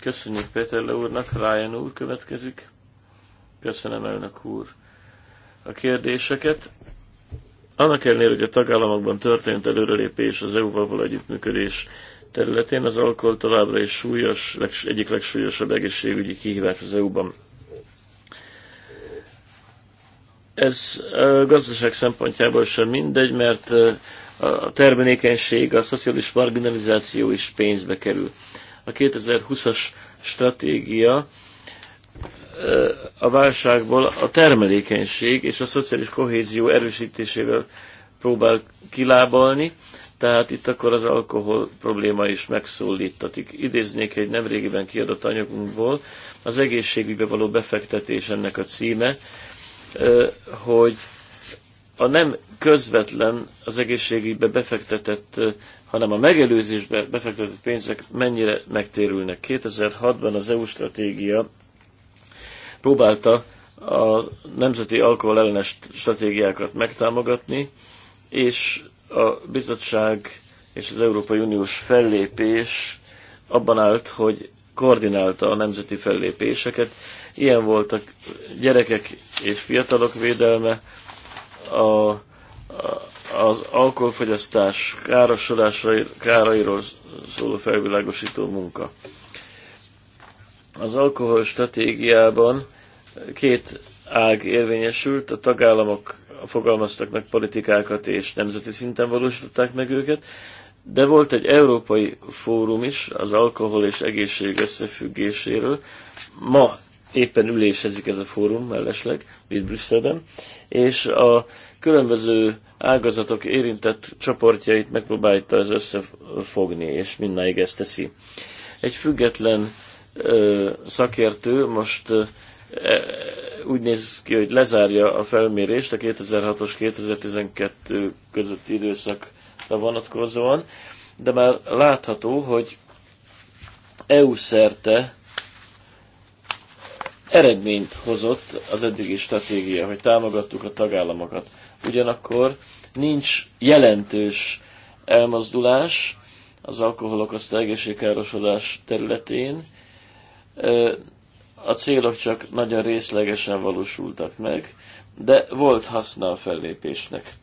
Köszönjük Péter Le úrnak, Ryan úr következik. Köszönöm elnök úr a kérdéseket. Annak ellenére, hogy a tagállamokban történt előrelépés az EU-val való együttműködés területén, az alkohol továbbra is súlyos, egyik legsúlyosabb egészségügyi kihívás az EU-ban. Ez a gazdaság szempontjából sem mindegy, mert a termelékenység, a szociális marginalizáció is pénzbe kerül. A 2020-as stratégia a válságból a termelékenység és a szociális kohézió erősítésével próbál kilábalni, tehát itt akkor az alkohol probléma is megszólítatik. Idéznék egy nemrégiben kiadott anyagunkból, az egészségügybe való befektetés ennek a címe, hogy a nem közvetlen az egészségügybe befektetett, hanem a megelőzésbe befektetett pénzek mennyire megtérülnek. 2006-ban az EU stratégia próbálta a nemzeti alkoholellenes stratégiákat megtámogatni, és a bizottság és az Európai Uniós fellépés abban állt, hogy koordinálta a nemzeti fellépéseket. Ilyen voltak gyerekek és fiatalok védelme, a az alkoholfogyasztás kárairól szóló felvilágosító munka. Az alkohol stratégiában két ág érvényesült, a tagállamok fogalmaztak meg politikákat és nemzeti szinten valósították meg őket, de volt egy európai fórum is az alkohol és egészség összefüggéséről. Ma éppen ülésezik ez a fórum mellesleg, itt Brüsszelben, és a különböző ágazatok érintett csoportjait megpróbálta ez összefogni, és mindenig ezt teszi. Egy független ö, szakértő most ö, e, úgy néz ki, hogy lezárja a felmérést a 2006-os 2012 közötti időszakra vonatkozóan, de már látható, hogy EU szerte eredményt hozott az eddigi stratégia, hogy támogattuk a tagállamokat ugyanakkor nincs jelentős elmozdulás az alkohol okozta egészségkárosodás területén. A célok csak nagyon részlegesen valósultak meg, de volt haszna a fellépésnek.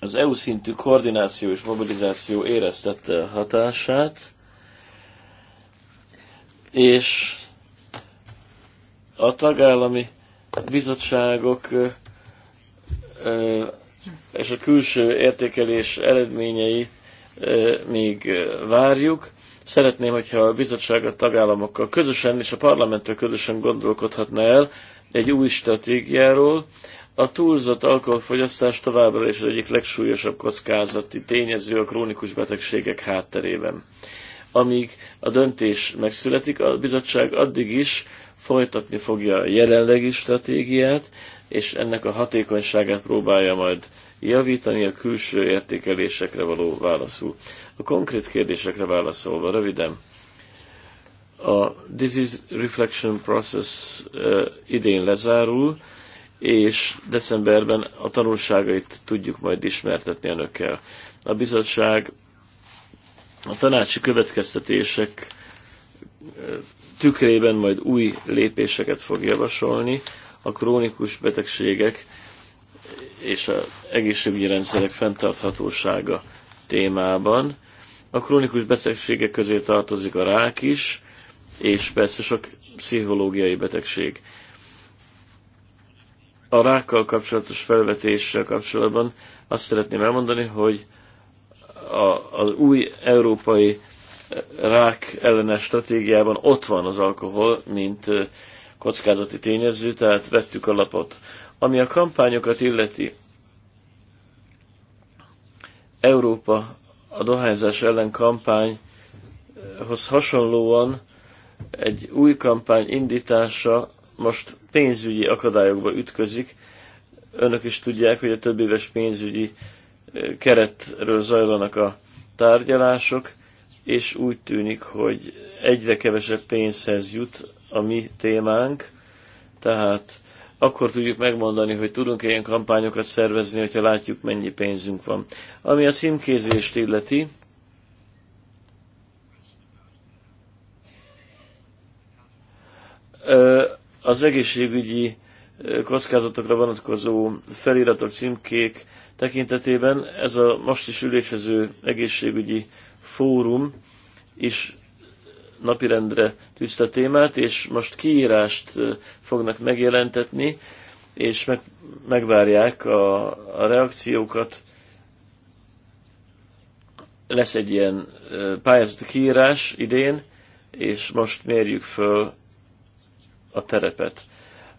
Az EU szintű koordináció és mobilizáció éreztette a hatását, és a tagállami bizottságok és a külső értékelés eredményeit még várjuk. Szeretném, hogyha a bizottság a tagállamokkal közösen és a parlamenttel közösen gondolkodhatna el egy új stratégiáról. A túlzott alkoholfogyasztás továbbra is az egyik legsúlyosabb kockázati tényező a krónikus betegségek hátterében. Amíg a döntés megszületik, a bizottság addig is folytatni fogja a jelenlegi stratégiát, és ennek a hatékonyságát próbálja majd javítani a külső értékelésekre való válaszul. A konkrét kérdésekre válaszolva röviden, a Disease Reflection Process idén lezárul, és decemberben a tanulságait tudjuk majd ismertetni önökkel. A bizottság a tanácsi következtetések tükrében majd új lépéseket fog javasolni a krónikus betegségek és az egészségügyi rendszerek fenntarthatósága témában. A krónikus betegségek közé tartozik a rák is, és persze sok pszichológiai betegség. A rákkal kapcsolatos felvetéssel kapcsolatban azt szeretném elmondani, hogy a, az új európai rák ellenes stratégiában ott van az alkohol, mint kockázati tényező, tehát vettük a lapot. Ami a kampányokat illeti, Európa a dohányzás ellen kampányhoz hasonlóan egy új kampány indítása most pénzügyi akadályokba ütközik. Önök is tudják, hogy a több éves pénzügyi keretről zajlanak a tárgyalások, és úgy tűnik, hogy egyre kevesebb pénzhez jut a mi témánk, tehát akkor tudjuk megmondani, hogy tudunk -e ilyen kampányokat szervezni, hogyha látjuk, mennyi pénzünk van. Ami a címkézést illeti, az egészségügyi kockázatokra vonatkozó feliratok, címkék tekintetében ez a most is ülésező egészségügyi fórum is napirendre tűzte témát, és most kiírást fognak megjelentetni, és meg, megvárják a, a reakciókat. Lesz egy ilyen pályázati kiírás idén, és most mérjük föl a terepet.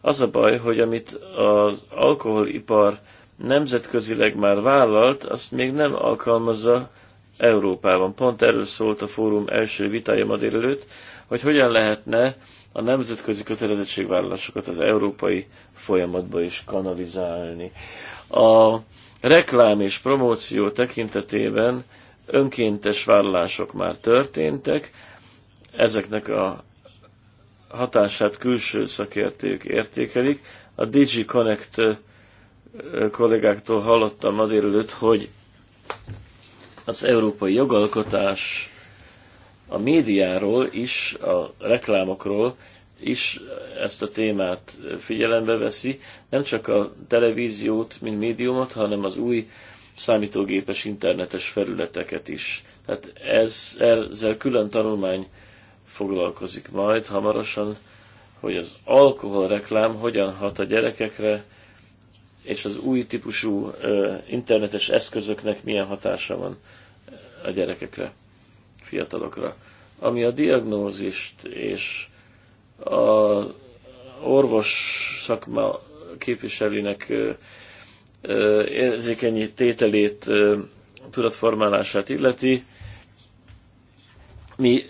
Az a baj, hogy amit az alkoholipar nemzetközileg már vállalt, azt még nem alkalmazza Európában. Pont erről szólt a fórum első vitája ma délelőtt, hogy hogyan lehetne a nemzetközi kötelezettségvállalásokat az európai folyamatba is kanalizálni. A reklám és promóció tekintetében önkéntes vállalások már történtek, ezeknek a hatását külső szakértők értékelik. A DigiConnect kollégáktól hallottam ma délelőtt, hogy az európai jogalkotás a médiáról is, a reklámokról is ezt a témát figyelembe veszi, nem csak a televíziót, mint médiumot, hanem az új számítógépes internetes felületeket is. Tehát ez, ezzel külön tanulmány foglalkozik majd hamarosan, hogy az alkoholreklám hogyan hat a gyerekekre, és az új típusú ö, internetes eszközöknek milyen hatása van a gyerekekre, fiatalokra. Ami a diagnózist és a orvos szakma képviselőnek érzékeny tételét, tudatformálását illeti, mi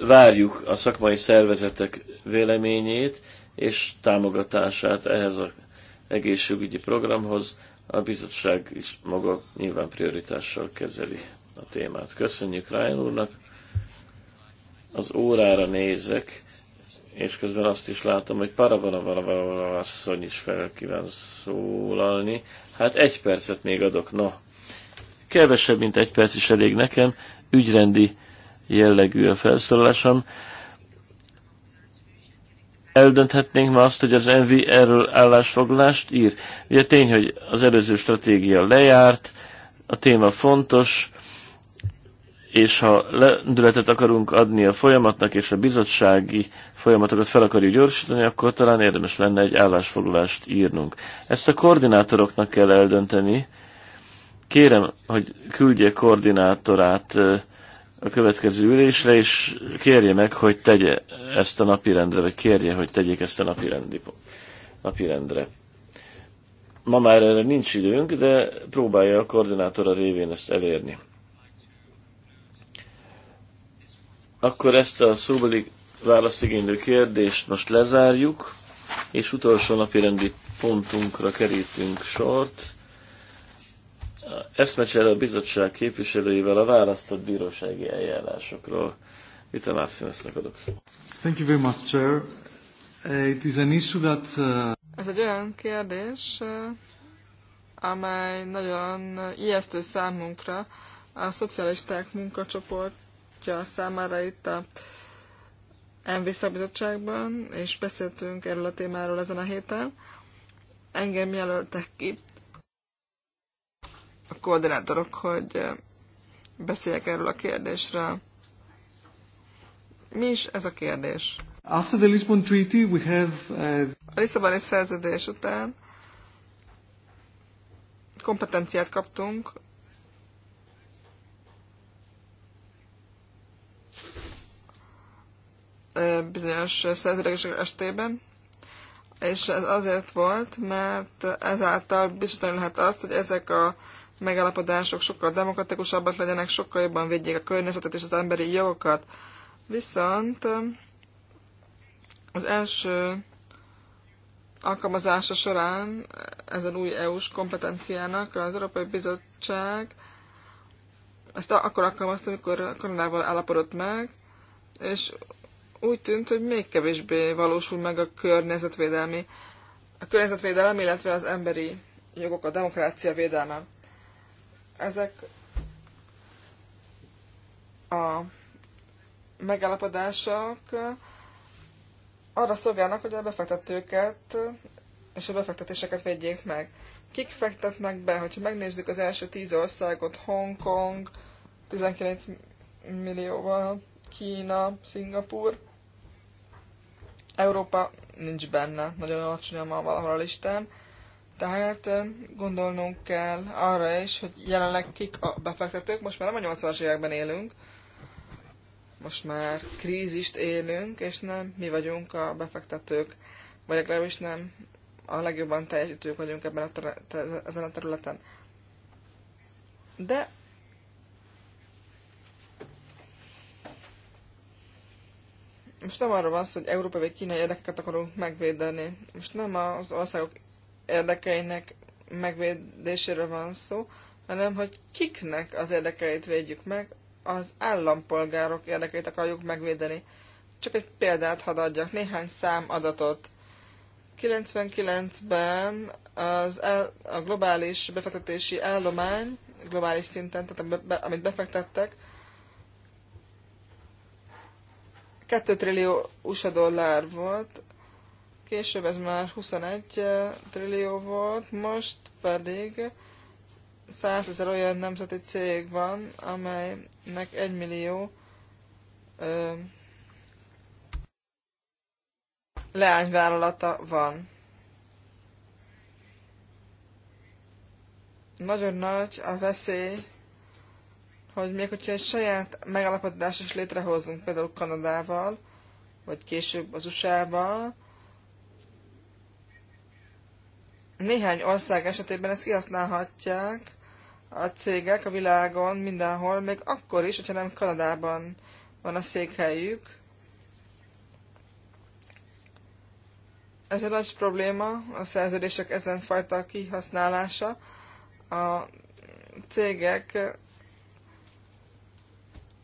várjuk a szakmai szervezetek véleményét és támogatását ehhez az egészségügyi programhoz. A bizottság is maga nyilván prioritással kezeli a témát. Köszönjük Ryan úrnak. Az órára nézek, és közben azt is látom, hogy Paravana asszony is fel kíván szólalni. Hát egy percet még adok, na. Kevesebb, mint egy perc is elég nekem. Ügyrendi jellegű a felszólalásom eldönthetnénk ma azt, hogy az NV erről állásfoglalást ír. Ugye tény, hogy az előző stratégia lejárt, a téma fontos, és ha lendületet akarunk adni a folyamatnak, és a bizottsági folyamatokat fel akarjuk gyorsítani, akkor talán érdemes lenne egy állásfoglalást írnunk. Ezt a koordinátoroknak kell eldönteni. Kérem, hogy küldje koordinátorát a következő ülésre, és kérje meg, hogy tegye ezt a napirendre, vagy kérje, hogy tegyék ezt a napirendi, napirendre. Ma már erre nincs időnk, de próbálja a koordinátora révén ezt elérni. Akkor ezt a szóbeli válaszigénylő kérdést most lezárjuk, és utolsó napi rendi pontunkra kerítünk sort. Eszmecsere a bizottság képviselőivel a választott bírósági eljárásokról. Vita Márcinesznek adok szó. Thank you very much, Chair. Uh, it is an issue that... Uh... Ez egy olyan kérdés, uh, amely nagyon ijesztő számunkra. A szocialisták munkacsoport posztja számára itt a MV szakbizottságban, és beszéltünk erről a témáról ezen a héten. Engem jelöltek ki a koordinátorok, hogy beszéljek erről a kérdésről. Mi is ez a kérdés? After the Lisbon Treaty, we have... Uh... A Lisszaboni szerződés után kompetenciát kaptunk bizonyos szerződések estében, és ez azért volt, mert ezáltal biztosítani lehet azt, hogy ezek a megállapodások sokkal demokratikusabbak legyenek, sokkal jobban védjék a környezetet és az emberi jogokat. Viszont az első alkalmazása során ezen új EU-s kompetenciának az Európai Bizottság ezt akkor alkalmazta, amikor koronával állapodott meg, és úgy tűnt, hogy még kevésbé valósul meg a környezetvédelmi, a környezetvédelem, illetve az emberi jogok, a demokrácia védelme. Ezek a megállapodások arra szolgálnak, hogy a befektetőket és a befektetéseket védjék meg. Kik fektetnek be? Hogyha megnézzük az első tíz országot, Hongkong, 19 millióval, Kína, Szingapur, Európa nincs benne, nagyon alacsonyan van valahol a listán, tehát eh, gondolnunk kell arra is, hogy jelenleg kik a befektetők, most már nem a 80-as években élünk, most már krízist élünk, és nem mi vagyunk a befektetők, vagy legalábbis nem a legjobban teljesítők vagyunk ebben a ter- ezen a területen. De Most nem arról van szó, hogy európai vagy kínai érdekeket akarunk megvédeni. Most nem az országok érdekeinek megvédéséről van szó, hanem hogy kiknek az érdekeit védjük meg, az állampolgárok érdekeit akarjuk megvédeni. Csak egy példát hadd adjak, néhány szám adatot. 99-ben az, a globális befektetési állomány, globális szinten, tehát amit befektettek, 2 trillió USA dollár volt, később ez már 21 eh, trillió volt, most pedig 100 ezer olyan nemzeti cég van, amelynek 1 millió ö, eh, leányvállalata van. Nagyon nagy a veszély hogy még hogyha egy saját megállapodást is létrehozunk, például Kanadával, vagy később az USA-val, néhány ország esetében ezt kihasználhatják a cégek a világon mindenhol, még akkor is, hogyha nem Kanadában van a székhelyük. Ez egy nagy probléma, a szerződések ezen fajta kihasználása. A cégek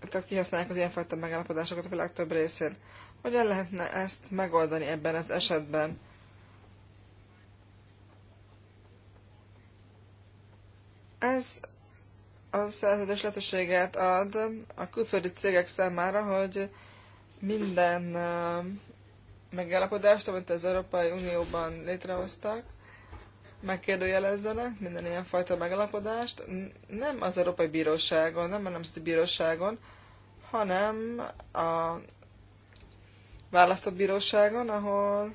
tehát kihasználják az ilyenfajta megállapodásokat a világ több részén. Hogyan lehetne ezt megoldani ebben az esetben? Ez a szerződés lehetőséget ad a külföldi cégek számára, hogy minden megállapodást, amit az Európai Unióban létrehoztak, megkérdőjelezzenek minden ilyen fajta megalapodást, nem az Európai Bíróságon, nem a Nemzeti Bíróságon, hanem a választott bíróságon, ahol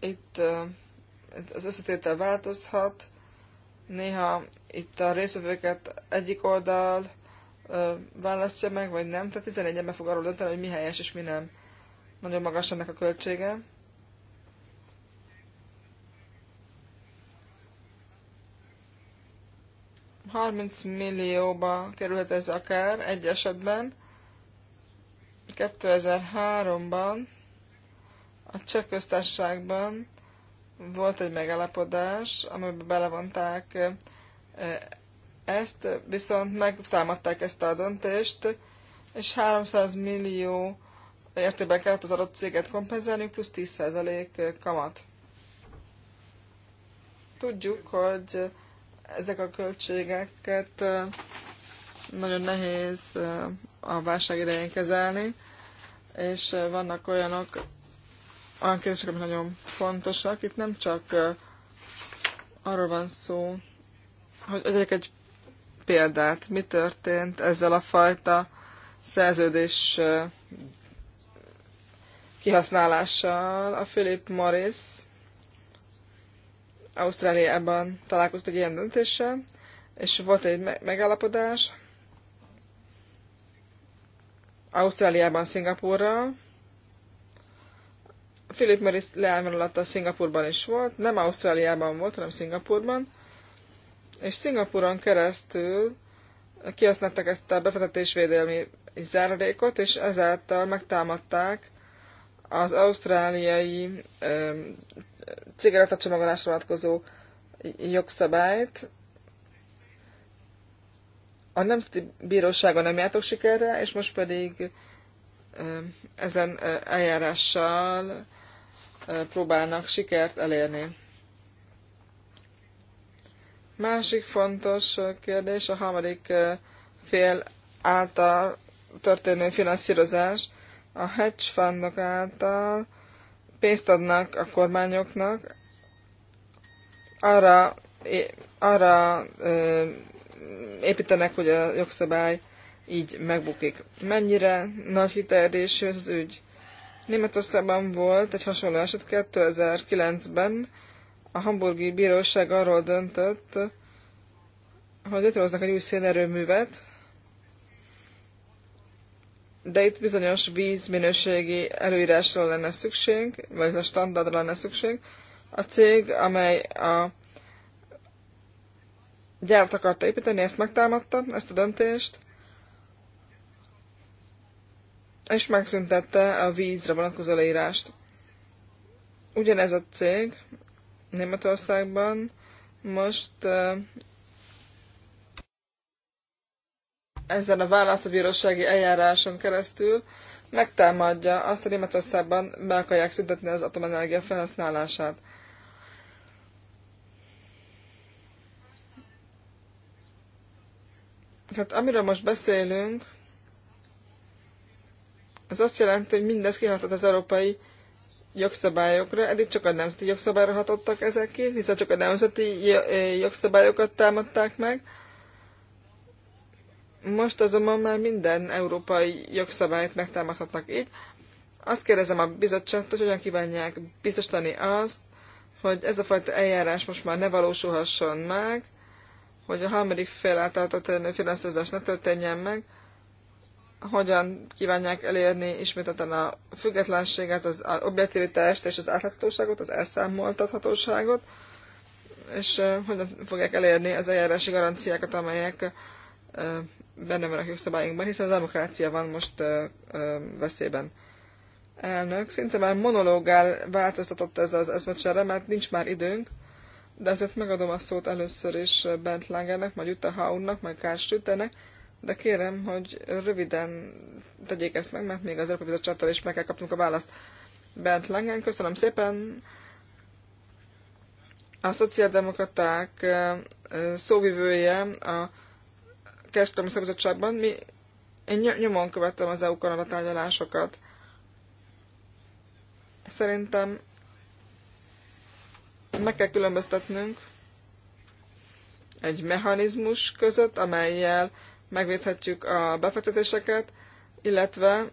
itt az összetétel változhat, néha itt a részvevőket egyik oldal választja meg, vagy nem, tehát 11 ember fog arról dönteni, hogy mi helyes és mi nem. Nagyon magas ennek a költsége. 30 millióba kerülhet ez akár egy esetben. 2003-ban a cseh köztársaságban volt egy megállapodás, amiben belevonták ezt, viszont megtámadták ezt a döntést, és 300 millió értében kellett az adott céget kompenzálni, plusz 10% kamat. Tudjuk, hogy ezek a költségeket nagyon nehéz a válság idején kezelni, és vannak olyanok, olyan kérdések, amik nagyon fontosak. Itt nem csak arról van szó, hogy egyek egy példát, mi történt ezzel a fajta szerződés kihasználással. A Philip Morris Ausztráliában találkoztak ilyen döntéssel, és volt egy me- megállapodás Ausztráliában, Szingapurral. Philip Morris leányvonalata Szingapurban is volt, nem Ausztráliában volt, hanem Szingapurban, és Szingapuron keresztül kihasználták ezt a befektetésvédelmi záradékot, és ezáltal megtámadták az ausztráliai csomagolásra vonatkozó jogszabályt. A Nemzeti Bíróságon nem jártok sikerre, és most pedig ezen eljárással próbálnak sikert elérni. Másik fontos kérdés a harmadik fél által történő finanszírozás. A hedge fundok által pénzt adnak a kormányoknak, arra, arra ö, építenek, hogy a jogszabály így megbukik. Mennyire nagy kiterjedésű ez az ügy? Németországban volt egy hasonló eset 2009-ben. A hamburgi bíróság arról döntött, hogy létrehoznak egy új szénerőművet, de itt bizonyos vízminőségi előírásról lenne szükség, vagy a standardra lenne szükség. A cég, amely a gyárt akarta építeni, ezt megtámadta, ezt a döntést, és megszüntette a vízre vonatkozó leírást. Ugyanez a cég Németországban most ezen a választóbírósági eljáráson keresztül megtámadja azt, hogy Németországban be akarják szüntetni az atomenergia felhasználását. Tehát amiről most beszélünk, az azt jelenti, hogy mindez kihatott az európai jogszabályokra, eddig csak a nemzeti jogszabályra hatottak ezek ki, hiszen csak a nemzeti jogszabályokat támadták meg, most azonban már minden európai jogszabályt megtámadhatnak így. Azt kérdezem a bizottságtól, hogy hogyan kívánják biztosítani azt, hogy ez a fajta eljárás most már ne valósulhasson meg, hogy a harmadik fél által történő finanszírozás ne történjen meg, hogyan kívánják elérni ismételten a függetlenséget, az objektivitást és az átláthatóságot, az elszámoltathatóságot, és eh, hogyan fogják elérni az eljárási garanciákat, amelyek eh, benne van a jogszabályunkban, hiszen a demokrácia van most ö, ö, veszélyben. Elnök, szinte már monológál változtatott ez az eszmecsere, mert nincs már időnk, de ezért megadom a szót először is Bent Langernek, majd Jutta Haunnak, majd Kárstüttenek, de kérem, hogy röviden tegyék ezt meg, mert még az Európai Bizottságtól is meg kell kapnunk a választ. Bent Langen, köszönöm szépen! A szociáldemokraták szóvivője a kereskedelmi szabadságban, mi, én nyomon követtem az EU-Kanada tárgyalásokat. Szerintem meg kell különböztetnünk egy mechanizmus között, amelyel megvédhetjük a befektetéseket, illetve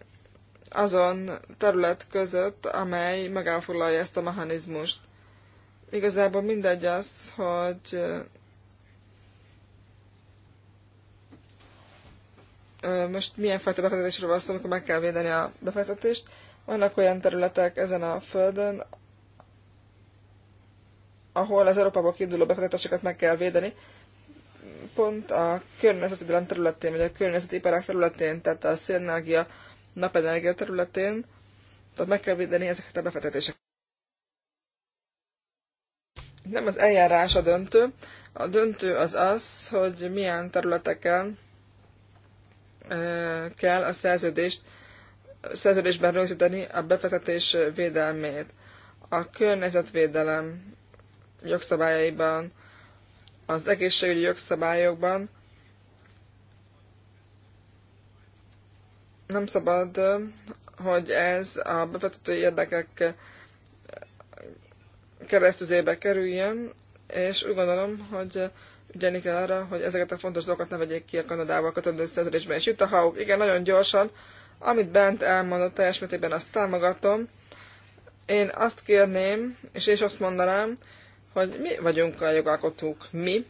azon terület között, amely magánfoglalja ezt a mechanizmust. Igazából mindegy az, hogy most milyen fajta befektetésről van szó, amikor meg kell védeni a befektetést. Vannak olyan területek ezen a földön, ahol az Európából kiinduló befektetéseket meg kell védeni, pont a környezetvédelem területén, vagy a környezeti iparák területén, tehát a szélenergia, napenergia területén, tehát meg kell védeni ezeket a befektetéseket. Nem az eljárás a döntő, a döntő az az, hogy milyen területeken kell a szerződést, szerződésben rögzíteni a befektetés védelmét. A környezetvédelem jogszabályaiban, az egészségügyi jogszabályokban nem szabad, hogy ez a befektető érdekek keresztüzébe kerüljön, és úgy gondolom, hogy figyelni kell arra, hogy ezeket a fontos dolgokat ne vegyék ki a Kanadával kötődő szerződésbe. És itt a HAUK, igen, nagyon gyorsan, amit Bent elmondott, teljes mértékben azt támogatom. Én azt kérném, és és azt mondanám, hogy mi vagyunk a jogalkotók, mi,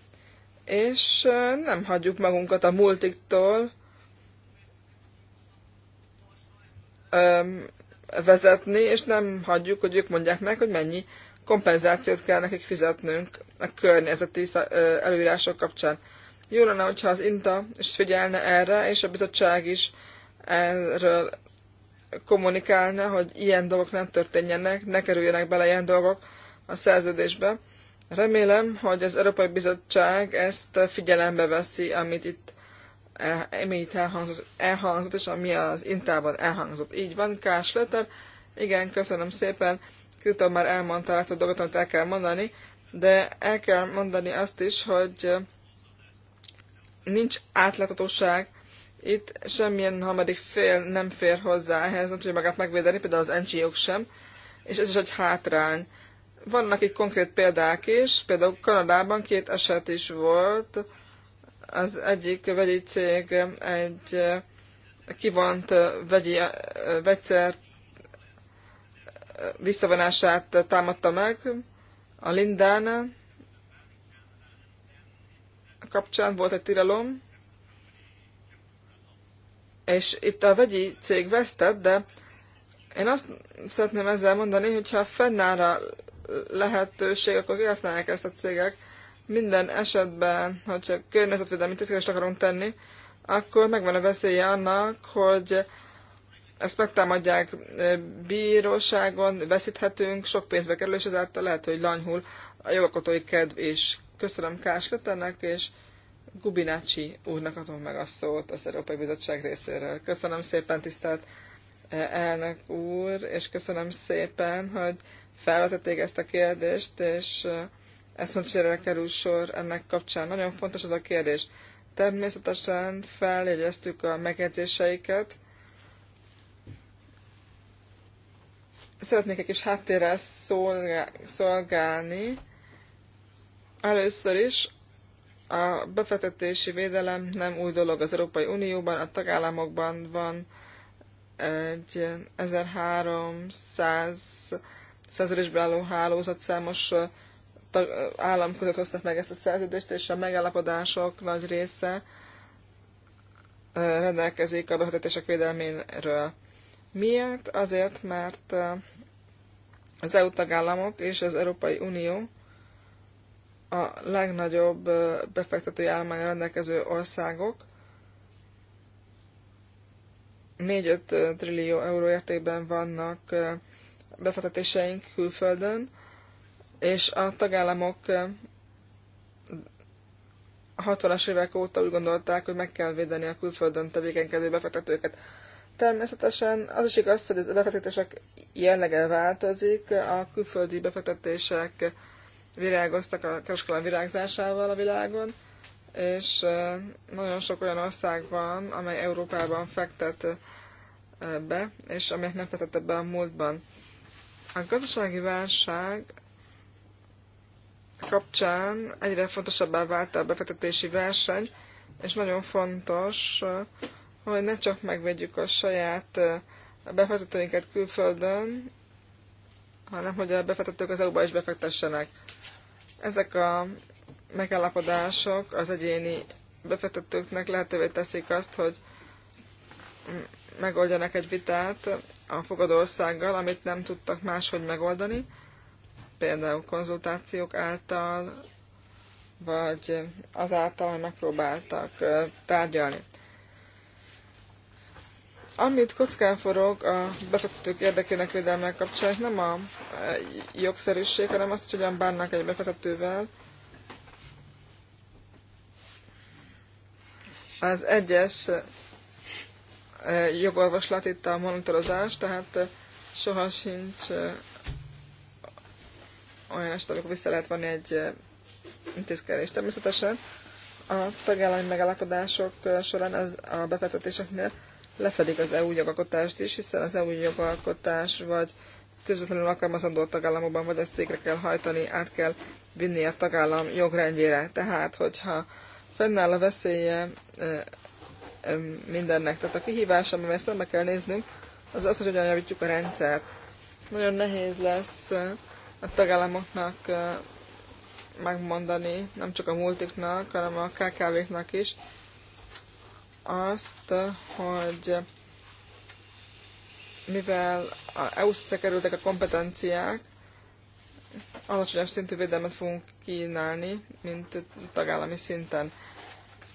és nem hagyjuk magunkat a multiktól vezetni, és nem hagyjuk, hogy ők mondják meg, hogy mennyi kompenzációt kell nekik fizetnünk a környezeti előírások kapcsán. Jó lenne, hogyha az INTA is figyelne erre, és a bizottság is erről kommunikálna, hogy ilyen dolgok nem történjenek, ne kerüljenek bele ilyen dolgok a szerződésbe. Remélem, hogy az Európai Bizottság ezt figyelembe veszi, amit itt, e, amit elhangzott, elhangzott, és ami az Intában elhangzott. Így van, Kásleter. Igen, köszönöm szépen. Kriton már elmondta azt a dolgot, amit el kell mondani, de el kell mondani azt is, hogy nincs átláthatóság, itt semmilyen harmadik fél nem fér hozzá ehhez, nem tudja magát megvédeni, például az NGO-k sem, és ez is egy hátrány. Vannak itt konkrét példák is, például Kanadában két eset is volt, az egyik vegyi cég egy kivont vegyi vegyszert visszavonását támadta meg a Lindán kapcsán volt egy tilalom, és itt a vegyi cég vesztett, de én azt szeretném ezzel mondani, hogyha fennáll a lehetőség, akkor kihasználják ezt a cégek. Minden esetben, hogyha környezetvédelmi tisztelést akarunk tenni, akkor megvan a veszélye annak, hogy ezt megtámadják bíróságon, veszíthetünk, sok pénzbe kerül, és ezáltal lehet, hogy lanyhul a jogalkotói kedv is. Köszönöm Kás Lötennek, és Gubinácsi úrnak adom meg a szót az Európai Bizottság részéről. Köszönöm szépen, tisztelt elnök úr, és köszönöm szépen, hogy felvetették ezt a kérdést, és ezt mondja, kerül sor ennek kapcsán. Nagyon fontos az a kérdés. Természetesen feljegyeztük a megjegyzéseiket, szeretnék egy kis háttérrel szolgálni. Először is a befektetési védelem nem új dolog az Európai Unióban, a tagállamokban van egy 1300 szerződésből álló hálózat számos állam között hoztak meg ezt a szerződést, és a megállapodások nagy része rendelkezik a befektetések védelméről. Miért? Azért, mert az EU tagállamok és az Európai Unió a legnagyobb befektetői állománya rendelkező országok 4-5 trillió euró értékben vannak befektetéseink külföldön, és a tagállamok 60-as évek óta úgy gondolták, hogy meg kell védeni a külföldön tevékenykedő befektetőket. Természetesen az is igaz, hogy a befektetések jellege változik, a külföldi befektetések virágoztak a kereskedelem virágzásával a világon, és nagyon sok olyan ország van, amely Európában fektet be, és amelyek nem fektette be a múltban. A gazdasági válság kapcsán egyre fontosabbá vált a befektetési verseny, és nagyon fontos hogy ne csak megvegyük a saját befektetőinket külföldön, hanem hogy a befektetők az EU-ba is befektessenek. Ezek a megállapodások az egyéni befektetőknek lehetővé teszik azt, hogy megoldjanak egy vitát a országgal, amit nem tudtak máshogy megoldani, például konzultációk által, vagy azáltal, hogy megpróbáltak tárgyalni. Amit kockán forog a befektetők érdekének védelme kapcsán, nem a e, jogszerűség, hanem az, hogy hogyan bánnak egy befektetővel. Az egyes e, e, jogolvaslat itt a monitorozás, tehát soha sincs olyan eset, amikor vissza lehet vonni egy intézkedés. Természetesen a tagállami megállapodások során az a befektetéseknél lefedik az EU jogalkotást is, hiszen az EU jogalkotás vagy közvetlenül alkalmazandó a tagállamokban, vagy ezt végre kell hajtani, át kell vinni a tagállam jogrendjére. Tehát, hogyha fennáll a veszélye mindennek, tehát a kihívás, amivel szembe kell néznünk, az az, hogy hogyan javítjuk a rendszert. Nagyon nehéz lesz a tagállamoknak megmondani, nem csak a multiknak, hanem a KKV-knak is, azt, hogy mivel a eu kerültek a kompetenciák, alacsonyabb szintű védelmet fogunk kínálni, mint tagállami szinten.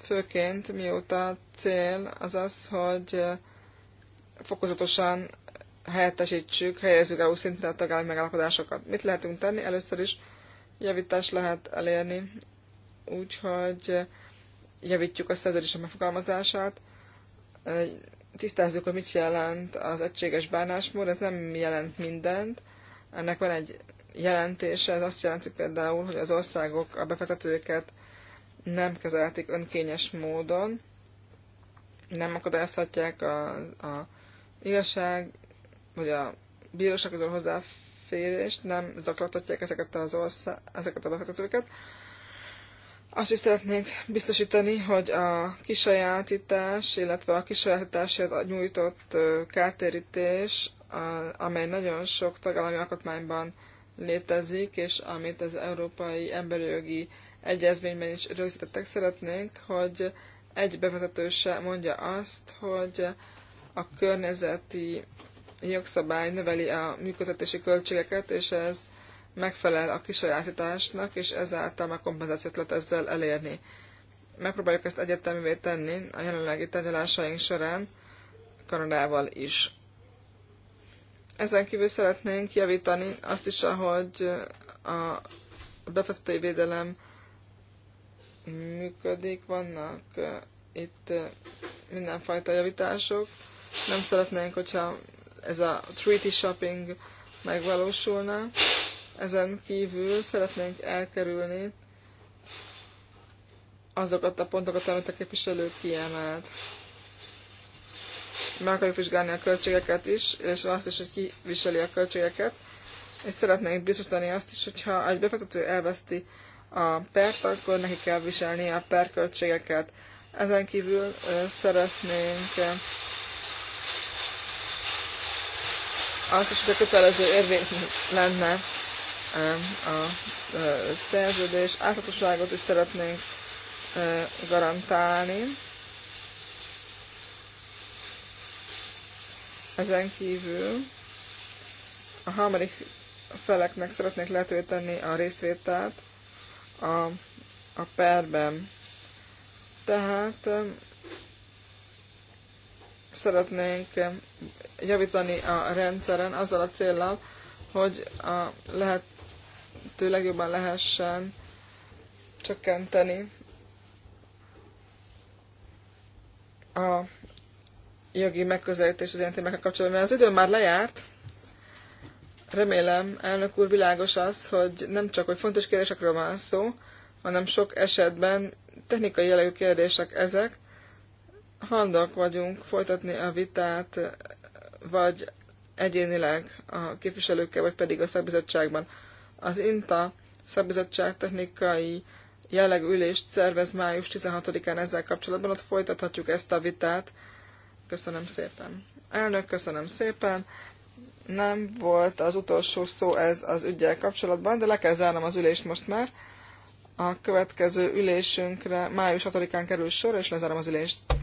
Főként mióta a cél az az, hogy fokozatosan helyettesítsük, helyezzük EU szintre a tagállami megállapodásokat. Mit lehetünk tenni? Először is javítást lehet elérni, úgyhogy javítjuk a szerződés megfogalmazását, tisztázzuk, hogy mit jelent az egységes bánásmód, ez nem jelent mindent. Ennek van egy jelentése, ez azt jelenti például, hogy az országok a befektetőket nem kezelhetik önkényes módon, nem akadályozhatják a, a igazság, vagy a bírósághoz hozzáférést, nem zaklathatják ezeket, az ország, ezeket a befektetőket, azt is szeretnénk biztosítani, hogy a kisajátítás, illetve a kisajátításért nyújtott kártérítés, amely nagyon sok tagállami alkotmányban létezik, és amit az Európai Emberi Jogi Egyezményben is rögzítettek, szeretnénk, hogy egy bevezető mondja azt, hogy a környezeti jogszabály növeli a működtetési költségeket, és ez megfelel a kisajátításnak, és ezáltal már kompenzációt lehet ezzel elérni. Megpróbáljuk ezt egyetemivé tenni a jelenlegi tárgyalásaink során Kanadával is. Ezen kívül szeretnénk javítani azt is, ahogy a befektetői védelem működik, vannak itt mindenfajta javítások. Nem szeretnénk, hogyha ez a treaty shopping megvalósulna. Ezen kívül szeretnénk elkerülni azokat a pontokat, amit a képviselő kiemelt. Meg akarjuk vizsgálni a költségeket is, és azt is, hogy ki viseli a költségeket. És szeretnénk biztosítani azt is, hogyha egy befektető elveszti a pert, akkor neki kell viselni a költségeket. Ezen kívül szeretnénk azt is, hogy a kötelező érvény lenne a szerződés áthatóságot is szeretnénk garantálni. Ezen kívül a harmadik feleknek szeretnék lehetővé tenni a részvételt a, a perben. Tehát szeretnénk javítani a rendszeren azzal a célral, hogy a lehet lehető legjobban lehessen csökkenteni a jogi megközelítés az ilyen témákkal kapcsolatban, mert az idő már lejárt. Remélem, elnök úr, világos az, hogy nem csak, hogy fontos kérdésekről van szó, hanem sok esetben technikai jellegű kérdések ezek. Handok vagyunk folytatni a vitát, vagy egyénileg a képviselőkkel, vagy pedig a szakbizottságban. Az INTA szabizottság technikai jellegű ülést szervez május 16-án ezzel kapcsolatban, ott folytathatjuk ezt a vitát. Köszönöm szépen. Elnök, köszönöm szépen. Nem volt az utolsó szó ez az ügyel kapcsolatban, de le kell zárnom az ülést most már. A következő ülésünkre május 6-án kerül sor, és lezárom az ülést.